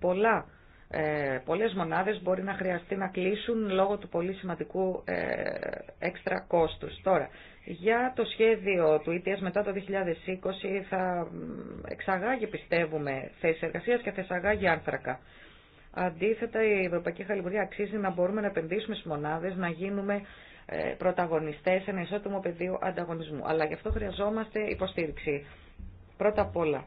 πολλά, ε, πολλές μονάδες μπορεί να χρειαστεί να κλείσουν λόγω του πολύ σημαντικού ε, έξτρα κόστους. Τώρα, για το σχέδιο του ETS μετά το 2020 θα εξαγάγει, πιστεύουμε, θέσεις εργασίας και θα εξαγάγει άνθρακα. Αντίθετα, η Ευρωπαϊκή Χαλιβουργία αξίζει να μπορούμε να επενδύσουμε στις μονάδες, να γίνουμε ε, πρωταγωνιστές σε ένα ισότιμο πεδίο ανταγωνισμού. Αλλά γι' αυτό χρειαζόμαστε υποστήριξη. Πρώτα απ' όλα,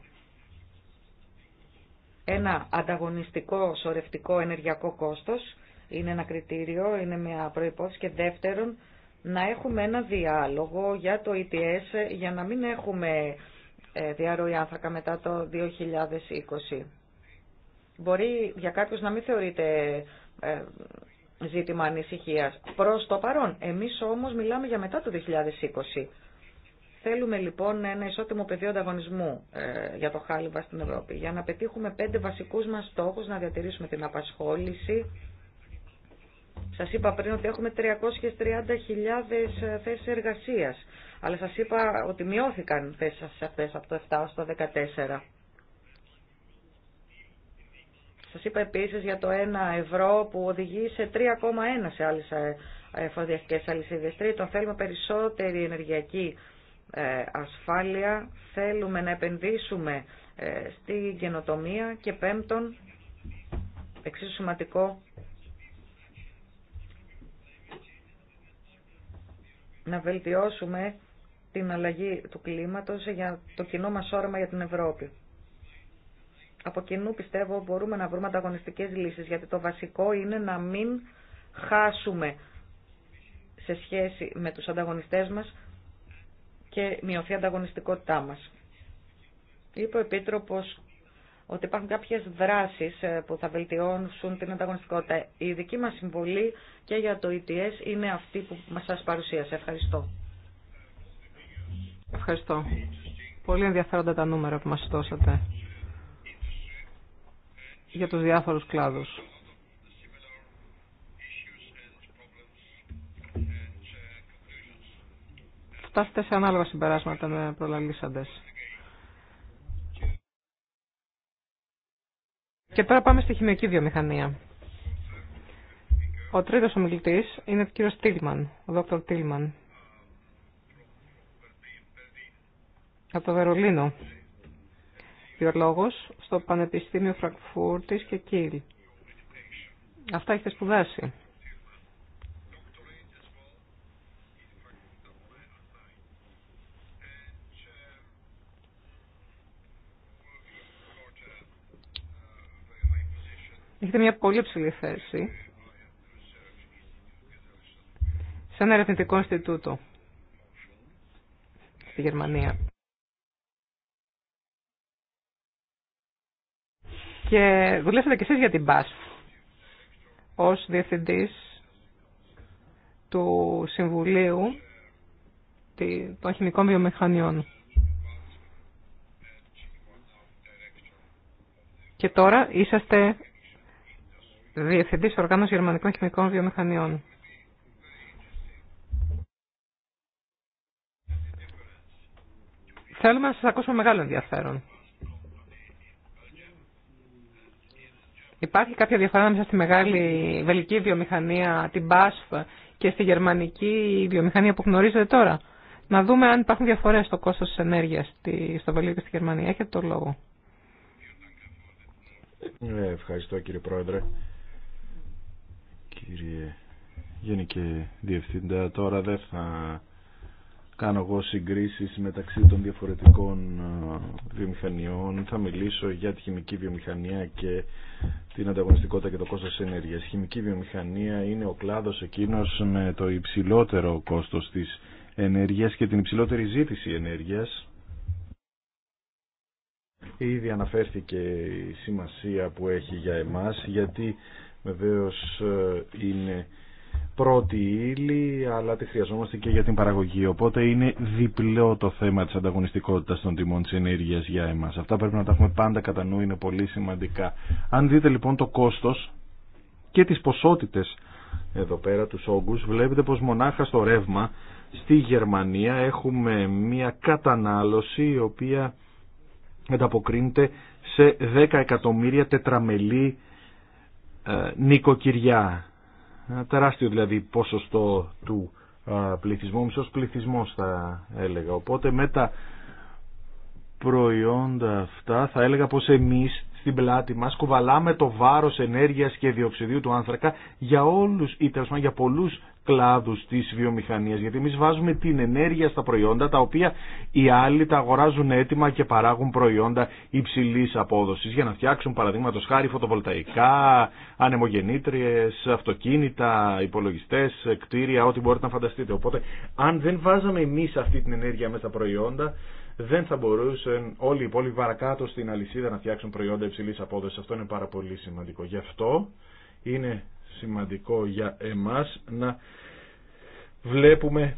ένα ανταγωνιστικό σωρευτικό ενεργειακό κόστος, είναι ένα κριτήριο, είναι μια προϋπόθεση και δεύτερον να έχουμε ένα διάλογο για το ETS για να μην έχουμε ε, διαρροή άνθρακα μετά το 2020. Μπορεί για κάποιους να μην θεωρείται ε, ζήτημα ανησυχίας προς το παρόν. Εμείς όμως μιλάμε για μετά το 2020. Θέλουμε λοιπόν ένα ισότιμο πεδίο ανταγωνισμού ε, για το χάλιβα στην Ευρώπη. Για να πετύχουμε πέντε βασικούς μας στόχους, να διατηρήσουμε την απασχόληση. Σας είπα πριν ότι έχουμε 330.000 θέσεις εργασίας, αλλά σας είπα ότι μειώθηκαν θέσεις αυτές από το 7 στο 14. Σας είπα επίσης για το 1 ευρώ που οδηγεί σε 3,1 σε άλλες ε, εφοδιαστικές αλυσίδες. Τρίτον, θέλουμε περισσότερη ενεργειακή ε, ασφάλεια, θέλουμε να επενδύσουμε ε, στη γενοτομία και πέμπτον, εξίσου σημαντικό, να βελτιώσουμε την αλλαγή του κλίματος για το κοινό μας όρεμα για την Ευρώπη. Από κοινού πιστεύω μπορούμε να βρούμε ανταγωνιστικές λύσεις, γιατί το βασικό είναι να μην χάσουμε σε σχέση με τους ανταγωνιστές μας και μειωθεί η ανταγωνιστικότητά μας. Είπε ο Επίτροπος ότι υπάρχουν κάποιες δράσεις ε, που θα βελτιώσουν την ανταγωνιστικότητα. Η δική μας συμβολή και για το ETS είναι αυτή που μας σας παρουσίασε. Ευχαριστώ. Ευχαριστώ. Πολύ ενδιαφέροντα τα νούμερα που μας δώσατε για τους διάφορους κλάδους. φτάσετε σε ανάλογα συμπεράσματα με προλαλήσαντες. Και τώρα πάμε στη χημιακή βιομηχανία. Ο τρίτος ομιλητής είναι ο κύριος Τίλμαν, ο δόκτωρ Τίλμαν. Από το Βερολίνο. Βιολόγος στο Πανεπιστήμιο Φραγκφούρτης και Κίλ. Αυτά έχετε σπουδάσει. έχετε μια πολύ ψηλή θέση σε ένα ερευνητικό Ινστιτούτο στη Γερμανία. Και δουλεύετε κι εσείς για την ΠΑΣ ως διευθυντής του Συμβουλίου των Χημικών Βιομηχανιών. Και τώρα είσαστε Διευθυντή Οργάνωση Γερμανικών Χημικών Βιομηχανιών. Θέλουμε να σας ακούσουμε μεγάλο ενδιαφέρον. Υπάρχει κάποια διαφορά ανάμεσα στη μεγάλη βελική βιομηχανία, την BASF και στη γερμανική βιομηχανία που γνωρίζετε τώρα. Να δούμε αν υπάρχουν διαφορές στο κόστος της ενέργειας στο Βελίο και στη Γερμανία. Έχετε το λόγο. Ε, ευχαριστώ κύριε Πρόεδρε κύριε Γενική Διευθύντα. Τώρα δεν θα κάνω εγώ συγκρίσεις μεταξύ των διαφορετικών ε, βιομηχανιών. Θα μιλήσω για τη χημική βιομηχανία και την ανταγωνιστικότητα και το κόστος ενέργειας. Η χημική βιομηχανία είναι ο κλάδος εκείνος με το υψηλότερο κόστος της ενέργειας και την υψηλότερη ζήτηση ενέργειας. Ήδη αναφέρθηκε η σημασία που έχει για εμάς γιατί Βεβαίως ε, είναι πρώτη ύλη, αλλά τη χρειαζόμαστε και για την παραγωγή. Οπότε είναι διπλό το θέμα της ανταγωνιστικότητας των τιμών της ενέργειας για εμάς. Αυτά πρέπει να τα έχουμε πάντα κατά νου, είναι πολύ σημαντικά. Αν δείτε λοιπόν το κόστος και τις ποσότητες εδώ πέρα τους όγκους, βλέπετε πως μονάχα στο ρεύμα στη Γερμανία έχουμε μια κατανάλωση η οποία ανταποκρίνεται σε 10 εκατομμύρια τετραμελή ε, νοικοκυριά. Ένα ε, τεράστιο δηλαδή ποσοστό του ε, πληθυσμού, μισός πληθυσμός θα έλεγα. Οπότε με τα προϊόντα αυτά θα έλεγα πως εμείς στην πλάτη μας κουβαλάμε το βάρος ενέργειας και διοξιδίου του άνθρακα για όλους ή τέλος για πολλούς Κλάδου τη βιομηχανία, γιατί εμεί βάζουμε την ενέργεια στα προϊόντα τα οποία οι άλλοι τα αγοράζουν έτοιμα και παράγουν προϊόντα υψηλή απόδοση για να φτιάξουν παραδείγματο χάρη φωτοβολταϊκά, ανεμογεννήτριες, αυτοκίνητα, υπολογιστέ, κτίρια, ό,τι μπορείτε να φανταστείτε. Οπότε αν δεν βάζαμε εμεί αυτή την ενέργεια μέσα στα προϊόντα δεν θα μπορούσαν όλοι οι υπόλοιποι παρακάτω στην αλυσίδα να φτιάξουν προϊόντα υψηλή απόδοση. Αυτό είναι πάρα πολύ σημαντικό. Γι' αυτό είναι σημαντικό για εμάς να βλέπουμε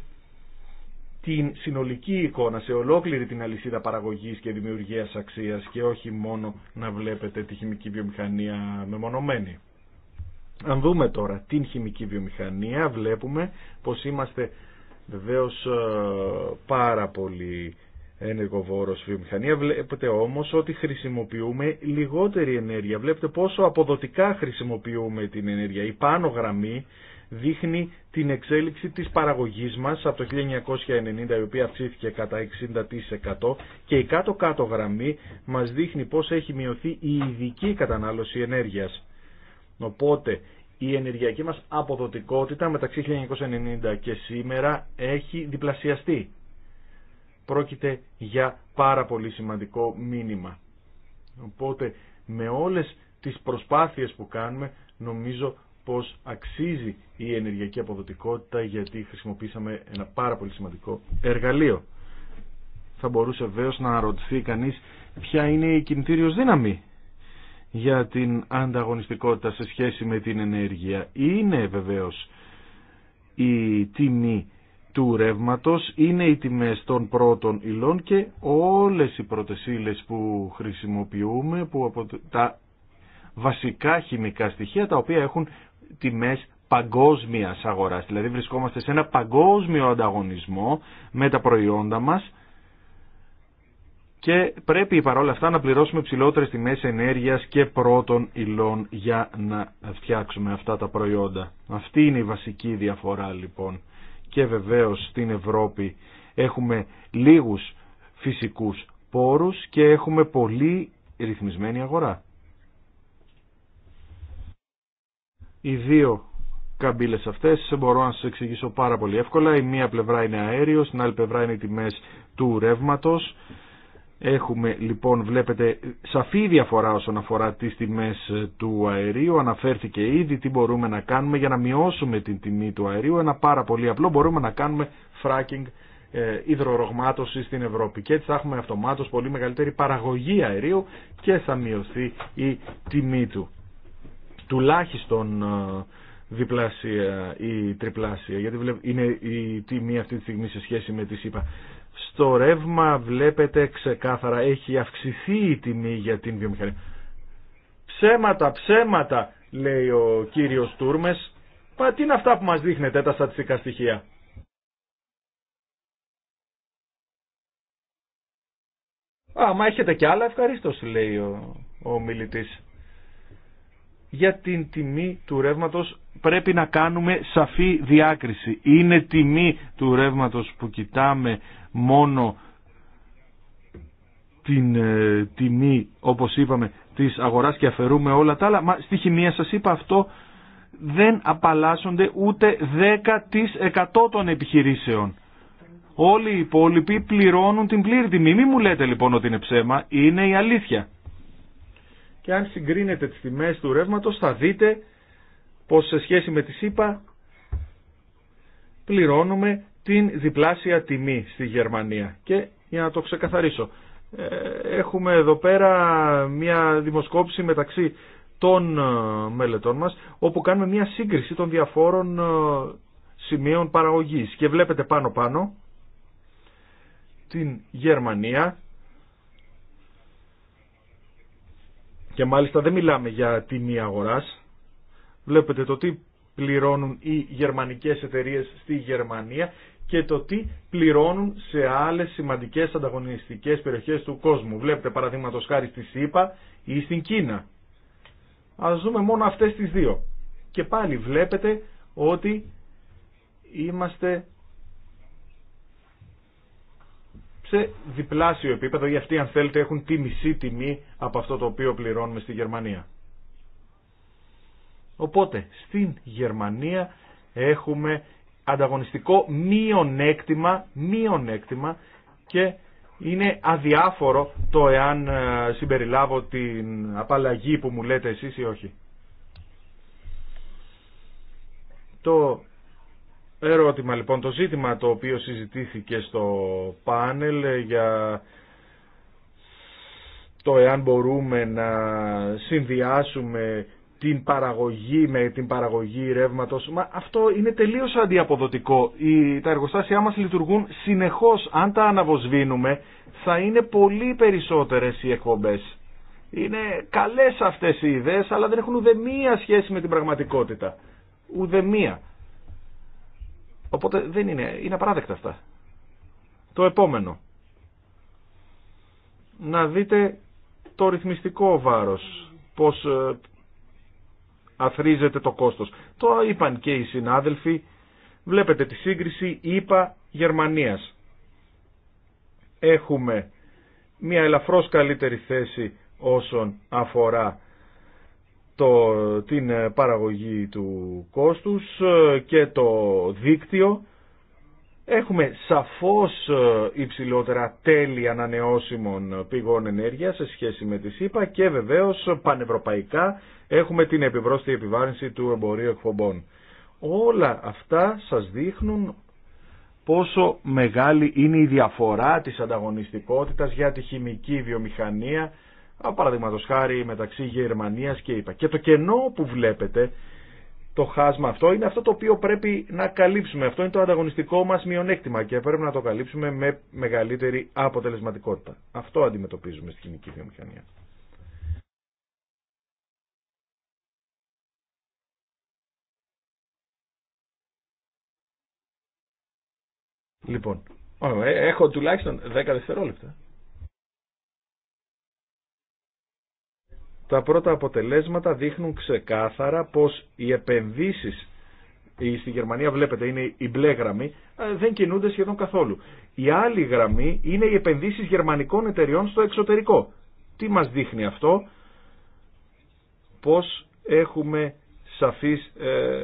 την συνολική εικόνα σε ολόκληρη την αλυσίδα παραγωγής και δημιουργίας αξίας και όχι μόνο να βλέπετε τη χημική βιομηχανία μεμονωμένη. Αν δούμε τώρα την χημική βιομηχανία βλέπουμε πως είμαστε βεβαίω ε, πάρα πολύ ενεργοβόρος βιομηχανία. Βλέπετε όμως ότι χρησιμοποιούμε λιγότερη ενέργεια. Βλέπετε πόσο αποδοτικά χρησιμοποιούμε την ενέργεια. Η πάνω γραμμή δείχνει την εξέλιξη της παραγωγής μας από το 1990 η οποία αυξήθηκε κατά 60% και η κάτω-κάτω γραμμή μας δείχνει πώς έχει μειωθεί η ειδική κατανάλωση ενέργειας. Οπότε η ενεργειακή μας αποδοτικότητα μεταξύ 1990 και σήμερα έχει διπλασιαστεί πρόκειται για πάρα πολύ σημαντικό μήνυμα. Οπότε με όλες τις προσπάθειες που κάνουμε νομίζω πως αξίζει η ενεργειακή αποδοτικότητα γιατί χρησιμοποίησαμε ένα πάρα πολύ σημαντικό εργαλείο. Θα μπορούσε βέβαιως να ρωτηθεί κανείς ποια είναι η κινητήριος δύναμη για την ανταγωνιστικότητα σε σχέση με την ενέργεια. Είναι βεβαίως η τιμή του ρεύματος είναι οι τιμές των πρώτων υλών και όλες οι πρώτες που χρησιμοποιούμε, που απο... τα βασικά χημικά στοιχεία τα οποία έχουν τιμές παγκόσμιας αγοράς. Δηλαδή βρισκόμαστε σε ένα παγκόσμιο ανταγωνισμό με τα προϊόντα μας και πρέπει παρόλα αυτά να πληρώσουμε ψηλότερες τιμές ενέργειας και πρώτων υλών για να φτιάξουμε αυτά τα προϊόντα. Αυτή είναι η βασική διαφορά λοιπόν και βεβαίως στην Ευρώπη έχουμε λίγους φυσικούς πόρους και έχουμε πολύ ρυθμισμένη αγορά. Οι δύο καμπύλες αυτές μπορώ να σας εξηγήσω πάρα πολύ εύκολα. Η μία πλευρά είναι αέριος, την άλλη πλευρά είναι οι τιμές του ρεύματος Έχουμε λοιπόν βλέπετε σαφή διαφορά όσον αφορά τις τιμές ε, του αερίου. Αναφέρθηκε ήδη τι μπορούμε να κάνουμε για να μειώσουμε την τιμή του αερίου. Ένα πάρα πολύ απλό μπορούμε να κάνουμε fracking ε, υδρορογμάτωση στην Ευρώπη και έτσι θα έχουμε αυτομάτως πολύ μεγαλύτερη παραγωγή αερίου και θα μειωθεί η τιμή του. Τουλάχιστον ε, διπλάσια ή τριπλάσια, γιατί είναι η τιμή αυτή τη στιγμή σε σχέση με τις ΣΥΠΑ. Στο ρεύμα βλέπετε ξεκάθαρα έχει αυξηθεί η τιμή για την βιομηχανία. Ψέματα, ψέματα λέει ο κύριος Τούρμες. Πα, τι είναι αυτά που μας δείχνετε τα στατιστικά στοιχεία. Α, μα έχετε κι άλλα ευχαριστώ, λέει ο, ο μιλητής για την τιμή του ρεύματος πρέπει να κάνουμε σαφή διάκριση. Είναι τιμή του ρεύματος που κοιτάμε μόνο την ε, τιμή, όπως είπαμε, της αγοράς και αφαιρούμε όλα τα άλλα. Μα στη χημεία σας είπα αυτό δεν απαλλάσσονται ούτε 10% των επιχειρήσεων. Όλοι οι υπόλοιποι πληρώνουν την πλήρη τιμή. Μην μου λέτε λοιπόν ότι είναι ψέμα, είναι η αλήθεια και αν συγκρίνετε τις τιμές του ρεύματος θα δείτε πως σε σχέση με τη ΣΥΠΑ πληρώνουμε την διπλάσια τιμή στη Γερμανία. Και για να το ξεκαθαρίσω, ε, έχουμε εδώ πέρα μια δημοσκόπηση μεταξύ των ε, μελετών μας, όπου κάνουμε μια σύγκριση των διαφόρων ε, σημείων παραγωγής. Και βλέπετε πάνω-πάνω την Γερμανία Και μάλιστα δεν μιλάμε για τιμή αγοράς. Βλέπετε το τι πληρώνουν οι γερμανικές εταιρείες στη Γερμανία και το τι πληρώνουν σε άλλες σημαντικές ανταγωνιστικές περιοχές του κόσμου. Βλέπετε παραδείγματο χάρη στη ΣΥΠΑ ή στην Κίνα. Ας δούμε μόνο αυτές τις δύο. Και πάλι βλέπετε ότι είμαστε σε διπλάσιο επίπεδο, γιατί αυτοί αν θέλετε έχουν τη μισή τιμή από αυτό το οποίο πληρώνουμε στη Γερμανία. Οπότε, στην Γερμανία έχουμε ανταγωνιστικό μειονέκτημα, μειονέκτημα και είναι αδιάφορο το εάν ε, συμπεριλάβω την απαλλαγή που μου λέτε εσείς ή όχι. Το ερώτημα λοιπόν. Το ζήτημα το οποίο συζητήθηκε στο πάνελ για το εάν μπορούμε να συνδυάσουμε την παραγωγή με την παραγωγή ρεύματος. Μα αυτό είναι τελείως αντιαποδοτικό. Οι, τα εργοστάσια μας λειτουργούν συνεχώς. Αν τα αναβοσβήνουμε, θα είναι πολύ περισσότερες οι εκπομπές. Είναι καλές αυτές οι ιδέες αλλά δεν έχουν ουδεμία σχέση με την πραγματικότητα. Ουδεμία. Οπότε δεν είναι, είναι απαράδεκτα αυτά. Το επόμενο. Να δείτε το ρυθμιστικό βάρος, πώς ε, αθρίζεται το κόστος. Το είπαν και οι συνάδελφοι, βλέπετε τη σύγκριση είπα, Γερμανίας. Έχουμε μια ελαφρώς καλύτερη θέση όσον αφορά την ε, παραγωγή του κόστους ε, και το δίκτυο. Έχουμε σαφώς ε, υψηλότερα τέλη ανανεώσιμων πηγών ενέργειας σε σχέση με τη ΣΥΠΑ και βεβαίως πανευρωπαϊκά έχουμε την επιβρόστιη επιβάρυνση του εμπορίου εκπομπών. Όλα αυτά σας δείχνουν πόσο μεγάλη είναι η διαφορά της ανταγωνιστικότητας για τη χημική βιομηχανία παραδείγματο χάρη μεταξύ Γερμανίας και ΕΙΠΑ. Και το κενό που βλέπετε, το χάσμα αυτό, είναι αυτό το οποίο πρέπει να καλύψουμε. Αυτό είναι το ανταγωνιστικό μας μειονέκτημα και πρέπει να το καλύψουμε με μεγαλύτερη αποτελεσματικότητα. Αυτό αντιμετωπίζουμε στην κοινική βιομηχανία. Λοιπόν, έχω τουλάχιστον 10 δευτερόλεπτα. Τα πρώτα αποτελέσματα δείχνουν ξεκάθαρα πως οι επενδύσεις στη Γερμανία βλέπετε είναι η μπλε γραμμή, ε, δεν κινούνται σχεδόν καθόλου. Η άλλη γραμμή είναι οι επενδύσεις γερμανικών εταιριών στο εξωτερικό. Τι μας δείχνει αυτό, πως έχουμε σαφείς ε,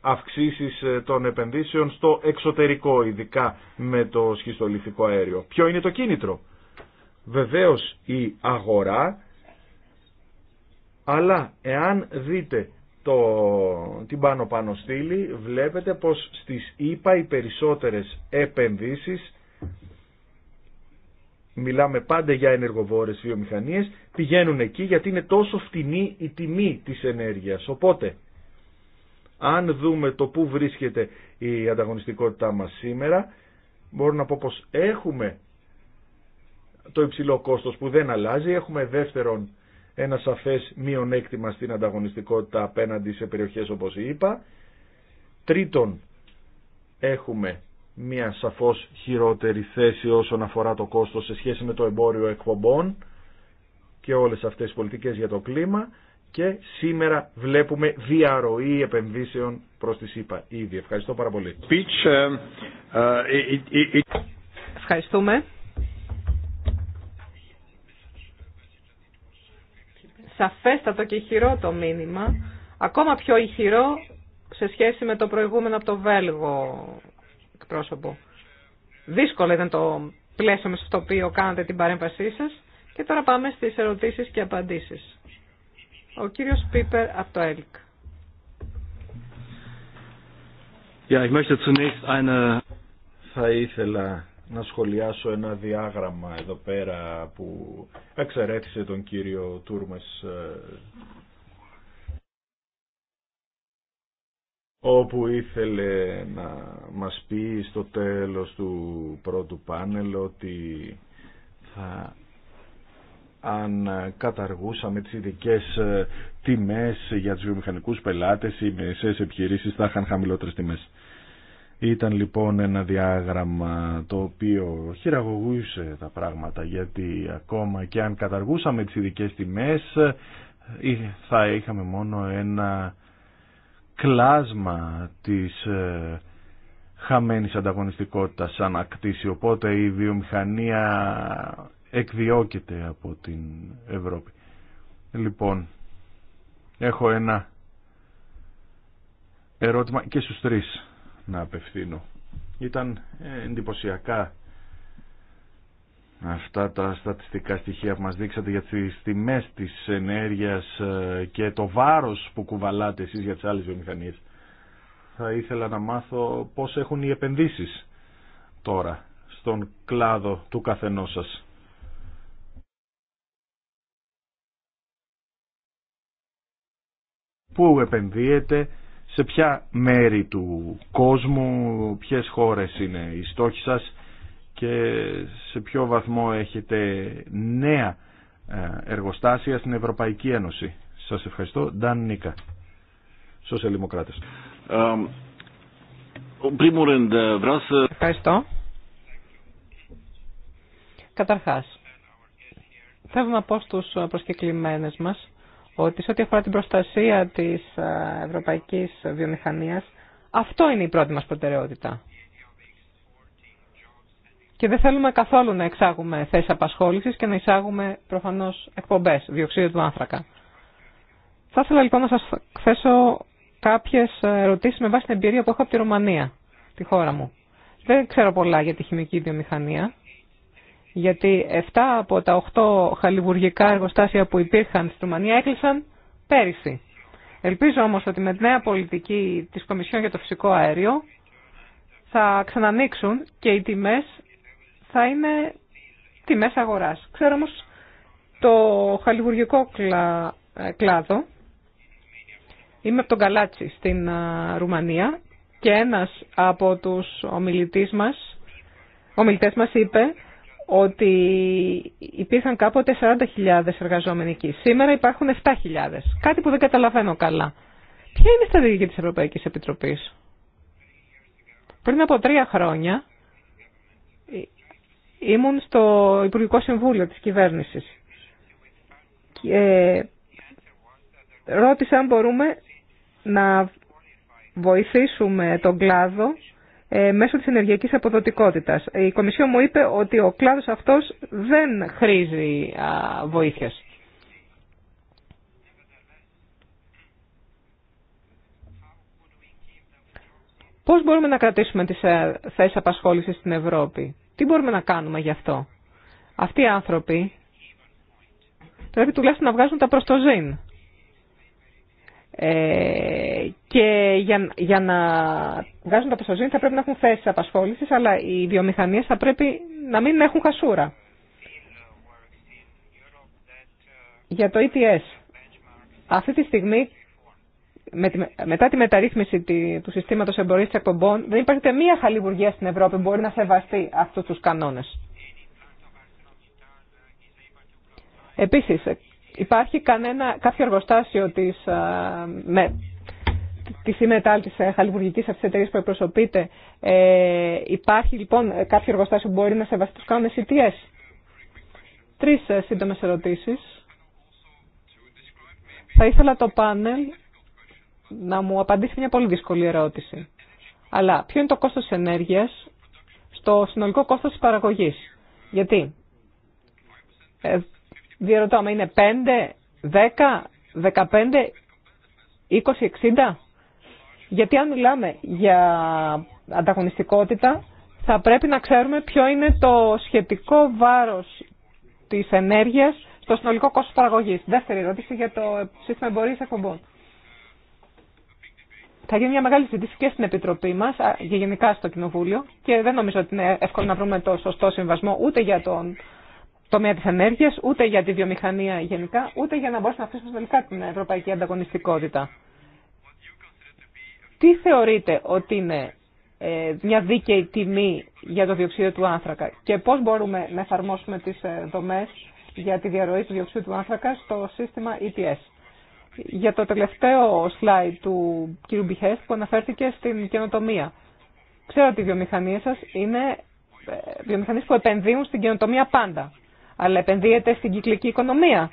αυξήσεις ε, των επενδύσεων στο εξωτερικό, ειδικά με το σχιστολιθικό αέριο. Ποιο είναι το κίνητρο. Βεβαίως η αγορά αλλά εάν δείτε το, την πάνω πάνω στήλη βλέπετε πως στις ΙΠΑ οι περισσότερες επενδύσεις μιλάμε πάντα για ενεργοβόρες βιομηχανίες πηγαίνουν εκεί γιατί είναι τόσο φτηνή η τιμή της ενέργειας. Οπότε αν δούμε το που βρίσκεται η ανταγωνιστικότητά μας σήμερα μπορώ να πω πως έχουμε το υψηλό κόστος που δεν αλλάζει, έχουμε δεύτερον ένα σαφές μειονέκτημα στην ανταγωνιστικότητα απέναντι σε περιοχές όπως είπα. Τρίτον, έχουμε μια σαφώς χειρότερη θέση όσον αφορά το κόστος σε σχέση με το εμπόριο εκπομπών και όλες αυτές τις πολιτικές για το κλίμα και σήμερα βλέπουμε διαρροή επενδύσεων προς τη ΣΥΠΑ ήδη. Ευχαριστώ πάρα πολύ. Ευχαριστούμε. σαφέστατο και ηχηρό το μήνυμα, ακόμα πιο ηχηρό σε σχέση με το προηγούμενο από το Βέλγο εκπρόσωπο. Δύσκολο ήταν το πλαίσιο με στο οποίο κάνατε την παρέμβασή σας και τώρα πάμε στις ερωτήσεις και απαντήσεις. Ο κύριος Πίπερ από το ΕΛΚ. Ja, ich möchte zunächst eine... Θα να σχολιάσω ένα διάγραμμα εδώ πέρα που εξαιρέτησε τον κύριο Τούρμες ε, όπου ήθελε να μας πει στο τέλος του πρώτου πάνελ ότι θα αν καταργούσαμε τις ειδικέ ε, τιμές για τους βιομηχανικούς πελάτες οι μεσές επιχειρήσεις θα είχαν χαμηλότερες τιμές. Ήταν λοιπόν ένα διάγραμμα το οποίο χειραγωγούσε τα πράγματα γιατί ακόμα και αν καταργούσαμε τις ειδικές τιμές ε, θα είχαμε μόνο ένα κλάσμα της ε, χαμένης ανταγωνιστικότητας σαν οπότε η βιομηχανία εκδιώκεται από την Ευρώπη. Λοιπόν, έχω ένα ερώτημα και στους τρεις να απευθύνω. Ήταν ε, εντυπωσιακά αυτά τα στατιστικά στοιχεία που μας δείξατε για τις τιμές της ενέργειας ε, και το βάρος που κουβαλάτε εσείς για τις άλλες βιομηχανίες. Θα ήθελα να μάθω πώς έχουν οι επενδύσεις τώρα στον κλάδο του καθενός σας. Πού επενδύεται, σε ποια μέρη του κόσμου, ποιες χώρες είναι οι στόχοι σας και σε ποιο βαθμό έχετε νέα ε, εργοστάσια στην Ευρωπαϊκή Ένωση. Σας ευχαριστώ. Νταν Νίκα, Σοσιαλδημοκράτες. Ε, ε, ευχαριστώ. Καταρχάς, θέλω να πω στους προσκεκλημένες μας ότι σε ό,τι αφορά την προστασία της ευρωπαϊκής βιομηχανίας, αυτό είναι η πρώτη μας προτεραιότητα. Και δεν θέλουμε καθόλου να εξάγουμε θέσεις απασχόλησης και να εισάγουμε προφανώς εκπομπές διοξείδιο του άνθρακα. Θα ήθελα λοιπόν να σας θέσω κάποιες ερωτήσεις με βάση την εμπειρία που έχω από τη Ρωμανία, τη χώρα μου. Δεν ξέρω πολλά για τη χημική βιομηχανία γιατί 7 από τα 8 χαλιβουργικά εργοστάσια που υπήρχαν στη Ρουμανία έκλεισαν πέρυσι. Ελπίζω όμως ότι με τη νέα πολιτική της Κομισιόν για το Φυσικό Αέριο θα ξανανοίξουν και οι τιμές θα είναι τιμές αγοράς. Ξέρω όμως το χαλιβουργικό ε, κλάδο. Είμαι από τον Καλάτσι στην Ρουμανία και ένας από τους ομιλητέ μας, μας είπε ότι υπήρχαν κάποτε 40.000 εργαζόμενοι εκεί. Σήμερα υπάρχουν 7.000. Κάτι που δεν καταλαβαίνω καλά. Ποια είναι η στρατηγική της Ευρωπαϊκής Επιτροπής. Πριν από τρία χρόνια ε, ήμουν στο Υπουργικό Συμβούλιο της Κυβέρνησης και ε, ρώτησα αν μπορούμε να βοηθήσουμε τον κλάδο ε, μέσω της ενεργειακής αποδοτικότητας. Η Κομισιό μου είπε ότι ο κλάδος αυτός δεν χρήζει βοήθειας. Πώς μπορούμε να κρατήσουμε τις ε, θέσεις απασχόλησης στην Ευρώπη. Τι μπορούμε να κάνουμε γι' αυτό. Αυτοί οι άνθρωποι πρέπει τουλάχιστον να βγάζουν τα προστοζήν. Ε, και για, για να βγάζουν τα πεστοζήνη θα πρέπει να έχουν θέσει απασχόληση, αλλά οι βιομηχανίε θα πρέπει να μην έχουν χασούρα. Για το ETS, αυτή τη στιγμή, μετά τη μεταρρύθμιση του συστήματος εμπορίας εκπομπών, δεν υπάρχει μία χαλιβουργία στην Ευρώπη που μπορεί να σεβαστεί αυτού τους κανόνες. Επίσης, Υπάρχει κανένα, κάποιο εργοστάσιο της, με, της ΕΜΕΤΑΛ, τη ε, χαλιβουργικής αυτής εταιρείας που εκπροσωπείτε. Ε, υπάρχει λοιπόν κάποιο εργοστάσιο που μπορεί να σεβαστεί τους τι ETS. Τρεις ε, σύντομες ερωτήσεις. Θα ήθελα το πάνελ να μου απαντήσει μια πολύ δύσκολη ερώτηση. Αλλά ποιο είναι το κόστος ενέργειας στο συνολικό κόστος της παραγωγής. Γιατί ε, Διερωτώ είναι 5, 10, 15, 20, 60. Γιατί αν μιλάμε για ανταγωνιστικότητα, θα πρέπει να ξέρουμε ποιο είναι το σχετικό βάρος της ενέργειας στο συνολικό κόστος παραγωγής. Δεύτερη ερώτηση για το σύστημα εμπορίας εκπομπών. Θα γίνει μια μεγάλη συζήτηση και στην Επιτροπή μα και γενικά στο Κοινοβούλιο και δεν νομίζω ότι είναι εύκολο να βρούμε το σωστό συμβασμό ούτε για τον τομέα τη ενέργεια, ούτε για τη βιομηχανία γενικά, ούτε για να μπορέσουμε να αφήσουμε τελικά την ευρωπαϊκή ανταγωνιστικότητα. Τι θεωρείτε ότι είναι ε, μια δίκαιη τιμή για το διοξείδιο του άνθρακα και πώς μπορούμε να εφαρμόσουμε τις ε, δομές για τη διαρροή του διοξείδιου του άνθρακα στο σύστημα ETS. Για το τελευταίο slide του κ. Μπιχέστ που αναφέρθηκε στην καινοτομία. Ξέρω ότι οι βιομηχανίες σας είναι ε, βιομηχανίες που επενδύουν στην καινοτομία πάντα αλλά επενδύεται στην κυκλική οικονομία.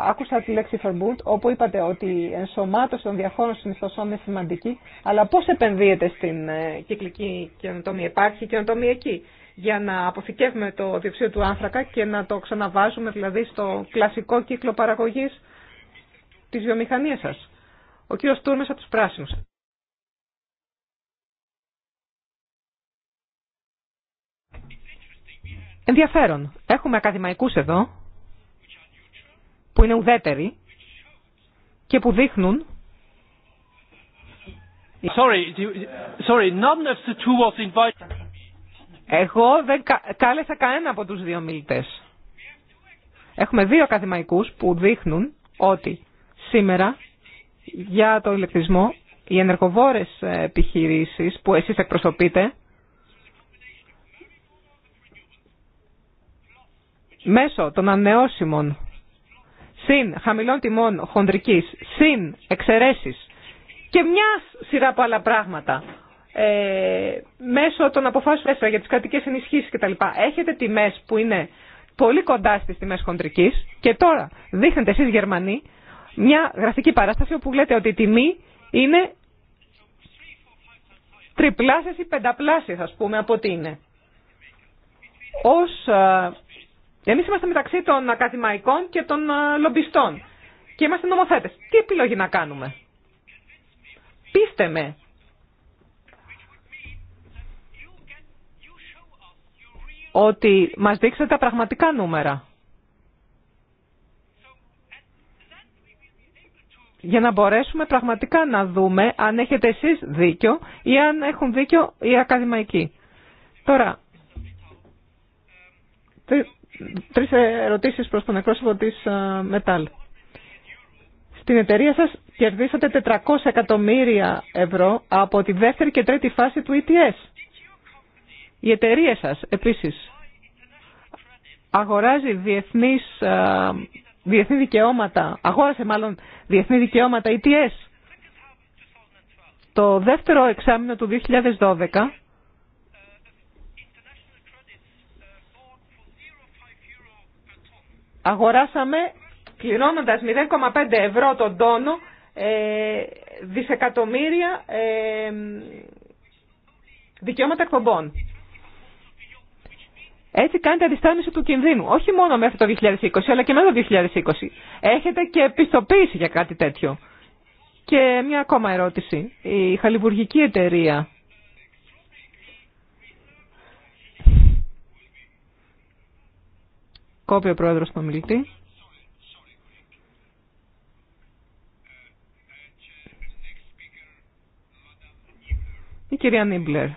Άκουσα τη λέξη Φερμπούντ, όπου είπατε ότι η ενσωμάτωση των διαφόρων συνιστοσών είναι σημαντική, αλλά πώς επενδύεται στην ε, κυκλική καινοτομία. Υπάρχει καινοτομία εκεί για να αποθηκεύουμε το διοξείο του άνθρακα και να το ξαναβάζουμε δηλαδή στο κλασικό κύκλο παραγωγής της βιομηχανίας σας. Ο κύριος Τούρμες από τους Πράσινους. ενδιαφέρον. Έχουμε ακαδημαϊκούς εδώ, που είναι ουδέτεροι και που δείχνουν Εγώ δεν κάλεσα κανένα από τους δύο μιλητές. Έχουμε δύο ακαδημαϊκούς που δείχνουν ότι σήμερα για το ηλεκτρισμό οι ενεργοβόρες ε, επιχειρήσεις που εσείς εκπροσωπείτε μέσω των ανεώσιμων συν χαμηλών τιμών χοντρικής, συν εξαιρέσεις και μια σειρά από άλλα πράγματα ε, μέσω των αποφάσεων για τις κρατικές ενισχύσεις κτλ. Έχετε τιμές που είναι πολύ κοντά στις τιμές χοντρικής και τώρα δείχνετε εσείς Γερμανοί μια γραφική παράσταση όπου λέτε ότι η τιμή είναι τριπλάσια ή πενταπλάσια ας πούμε από τι είναι. Ως ε, Εμεί είμαστε μεταξύ των ακαδημαϊκών και των λομπιστών. Και είμαστε νομοθέτες. Τι επιλογή να κάνουμε. Πείστε με. Ότι μας δείξετε τα πραγματικά νούμερα. για να μπορέσουμε πραγματικά να δούμε αν έχετε εσείς δίκιο ή αν έχουν δίκιο οι ακαδημαϊκοί. Τώρα, τρεις ερωτήσεις προς τον εκπρόσωπο της Μετάλ. Στην εταιρεία σας κερδίσατε 400 εκατομμύρια ευρώ από τη δεύτερη και τρίτη φάση του ETS. Η εταιρεία σας επίσης αγοράζει διεθνείς, ε, διεθνή δικαιώματα, αγόρασε μάλλον διεθνή δικαιώματα ETS. Το δεύτερο εξάμεινο του 2012 αγοράσαμε πληρώνοντα 0,5 ευρώ τον τόνο ε, δισεκατομμύρια ε, δικαιώματα εκπομπών. Έτσι κάνετε αντιστάμιση του κινδύνου, όχι μόνο μέχρι το 2020, αλλά και μέχρι το 2020. Έχετε και επιστοποίηση για κάτι τέτοιο. Και μια ακόμα ερώτηση. Η χαλιβουργική εταιρεία Κόπει ο πρόεδρος του ομιλητή. Η κυρία Νίμπλερ.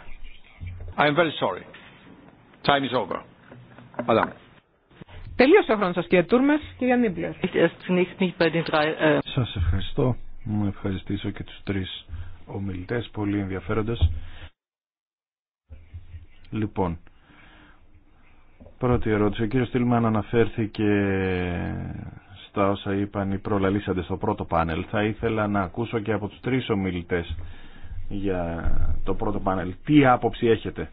very sorry. Time is over. Τελείωσε ο χρόνος σας κύριε Τούρμες. Κυρία Νίμπλερ. Äh, σας ευχαριστώ. Μου ευχαριστήσω και τους τρεις ομιλητές. Πολύ ενδιαφέροντες. Λοιπόν, Πρώτη ερώτηση. Ο κύριος Τίλμαν αναφέρθηκε στα όσα είπαν οι προλαλήσαντες στο πρώτο πάνελ. Θα ήθελα να ακούσω και από τους τρεις ομιλητές για το πρώτο πάνελ. Τι άποψη έχετε.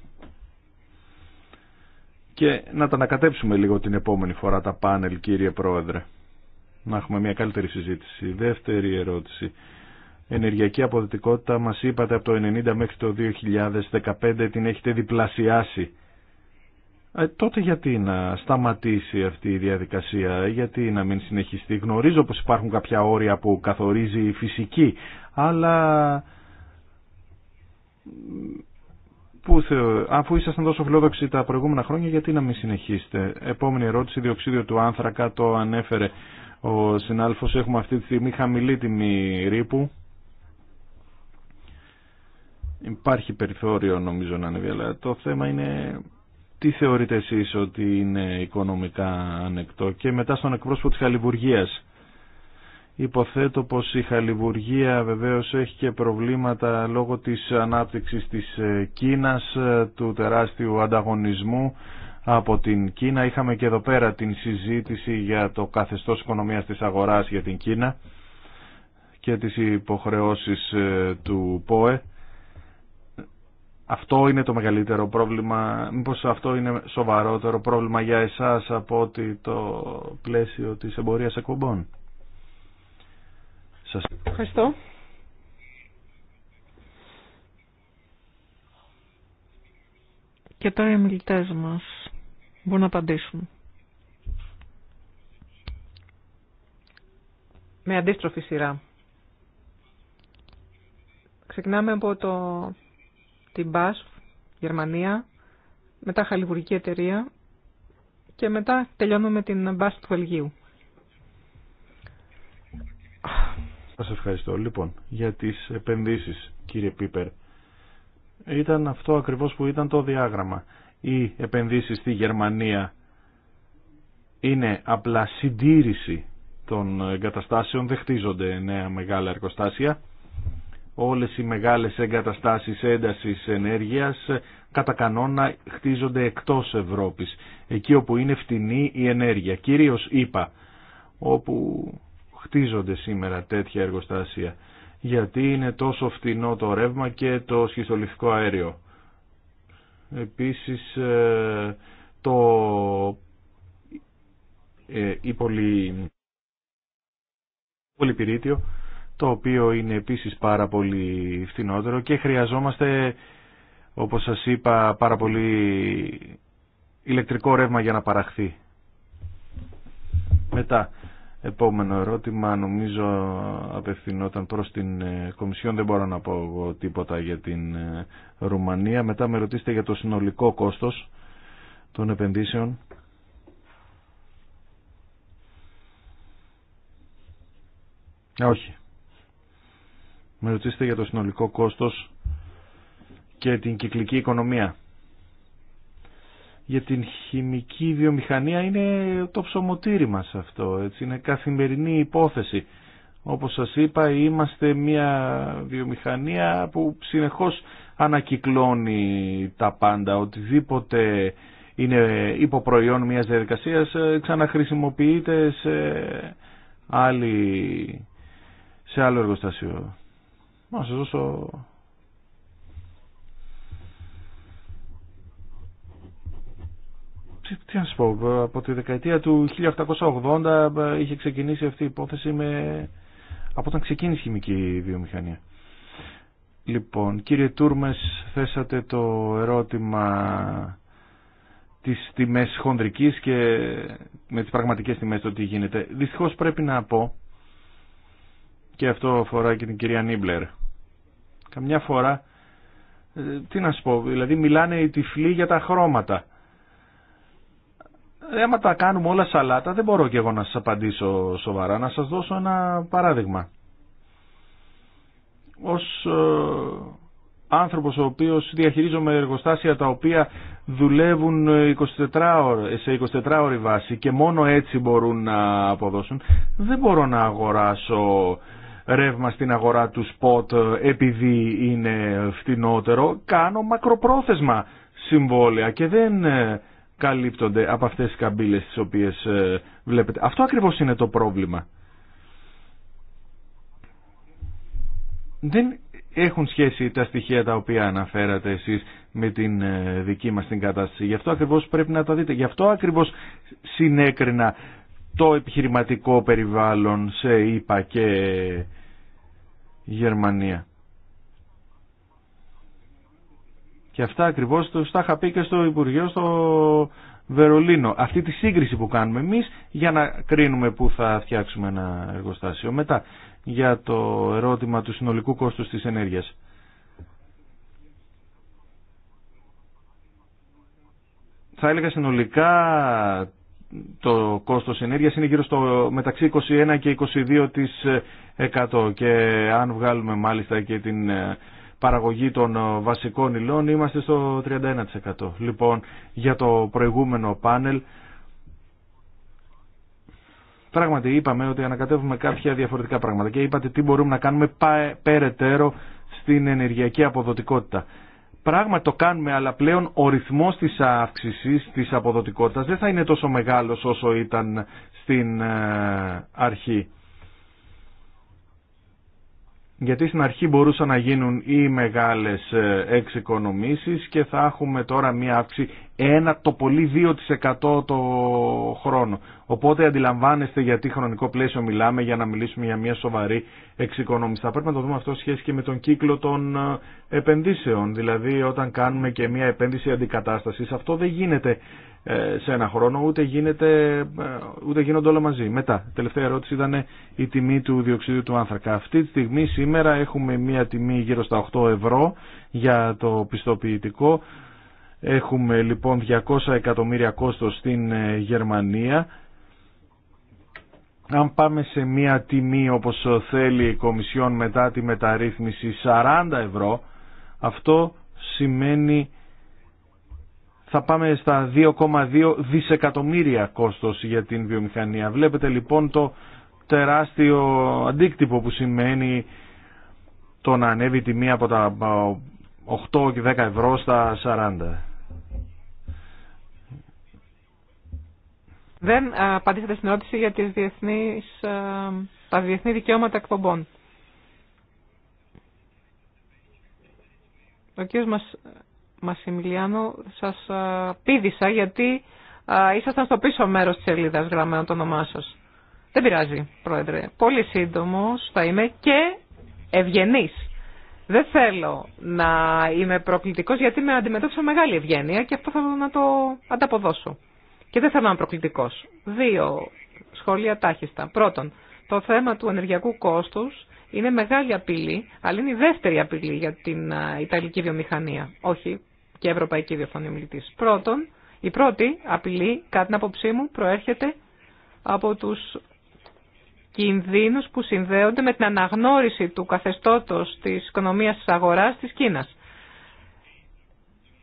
Και να τα ανακατέψουμε λίγο την επόμενη φορά τα πάνελ, κύριε Πρόεδρε. Να έχουμε μια καλύτερη συζήτηση. Δεύτερη ερώτηση. Ενεργειακή αποδοτικότητα μας είπατε από το 90 μέχρι το 2015 την έχετε διπλασιάσει. Ε, τότε γιατί να σταματήσει αυτή η διαδικασία, γιατί να μην συνεχιστεί. Γνωρίζω πως υπάρχουν κάποια όρια που καθορίζει η φυσική, αλλά που αφού ήσασταν τόσο φιλόδοξοι τα προηγούμενα χρόνια, γιατί να μην συνεχίσετε. Επόμενη ερώτηση, διοξίδιο του άνθρακα, το ανέφερε ο συνάλφος, έχουμε αυτή τη στιγμή χαμηλή τιμή ρήπου. Υπάρχει περιθώριο νομίζω να ανέβει, αλλά το θέμα είναι τι θεωρείτε εσείς ότι είναι οικονομικά ανεκτό και μετά στον εκπρόσωπο της Χαλιβουργίας. Υποθέτω πως η Χαλιβουργία βεβαίως έχει και προβλήματα λόγω της ανάπτυξης της ε, Κίνας, ε, του τεράστιου ανταγωνισμού από την Κίνα. Είχαμε και εδώ πέρα την συζήτηση για το καθεστώς οικονομίας της αγοράς για την Κίνα και τις υποχρεώσεις ε, του ΠΟΕ αυτό είναι το μεγαλύτερο πρόβλημα. Μήπως αυτό είναι σοβαρότερο πρόβλημα για εσάς από ότι το πλαίσιο της εμπορία εκπομπών. Σας ευχαριστώ. Και τώρα οι μιλητές μας μπορούν να απαντήσουν. Με αντίστροφη σειρά. Ξεκινάμε από το την BASF, Γερμανία, μετά Χαλιβουργική Εταιρεία και μετά τελειώνουμε με την BASF του Βελγίου. Σας ευχαριστώ. Λοιπόν, για τις επενδύσεις, κύριε Πίπερ, ήταν αυτό ακριβώς που ήταν το διάγραμμα. Οι επενδύσεις στη Γερμανία είναι απλά συντήρηση των εγκαταστάσεων, δεν χτίζονται νέα μεγάλα εργοστάσια όλες οι μεγάλες εγκαταστάσεις έντασης ενέργειας κατά κανόνα χτίζονται εκτός Ευρώπης, εκεί όπου είναι φτηνή η ενέργεια. Κυρίως είπα, όπου χτίζονται σήμερα τέτοια εργοστάσια, γιατί είναι τόσο φτηνό το ρεύμα και το σχιστολιθικό αέριο. Επίσης, ε, το... Ε, η πολυ το οποίο είναι επίσης πάρα πολύ φθηνότερο και χρειαζόμαστε, όπως σας είπα, πάρα πολύ ηλεκτρικό ρεύμα για να παραχθεί. Μετά, επόμενο ερώτημα, νομίζω απευθυνόταν προς την ε, Κομισιόν, δεν μπορώ να πω εγώ τίποτα για την ε, Ρουμανία. Μετά με ρωτήσετε για το συνολικό κόστος των επενδύσεων. Όχι. Με ρωτήσετε για το συνολικό κόστος και την κυκλική οικονομία. Για την χημική βιομηχανία είναι το ψωμοτήρι μας αυτό, έτσι, είναι καθημερινή υπόθεση. Όπως σας είπα είμαστε μια βιομηχανία που συνεχώς ανακυκλώνει τα πάντα, οτιδήποτε είναι υποπροϊόν μιας διαδικασίας ε, ξαναχρησιμοποιείται σε, άλλη, σε άλλο εργοστάσιο. Να σας δώσω τι να πω, από τη δεκαετία του 1880 ε, είχε ξεκινήσει αυτή η υπόθεση με... από όταν ξεκίνησε η χημική βιομηχανία. Λοιπόν, κύριε Τούρμες, θέσατε το ερώτημα τις τιμές χονδρικής και με τις πραγματικές τιμές το τι γίνεται. Δυστυχώς πρέπει να πω, και αυτό αφορά και την κυρία Νίμπλερ, Καμιά φορά, ε, τι να σου πω, δηλαδή μιλάνε οι τυφλοί για τα χρώματα. Έμα ε, τα κάνουμε όλα σαλάτα, δεν μπορώ και εγώ να σας απαντήσω σοβαρά. Να σας δώσω ένα παράδειγμα. Ως ε, άνθρωπος ο οποίος διαχειρίζομαι εργοστάσια τα οποία δουλεύουν 24 ώρες, σε 24 ώρη βάση και μόνο έτσι μπορούν να αποδώσουν, δεν μπορώ να αγοράσω ρεύμα στην αγορά του σποτ ε, επειδή είναι φτηνότερο. Κάνω μακροπρόθεσμα συμβόλαια και δεν ε, καλύπτονται από αυτές τις καμπύλες τις οποίες ε, βλέπετε. Αυτό ακριβώς είναι το πρόβλημα. Δεν έχουν σχέση τα στοιχεία τα οποία αναφέρατε εσείς με την δική μας την κατάσταση. Γι' αυτό ακριβώς πρέπει να τα δείτε. Γι' αυτό ακριβώς συνέκρινα το επιχειρηματικό περιβάλλον σε ΙΠΑ και Γερμανία. Και αυτά ακριβώς τα είχα πει και στο Υπουργείο στο Βερολίνο. Αυτή τη σύγκριση που κάνουμε εμείς για να κρίνουμε πού θα φτιάξουμε ένα εργοστάσιο. Μετά για το ερώτημα του συνολικού κόστους της ενέργειας. Θα έλεγα συνολικά το κόστος ενέργειας είναι γύρω στο μεταξύ 21 και 22% ε, και αν βγάλουμε μάλιστα και την ε, παραγωγή των ε, βασικών υλών είμαστε στο 31%. Λοιπόν, για το προηγούμενο πάνελ πράγματι είπαμε ότι ανακατεύουμε κάποια διαφορετικά πράγματα και είπατε τι μπορούμε να κάνουμε περαιτέρω στην ενεργειακή αποδοτικότητα πράγμα το κάνουμε, αλλά πλέον ο ρυθμός της αύξησης, της αποδοτικότητας δεν θα είναι τόσο μεγάλος όσο ήταν στην ε, αρχή. Γιατί στην αρχή μπορούσαν να γίνουν οι μεγάλες ε, εξοικονομήσεις και θα έχουμε τώρα μία αύξηση ένα το πολύ 2% το χρόνο. Οπότε αντιλαμβάνεστε γιατί χρονικό πλαίσιο μιλάμε για να μιλήσουμε για μια σοβαρή εξοικονόμηση. Θα πρέπει να το δούμε αυτό σχέση και με τον κύκλο των ε, επενδύσεων. Δηλαδή όταν κάνουμε και μια επένδυση αντικατάστασης αυτό δεν γίνεται ε, σε ένα χρόνο ούτε, γίνεται, ε, ούτε γίνονται όλα μαζί. Μετά, τελευταία ερώτηση ήταν η τιμή του διοξιδίου του άνθρακα. Αυτή τη στιγμή σήμερα έχουμε μια τιμή γύρω στα 8 ευρώ για το πιστοποιητικό. Έχουμε λοιπόν 200 εκατομμύρια κόστος στην ε, Γερμανία. Αν πάμε σε μία τιμή όπως θέλει η Κομισιόν μετά τη μεταρρύθμιση 40 ευρώ, αυτό σημαίνει θα πάμε στα 2,2 δισεκατομμύρια κόστος για την βιομηχανία. Βλέπετε λοιπόν το τεράστιο αντίκτυπο που σημαίνει το να ανέβει τιμή από τα 8 και 10 ευρώ στα 40. Δεν ε, απαντήσατε στην ερώτηση για τις διεθνείς, ε, τα διεθνή δικαιώματα εκπομπών. Ο κ. Μασιμιλιάνου Μασιμιλιάνο σας ε, πήδησα γιατί ήσασταν στο πίσω μέρος της σελίδα γραμμένο το όνομά σας. Δεν πειράζει, Πρόεδρε. Πολύ σύντομος θα είμαι και ευγενής. Δεν θέλω να είμαι προκλητικός γιατί με αντιμετώπισα μεγάλη ευγένεια και αυτό θέλω να το ανταποδώσω. Και δεν θέλω να είμαι προκλητικό. Δύο σχόλια τάχιστα. Πρώτον, το θέμα του ενεργειακού κόστου είναι μεγάλη απειλή, αλλά είναι η δεύτερη απειλή για την Ιταλική βιομηχανία. Όχι και Ευρωπαϊκή Διαφωνία Πρώτον, η πρώτη απειλή, κατά την άποψή μου, προέρχεται από του κινδύνους που συνδέονται με την αναγνώριση του καθεστώτος της οικονομίας της αγοράς της Κίνας.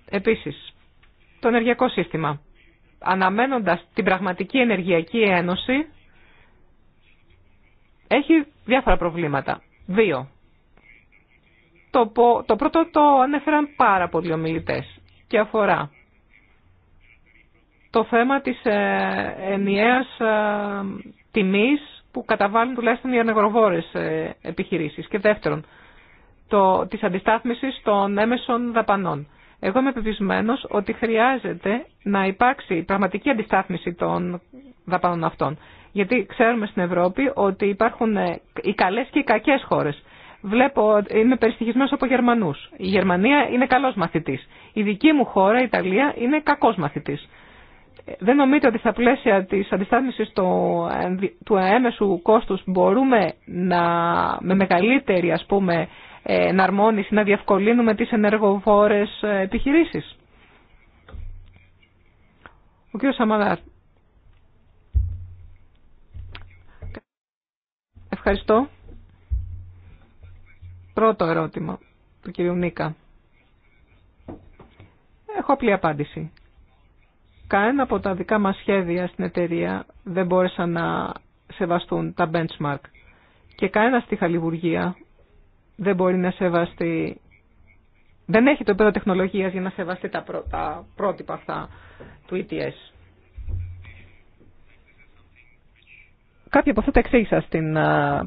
Επίσης, το ενεργειακό σύστημα αναμένοντας την πραγματική ενεργειακή ένωση, έχει διάφορα προβλήματα. Δύο. Το, το πρώτο το ανέφεραν πάρα πολλοί ομιλητές και αφορά το θέμα της ε, ενιαίας ε, τιμής που καταβάλουν τουλάχιστον οι ανεγροβόρες ε, επιχειρήσεις. Και δεύτερον, το, της αντιστάθμισης των έμεσων δαπανών. Εγώ είμαι επιβεβαισμένος ότι χρειάζεται να υπάρξει πραγματική αντιστάθμιση των δαπάνων αυτών. Γιατί ξέρουμε στην Ευρώπη ότι υπάρχουν ε, οι καλές και οι κακές χώρες. Βλέπω, είμαι περιστοιχισμένο από Γερμανού. Η Γερμανία είναι καλός μαθητής. Η δική μου χώρα, η Ιταλία, είναι κακός μαθητής. Δεν νομίζετε ότι στα πλαίσια τη αντισταθμίση ε, του αέμεσου κόστου μπορούμε να, με μεγαλύτερη ας πούμε, ε, εναρμόνιση, να διευκολύνουμε τις ενεργοβόρες ε, επιχειρήσεις. Ο κ. Σαμαδάρ. Ευχαριστώ. Πρώτο ερώτημα του κ. Νίκα. Έχω απλή απάντηση. Κανένα από τα δικά μας σχέδια στην εταιρεία δεν μπόρεσαν να σεβαστούν τα benchmark. Και κανένα στη Χαλιβουργία δεν μπορεί να σεβαστεί, δεν έχει το επίπεδο τεχνολογίας για να σεβαστεί τα, τα πρότυπα αυτά του ETS. Κάποια από αυτά τα εξήγησα στην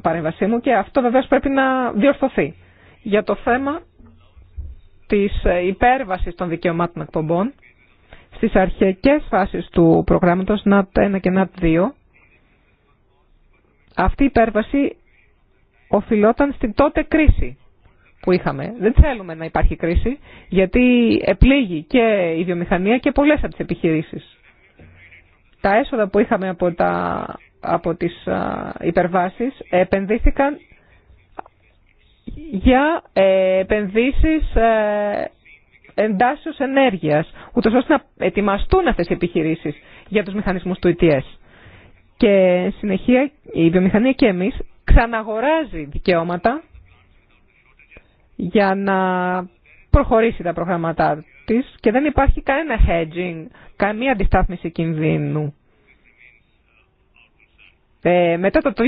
παρέμβασή μου και αυτό βεβαίως πρέπει να διορθωθεί. Για το θέμα της ε, υπέρβασης των δικαιωμάτων εκπομπών, στις αρχαικές φάσεις του προγράμματος, NAT 1 και NAT 2, αυτή η υπέρβαση οφειλόταν στην τότε κρίση που είχαμε. Δεν θέλουμε να υπάρχει κρίση, γιατί επλήγει και η βιομηχανία και πολλές από τις επιχειρήσεις. Τα έσοδα που είχαμε από, τα, από τις υπερβάσεις επενδύθηκαν για ε, επενδύσεις ε, εντάσσεως ενέργειας, ούτως ώστε να ετοιμαστούν αυτές οι επιχειρήσεις για τους μηχανισμούς του ETS. Και συνεχεία η βιομηχανία και εμείς ξαναγοράζει δικαιώματα για να προχωρήσει τα προγράμματά της και δεν υπάρχει κανένα hedging, καμία αντιστάθμιση κινδύνου. Ε, μετά το 2020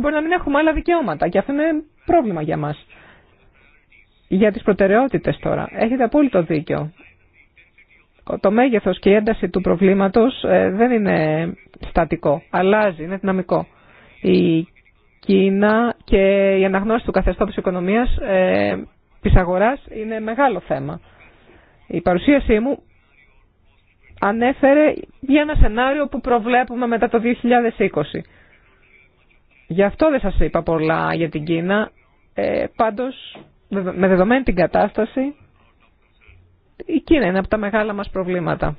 μπορεί να μην έχουμε άλλα δικαιώματα και αυτό είναι πρόβλημα για μας. Για τις προτεραιότητες τώρα. Έχετε απόλυτο δίκιο. Το μέγεθος και η ένταση του προβλήματος ε, δεν είναι στατικό. Αλλάζει, είναι δυναμικό. Η Κίνα και η αναγνώριση του καθεστώτος οικονομίας ε, της αγοράς είναι μεγάλο θέμα. Η παρουσίασή μου ανέφερε για ένα σενάριο που προβλέπουμε μετά το 2020. Γι' αυτό δεν σας είπα πολλά για την Κίνα. Ε, πάντως, με δεδομένη την κατάσταση, η Κίνα είναι από τα μεγάλα μας προβλήματα.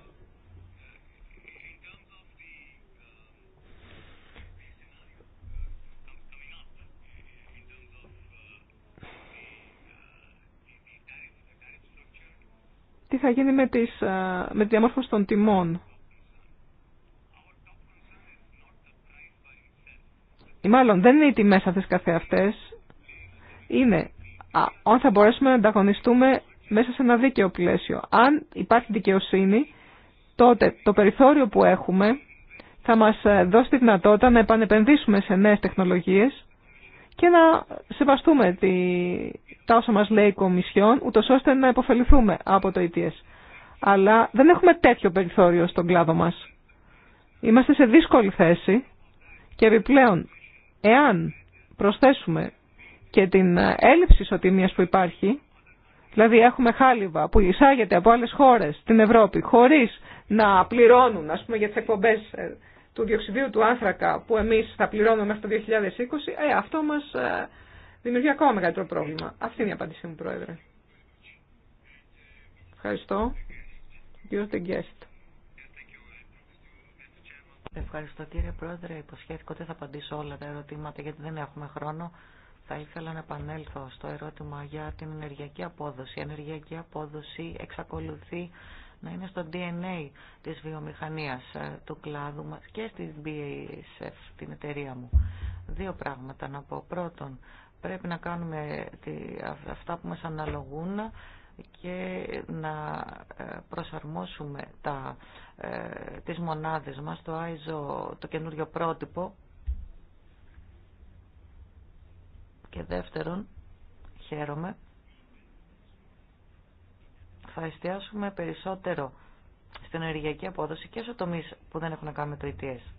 θα γίνει με, τις, ε, με τη διαμόρφωση των τιμών. Ή μάλλον δεν είναι οι τιμές αυτές καθεαυτές, είναι αν θα μπορέσουμε να ανταγωνιστούμε μέσα σε ένα δίκαιο πλαίσιο. Αν υπάρχει δικαιοσύνη, τότε το περιθώριο που έχουμε θα μας ε, δώσει τη δυνατότητα να επανεπενδύσουμε σε νέες τεχνολογίες και να σεβαστούμε τη τα όσα μας λέει η Κομισιόν, ούτω ώστε να υποφεληθούμε από το ETS. Αλλά δεν έχουμε τέτοιο περιθώριο στον κλάδο μας. Είμαστε σε δύσκολη θέση και επιπλέον, εάν προσθέσουμε και την έλλειψη ισοτιμίας που υπάρχει, δηλαδή έχουμε χάλιβα που εισάγεται από άλλες χώρες στην Ευρώπη χωρίς να πληρώνουν ας πούμε, για τις εκπομπές ε, του διοξιδίου του άνθρακα που εμείς θα πληρώνουμε μέχρι το 2020, ε, αυτό μας ε, δημιουργεί ακόμα μεγαλύτερο πρόβλημα. Αυτή είναι η απάντησή μου, Πρόεδρε. Ευχαριστώ. You're Τεγκέστ. Ευχαριστώ κύριε Πρόεδρε. Υποσχέθηκα ότι θα απαντήσω όλα τα ερωτήματα γιατί δεν έχουμε χρόνο. Θα ήθελα να επανέλθω στο ερώτημα για την ενεργειακή απόδοση. Η ενεργειακή απόδοση εξακολουθεί να είναι στο DNA της βιομηχανίας ε, του κλάδου μας και στην BASF, την εταιρεία μου. Δύο πράγματα να πω. Πρώτον, πρέπει να κάνουμε αυτά που μας αναλογούν και να ε, προσαρμόσουμε τα, ε, τις μονάδες μας, το ISO, το καινούριο πρότυπο και δεύτερον, χαίρομαι, θα εστιάσουμε περισσότερο στην ενεργειακή απόδοση και σε τομεί που δεν έχουν να κάνουν με το ETS.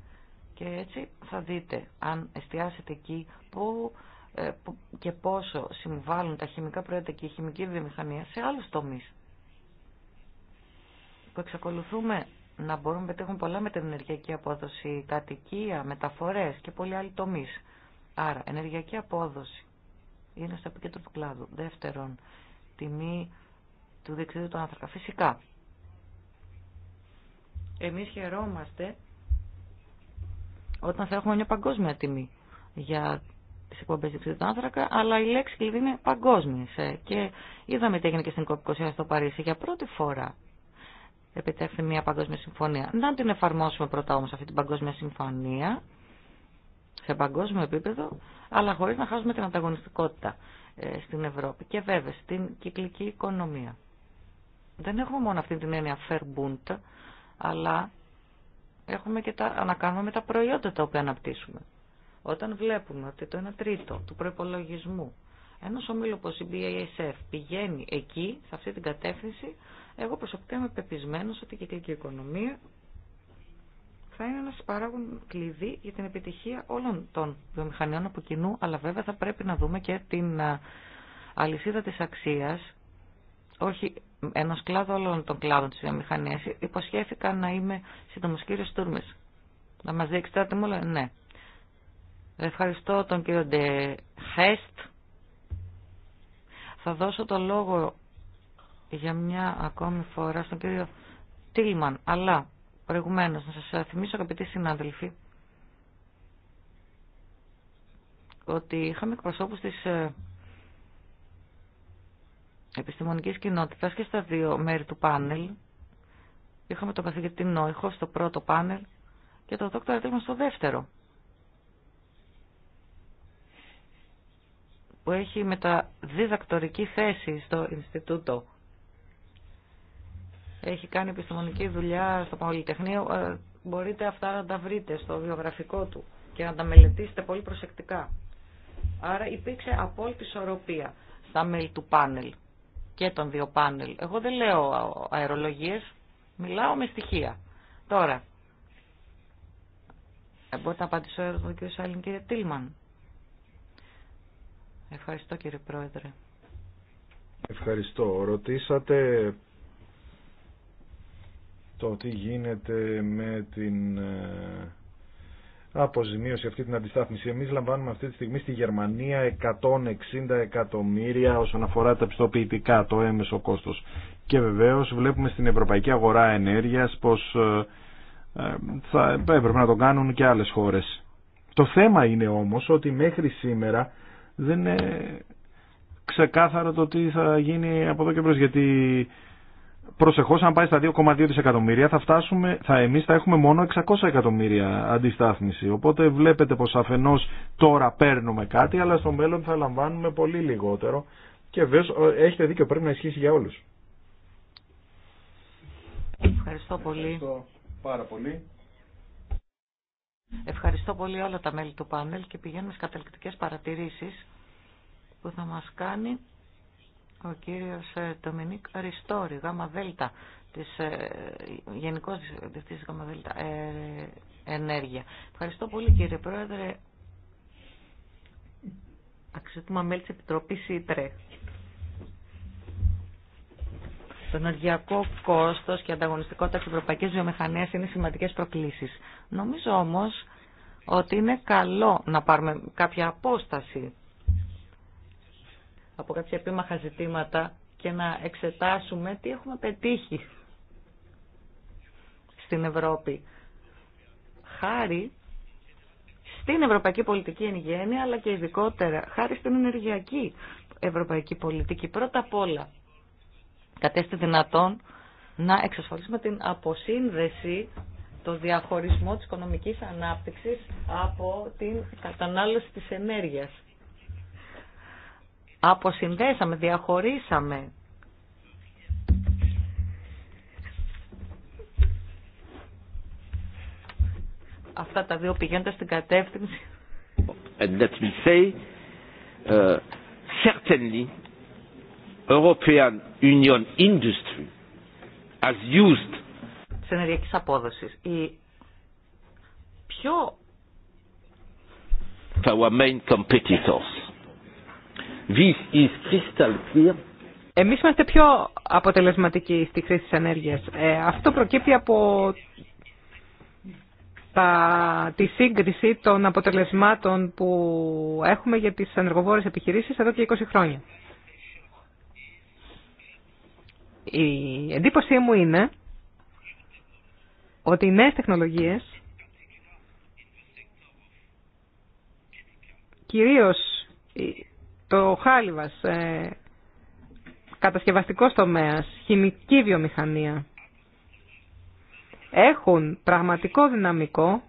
Και έτσι θα δείτε, αν εστιάσετε εκεί, που ε, και πόσο συμβάλλουν τα χημικά προϊόντα και η χημική βιομηχανία σε άλλους τομείς που εξακολουθούμε να μπορούμε να πετύχουμε πολλά με την ενεργειακή απόδοση, κατοικία, μεταφορές και πολλοί άλλοι τομείς. Άρα, ενεργειακή απόδοση είναι στο επίκεντρο του κλάδου. Δεύτερον, τιμή του δεξιδίου του άνθρακα. Φυσικά, εμείς χαιρόμαστε όταν θα έχουμε μια παγκόσμια τιμή για τις εκπομπές του άνθρακα, αλλά η λέξη κλειδί είναι παγκόσμιες. Ε, και είδαμε τι έγινε και στην COP21 στο Παρίσι για πρώτη φορά επιτεύχθη μια παγκόσμια συμφωνία. Να την εφαρμόσουμε πρώτα όμω αυτή την παγκόσμια συμφωνία σε παγκόσμιο επίπεδο, αλλά χωρί να χάσουμε την ανταγωνιστικότητα ε, στην Ευρώπη και βέβαια στην κυκλική οικονομία. Δεν έχουμε μόνο αυτή την έννοια fair bund, αλλά έχουμε και τα, ανακάνουμε με τα προϊόντα τα οποία αναπτύσσουμε. Όταν βλέπουμε ότι το 1 τρίτο του προπολογισμού ενό ομίλου όπω η BASF πηγαίνει εκεί, σε αυτή την κατεύθυνση, εγώ προσωπικά είμαι πεπισμένο ότι η κυκλική οικονομία θα είναι ένα παράγον κλειδί για την επιτυχία όλων των βιομηχανιών από κοινού, αλλά βέβαια θα πρέπει να δούμε και την αλυσίδα της αξίας, όχι ενό κλάδου όλων των κλάδων της βιομηχανίας. Υποσχέθηκα να είμαι σύντομος κύριος Τούρμης. Να μας δείξετε λένε. ναι. Ευχαριστώ τον κύριο Ντε Θα δώσω το λόγο για μια ακόμη φορά στον κύριο Τίλμαν, αλλά προηγουμένως να σας θυμίσω αγαπητοί συνάδελφοι ότι είχαμε εκπροσώπους της ε, επιστημονικής κοινότητας και στα δύο μέρη του πάνελ. Είχαμε τον καθηγητή Νόηχο στο πρώτο πάνελ και τον δόκτωρα Τίλμαν στο δεύτερο. που έχει μεταδιδακτορική θέση στο Ινστιτούτο. Έχει κάνει επιστημονική δουλειά στο Πολυτεχνείο. Ε, μπορείτε αυτά να τα βρείτε στο βιογραφικό του και να τα μελετήσετε πολύ προσεκτικά. Άρα υπήρξε απόλυτη ισορροπία στα μέλη του πάνελ και των δύο πάνελ. Εγώ δεν λέω αερολογίες, μιλάω με στοιχεία. Τώρα, ε, μπορείτε να απαντήσω ο κ. Σάλιν, κύριε Τίλμαν. Ευχαριστώ κύριε Πρόεδρε. Ευχαριστώ. Ρωτήσατε το τι γίνεται με την ε, αποζημίωση αυτή την αντιστάθμιση. Εμείς λαμβάνουμε αυτή τη στιγμή στη Γερμανία 160 εκατομμύρια όσον αφορά τα πιστοποιητικά, το έμεσο κόστος. Και βεβαίως βλέπουμε στην ευρωπαϊκή αγορά ενέργειας πως ε, ε, θα έπρεπε να το κάνουν και άλλες χώρες. Το θέμα είναι όμως ότι μέχρι σήμερα δεν είναι ξεκάθαρο το τι θα γίνει από εδώ και προς. γιατί προσεχώς αν πάει στα 2,2 δισεκατομμύρια θα φτάσουμε, θα εμείς θα έχουμε μόνο 600 εκατομμύρια αντιστάθμιση οπότε βλέπετε πως αφενός τώρα παίρνουμε κάτι αλλά στο μέλλον θα λαμβάνουμε πολύ λιγότερο και βέβαια έχετε δίκιο πρέπει να ισχύσει για όλους Ευχαριστώ πολύ Ευχαριστώ πάρα πολύ Ευχαριστώ πολύ όλα τα μέλη του πάνελ και πηγαίνουμε στις καταληκτικές παρατηρήσεις που θα μας κάνει ο κύριος ε, Ντομινίκ Ριστόρη, γάμα δέλτα, της, ε, γενικός διευθύνσης γάμα δέλτα, ε, ενέργεια. Ευχαριστώ πολύ κύριε Πρόεδρε, αξιότιμα μέλη της Επιτροπής ΙΤΡΕ. Το ενεργειακό κόστος και ανταγωνιστικότητα της ευρωπαϊκής βιομηχανίας είναι σημαντικές προκλήσεις. Νομίζω όμως ότι είναι καλό να πάρουμε κάποια απόσταση από κάποια επίμαχα ζητήματα και να εξετάσουμε τι έχουμε πετύχει στην Ευρώπη. Χάρη στην ευρωπαϊκή πολιτική εν γέννη, αλλά και ειδικότερα χάρη στην ενεργειακή ευρωπαϊκή πολιτική. Πρώτα απ' όλα, κατέστη δυνατόν να εξασφαλίσουμε την αποσύνδεση το διαχωρισμό της οικονομικής ανάπτυξης από την κατανάλωση της ενέργειας. Αποσυνδέσαμε, διαχωρίσαμε αυτά τα δύο πηγαίνοντας στην κατεύθυνση. And let me say, uh, certainly, European Union industry has used της ενεργειακής απόδοσης. Η πιο... Our main competitors. This is crystal clear. Εμείς είμαστε πιο αποτελεσματικοί στη χρήση της ενέργειας. Ε, αυτό προκύπτει από τη σύγκριση των αποτελεσμάτων που έχουμε για τις ενεργοβόρες επιχειρήσεις εδώ και 20 χρόνια. Η εντύπωσή μου είναι ότι οι νέες τεχνολογίες, κυρίως το χάλιβας, ε, κατασκευαστικός τομέας, χημική βιομηχανία, έχουν πραγματικό δυναμικό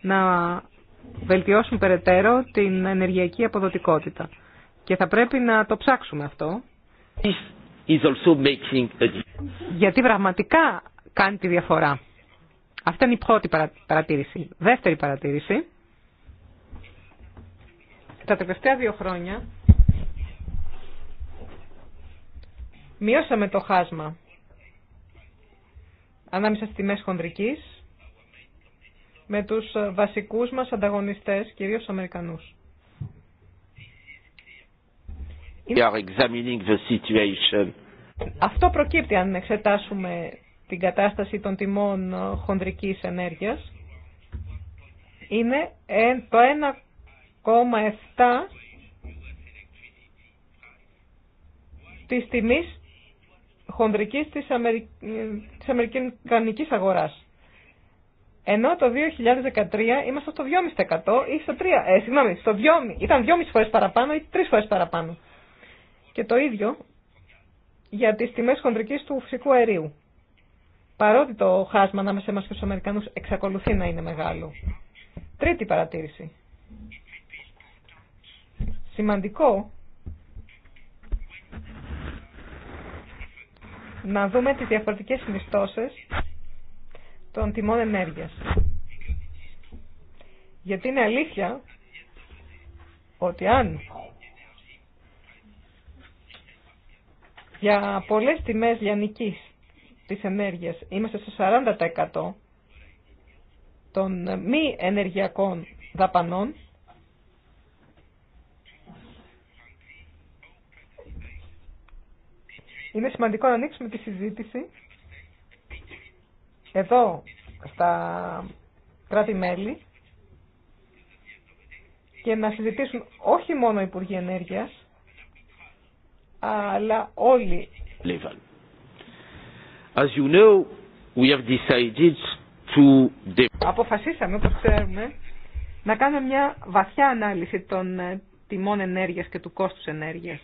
να βελτιώσουν περαιτέρω την ενεργειακή αποδοτικότητα. Και θα πρέπει να το ψάξουμε αυτό. Γιατί πραγματικά κάνει τη διαφορά. Αυτή είναι η πρώτη παρατήρηση. Δεύτερη παρατήρηση. Τα τελευταία δύο χρόνια μειώσαμε το χάσμα ανάμεσα στις τιμές χοντρικής με τους βασικούς μας ανταγωνιστές, κυρίως Αμερικανούς. Αυτό προκύπτει αν εξετάσουμε την κατάσταση των τιμών ε, χονδρικής ενέργειας είναι το 1,7 της τιμής χονδρικής της, Αμερι... Ε, της αμερικανικής αγοράς. Ενώ το 2013 είμαστε στο 2,5% ή στο 3%. Ε, συγγνώμη, στο 2, ήταν 2,5 φορές παραπάνω ή 3 φορές παραπάνω. Και το ίδιο για τις τιμές χονδρικής του φυσικού αερίου παρότι το χάσμα ανάμεσα μας και τους Αμερικανούς εξακολουθεί να είναι μεγάλο. Τρίτη παρατήρηση. Σημαντικό να δούμε τις διαφορετικές συνιστώσεις των τιμών ενέργειας. Γιατί είναι αλήθεια ότι αν για πολλές τιμές λιανικής της ενέργειας. Είμαστε στο 40% των μη ενεργειακών δαπανών. Είναι σημαντικό να ανοίξουμε τη συζήτηση εδώ στα κράτη-μέλη και να συζητήσουν όχι μόνο οι Υπουργοί Ενέργειας, αλλά όλοι Λίβαν. As you know, we have decided to... Αποφασίσαμε, όπως ξέρουμε, να κάνουμε μια βαθιά ανάλυση των ε, τιμών ενέργειας και του κόστους ενέργειας.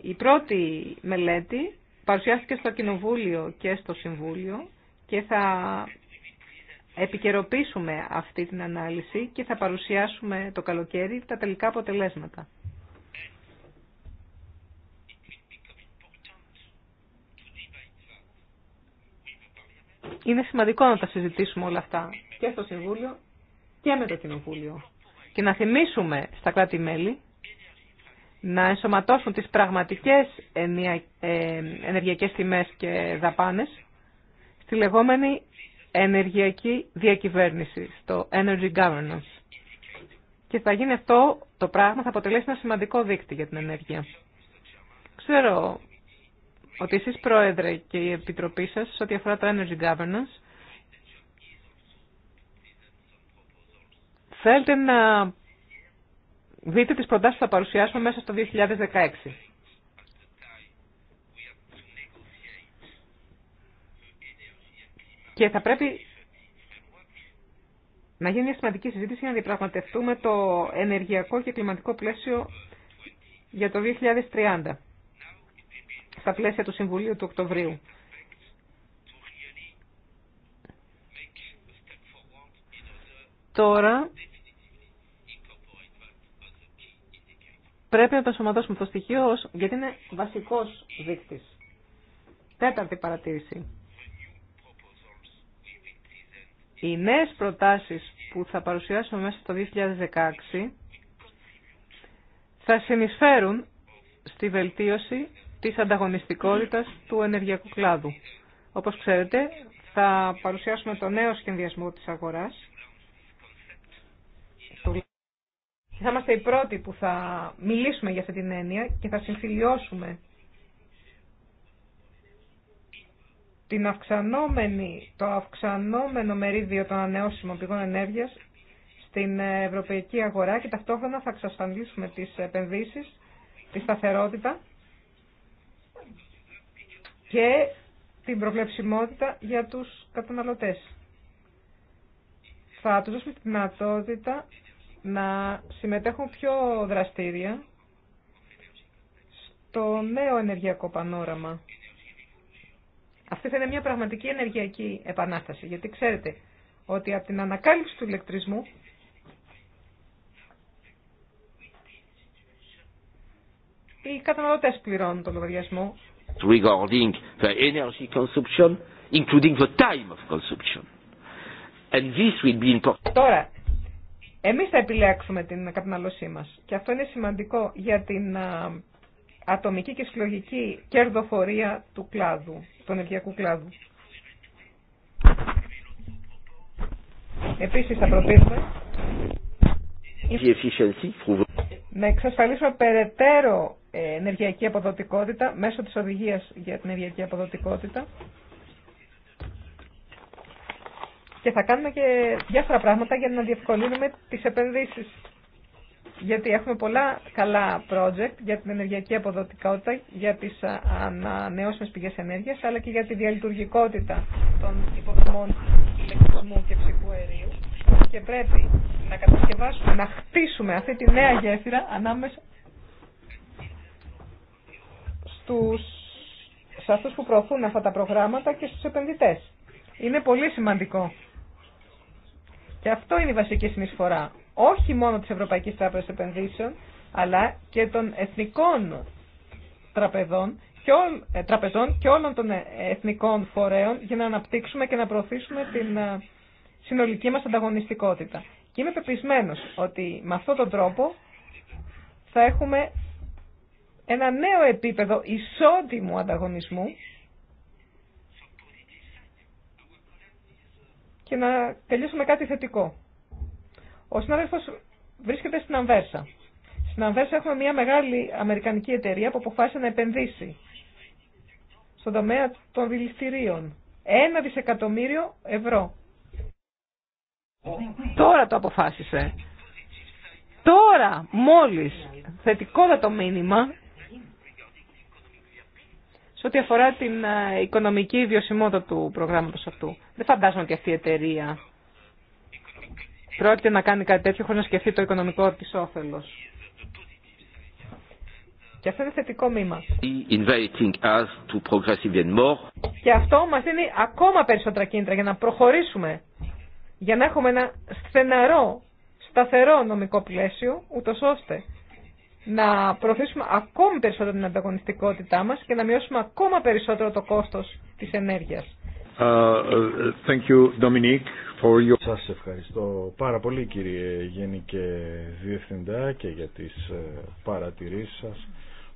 Η πρώτη μελέτη παρουσιάστηκε στο Κοινοβούλιο και στο Συμβούλιο και θα επικαιροποιήσουμε αυτή την ανάλυση και θα παρουσιάσουμε το καλοκαίρι τα τελικά αποτελέσματα. είναι σημαντικό να τα συζητήσουμε όλα αυτά και στο Συμβούλιο και με το Κοινοβούλιο. Και να θυμίσουμε στα κράτη-μέλη να ενσωματώσουν τις πραγματικές ε, ενεργειακές τιμές και δαπάνες στη λεγόμενη ενεργειακή διακυβέρνηση, στο Energy Governance. Και θα γίνει αυτό το πράγμα, θα αποτελέσει ένα σημαντικό δίκτυο για την ενέργεια. Ξέρω, ότι εσείς Πρόεδρε και η Επιτροπή σας σε ό,τι αφορά το Energy Governance θέλετε να δείτε τις προτάσεις που θα παρουσιάσουμε μέσα στο 2016. Και θα πρέπει να γίνει μια σημαντική συζήτηση για να διαπραγματευτούμε το ενεργειακό και κλιματικό πλαίσιο για το 2030 στα πλαίσια του Συμβουλίου του Οκτωβρίου. Τώρα πρέπει να το ενσωματώσουμε το στοιχείο ως, γιατί είναι βασικός δείκτης. Τέταρτη παρατήρηση. Οι νέες προτάσεις που θα παρουσιάσουμε μέσα στο 2016 θα συνεισφέρουν στη βελτίωση της ανταγωνιστικότητας του ενεργειακού κλάδου. Όπως ξέρετε, θα παρουσιάσουμε το νέο σχεδιασμό της αγοράς. Θα είμαστε οι πρώτοι που θα μιλήσουμε για αυτή την έννοια και θα συμφιλιώσουμε την αυξανόμενη, το αυξανόμενο μερίδιο των ανεώσιμων πηγών ενέργειας στην ευρωπαϊκή αγορά και ταυτόχρονα θα εξασφαλίσουμε τις επενδύσεις, τη σταθερότητα και την προβλεψιμότητα για τους καταναλωτές. Θα τους δώσουμε τη δυνατότητα να συμμετέχουν πιο δραστήρια στο νέο ενεργειακό πανόραμα. Αυτή θα είναι μια πραγματική ενεργειακή επανάσταση, γιατί ξέρετε ότι από την ανακάλυψη του ηλεκτρισμού οι καταναλωτές πληρώνουν τον λογαριασμό, regarding the energy consumption, including the time of consumption. And this will be important. Τώρα, εμείς θα επιλέξουμε την καταναλώσή μας. Και αυτό είναι σημαντικό για την ατομική και συλλογική κερδοφορία του κλάδου, του ενεργειακού κλάδου. Επίσης θα προτείνουμε να εξασφαλίσουμε περαιτέρω ε, ενεργειακή αποδοτικότητα μέσω της οδηγίας για την ενεργειακή αποδοτικότητα και θα κάνουμε και διάφορα πράγματα για να διευκολύνουμε τις επενδύσεις γιατί έχουμε πολλά καλά project για την ενεργειακή αποδοτικότητα, για τις ανανεώσιμε πηγές ενέργειας, αλλά και για τη διαλειτουργικότητα των υποδομών ηλεκτρισμού και ψυχού αερίου. Και πρέπει να κατασκευάσουμε, να χτίσουμε αυτή τη νέα γέφυρα ανάμεσα στους, σε αυτούς που προωθούν αυτά τα προγράμματα και στους επενδυτές. Είναι πολύ σημαντικό. Και αυτό είναι η βασική συνεισφορά. Όχι μόνο της Ευρωπαϊκής Τράπεζας Επενδύσεων, αλλά και των εθνικών τραπεζών και, ε, τραπεζών και όλων των ε, εθνικών φορέων για να αναπτύξουμε και να προωθήσουμε την ε, συνολική μας ανταγωνιστικότητα. Και είμαι πεπισμένος ότι με αυτόν τον τρόπο θα έχουμε ένα νέο επίπεδο ισότιμου ανταγωνισμού και να τελειώσουμε κάτι θετικό. Ο συνάδελφος βρίσκεται στην Αμβέρσα. Στην Αμβέρσα έχουμε μια μεγάλη αμερικανική εταιρεία που αποφάσισε να επενδύσει στον τομέα των δηληστηρίων. Ένα δισεκατομμύριο ευρώ. Τώρα το αποφάσισε. Τώρα, μόλις, θετικό το μήνυμα ό,τι αφορά την ε, οικονομική βιωσιμότητα του προγράμματος αυτού. Δεν φαντάζομαι ότι αυτή η εταιρεία πρόκειται να κάνει κάτι τέτοιο χωρίς να σκεφτεί το οικονομικό της όφελος. Και αυτό είναι θετικό μήμα. Και αυτό μας δίνει ακόμα περισσότερα κίνητρα για να προχωρήσουμε, για να έχουμε ένα στεναρό, σταθερό νομικό πλαίσιο, ούτω ώστε να προωθήσουμε ακόμη περισσότερο την ανταγωνιστικότητά μας και να μειώσουμε ακόμα περισσότερο το κόστος της ενέργειας. Uh, thank you, Σας ευχαριστώ πάρα πολύ κύριε Γενικέ Διευθυντά και για τις ε, παρατηρήσεις σας.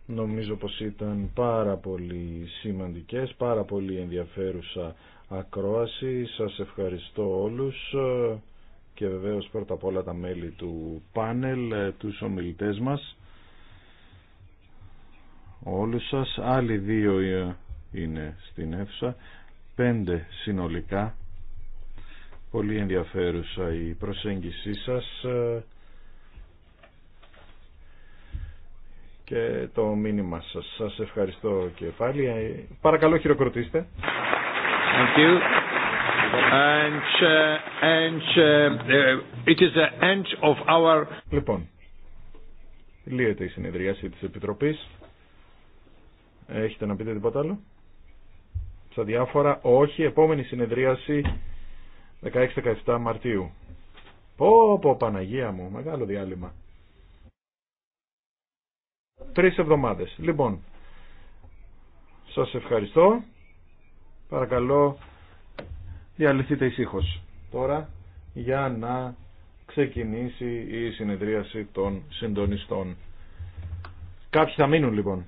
Νομίζω πως ήταν πάρα πολύ σημαντικές, πάρα πολύ ενδιαφέρουσα ακρόαση. Σας ευχαριστώ όλους ε, και βεβαίως πρώτα απ' όλα τα μέλη του πάνελ, τους ομιλητές μας όλους σας. Άλλοι δύο ε, είναι στην αίθουσα. Πέντε συνολικά. Πολύ ενδιαφέρουσα η προσέγγισή σας ε, και το μήνυμα σας. Σας ευχαριστώ και πάλι. Ε, παρακαλώ χειροκροτήστε. Thank And, uh, uh, uh, it is Λοιπόν, λύεται η συνεδρίαση της Επιτροπής. Έχετε να πείτε τίποτα άλλο. Στα διάφορα, όχι. Επόμενη συνεδρίαση 16-17 Μαρτίου. Πω πω Παναγία μου, μεγάλο διάλειμμα. Τρεις εβδομάδες. Λοιπόν, σας ευχαριστώ. Παρακαλώ, διαλυθείτε ησύχως. Τώρα, για να ξεκινήσει η συνεδρίαση των συντονιστών. Κάποιοι θα μείνουν λοιπόν.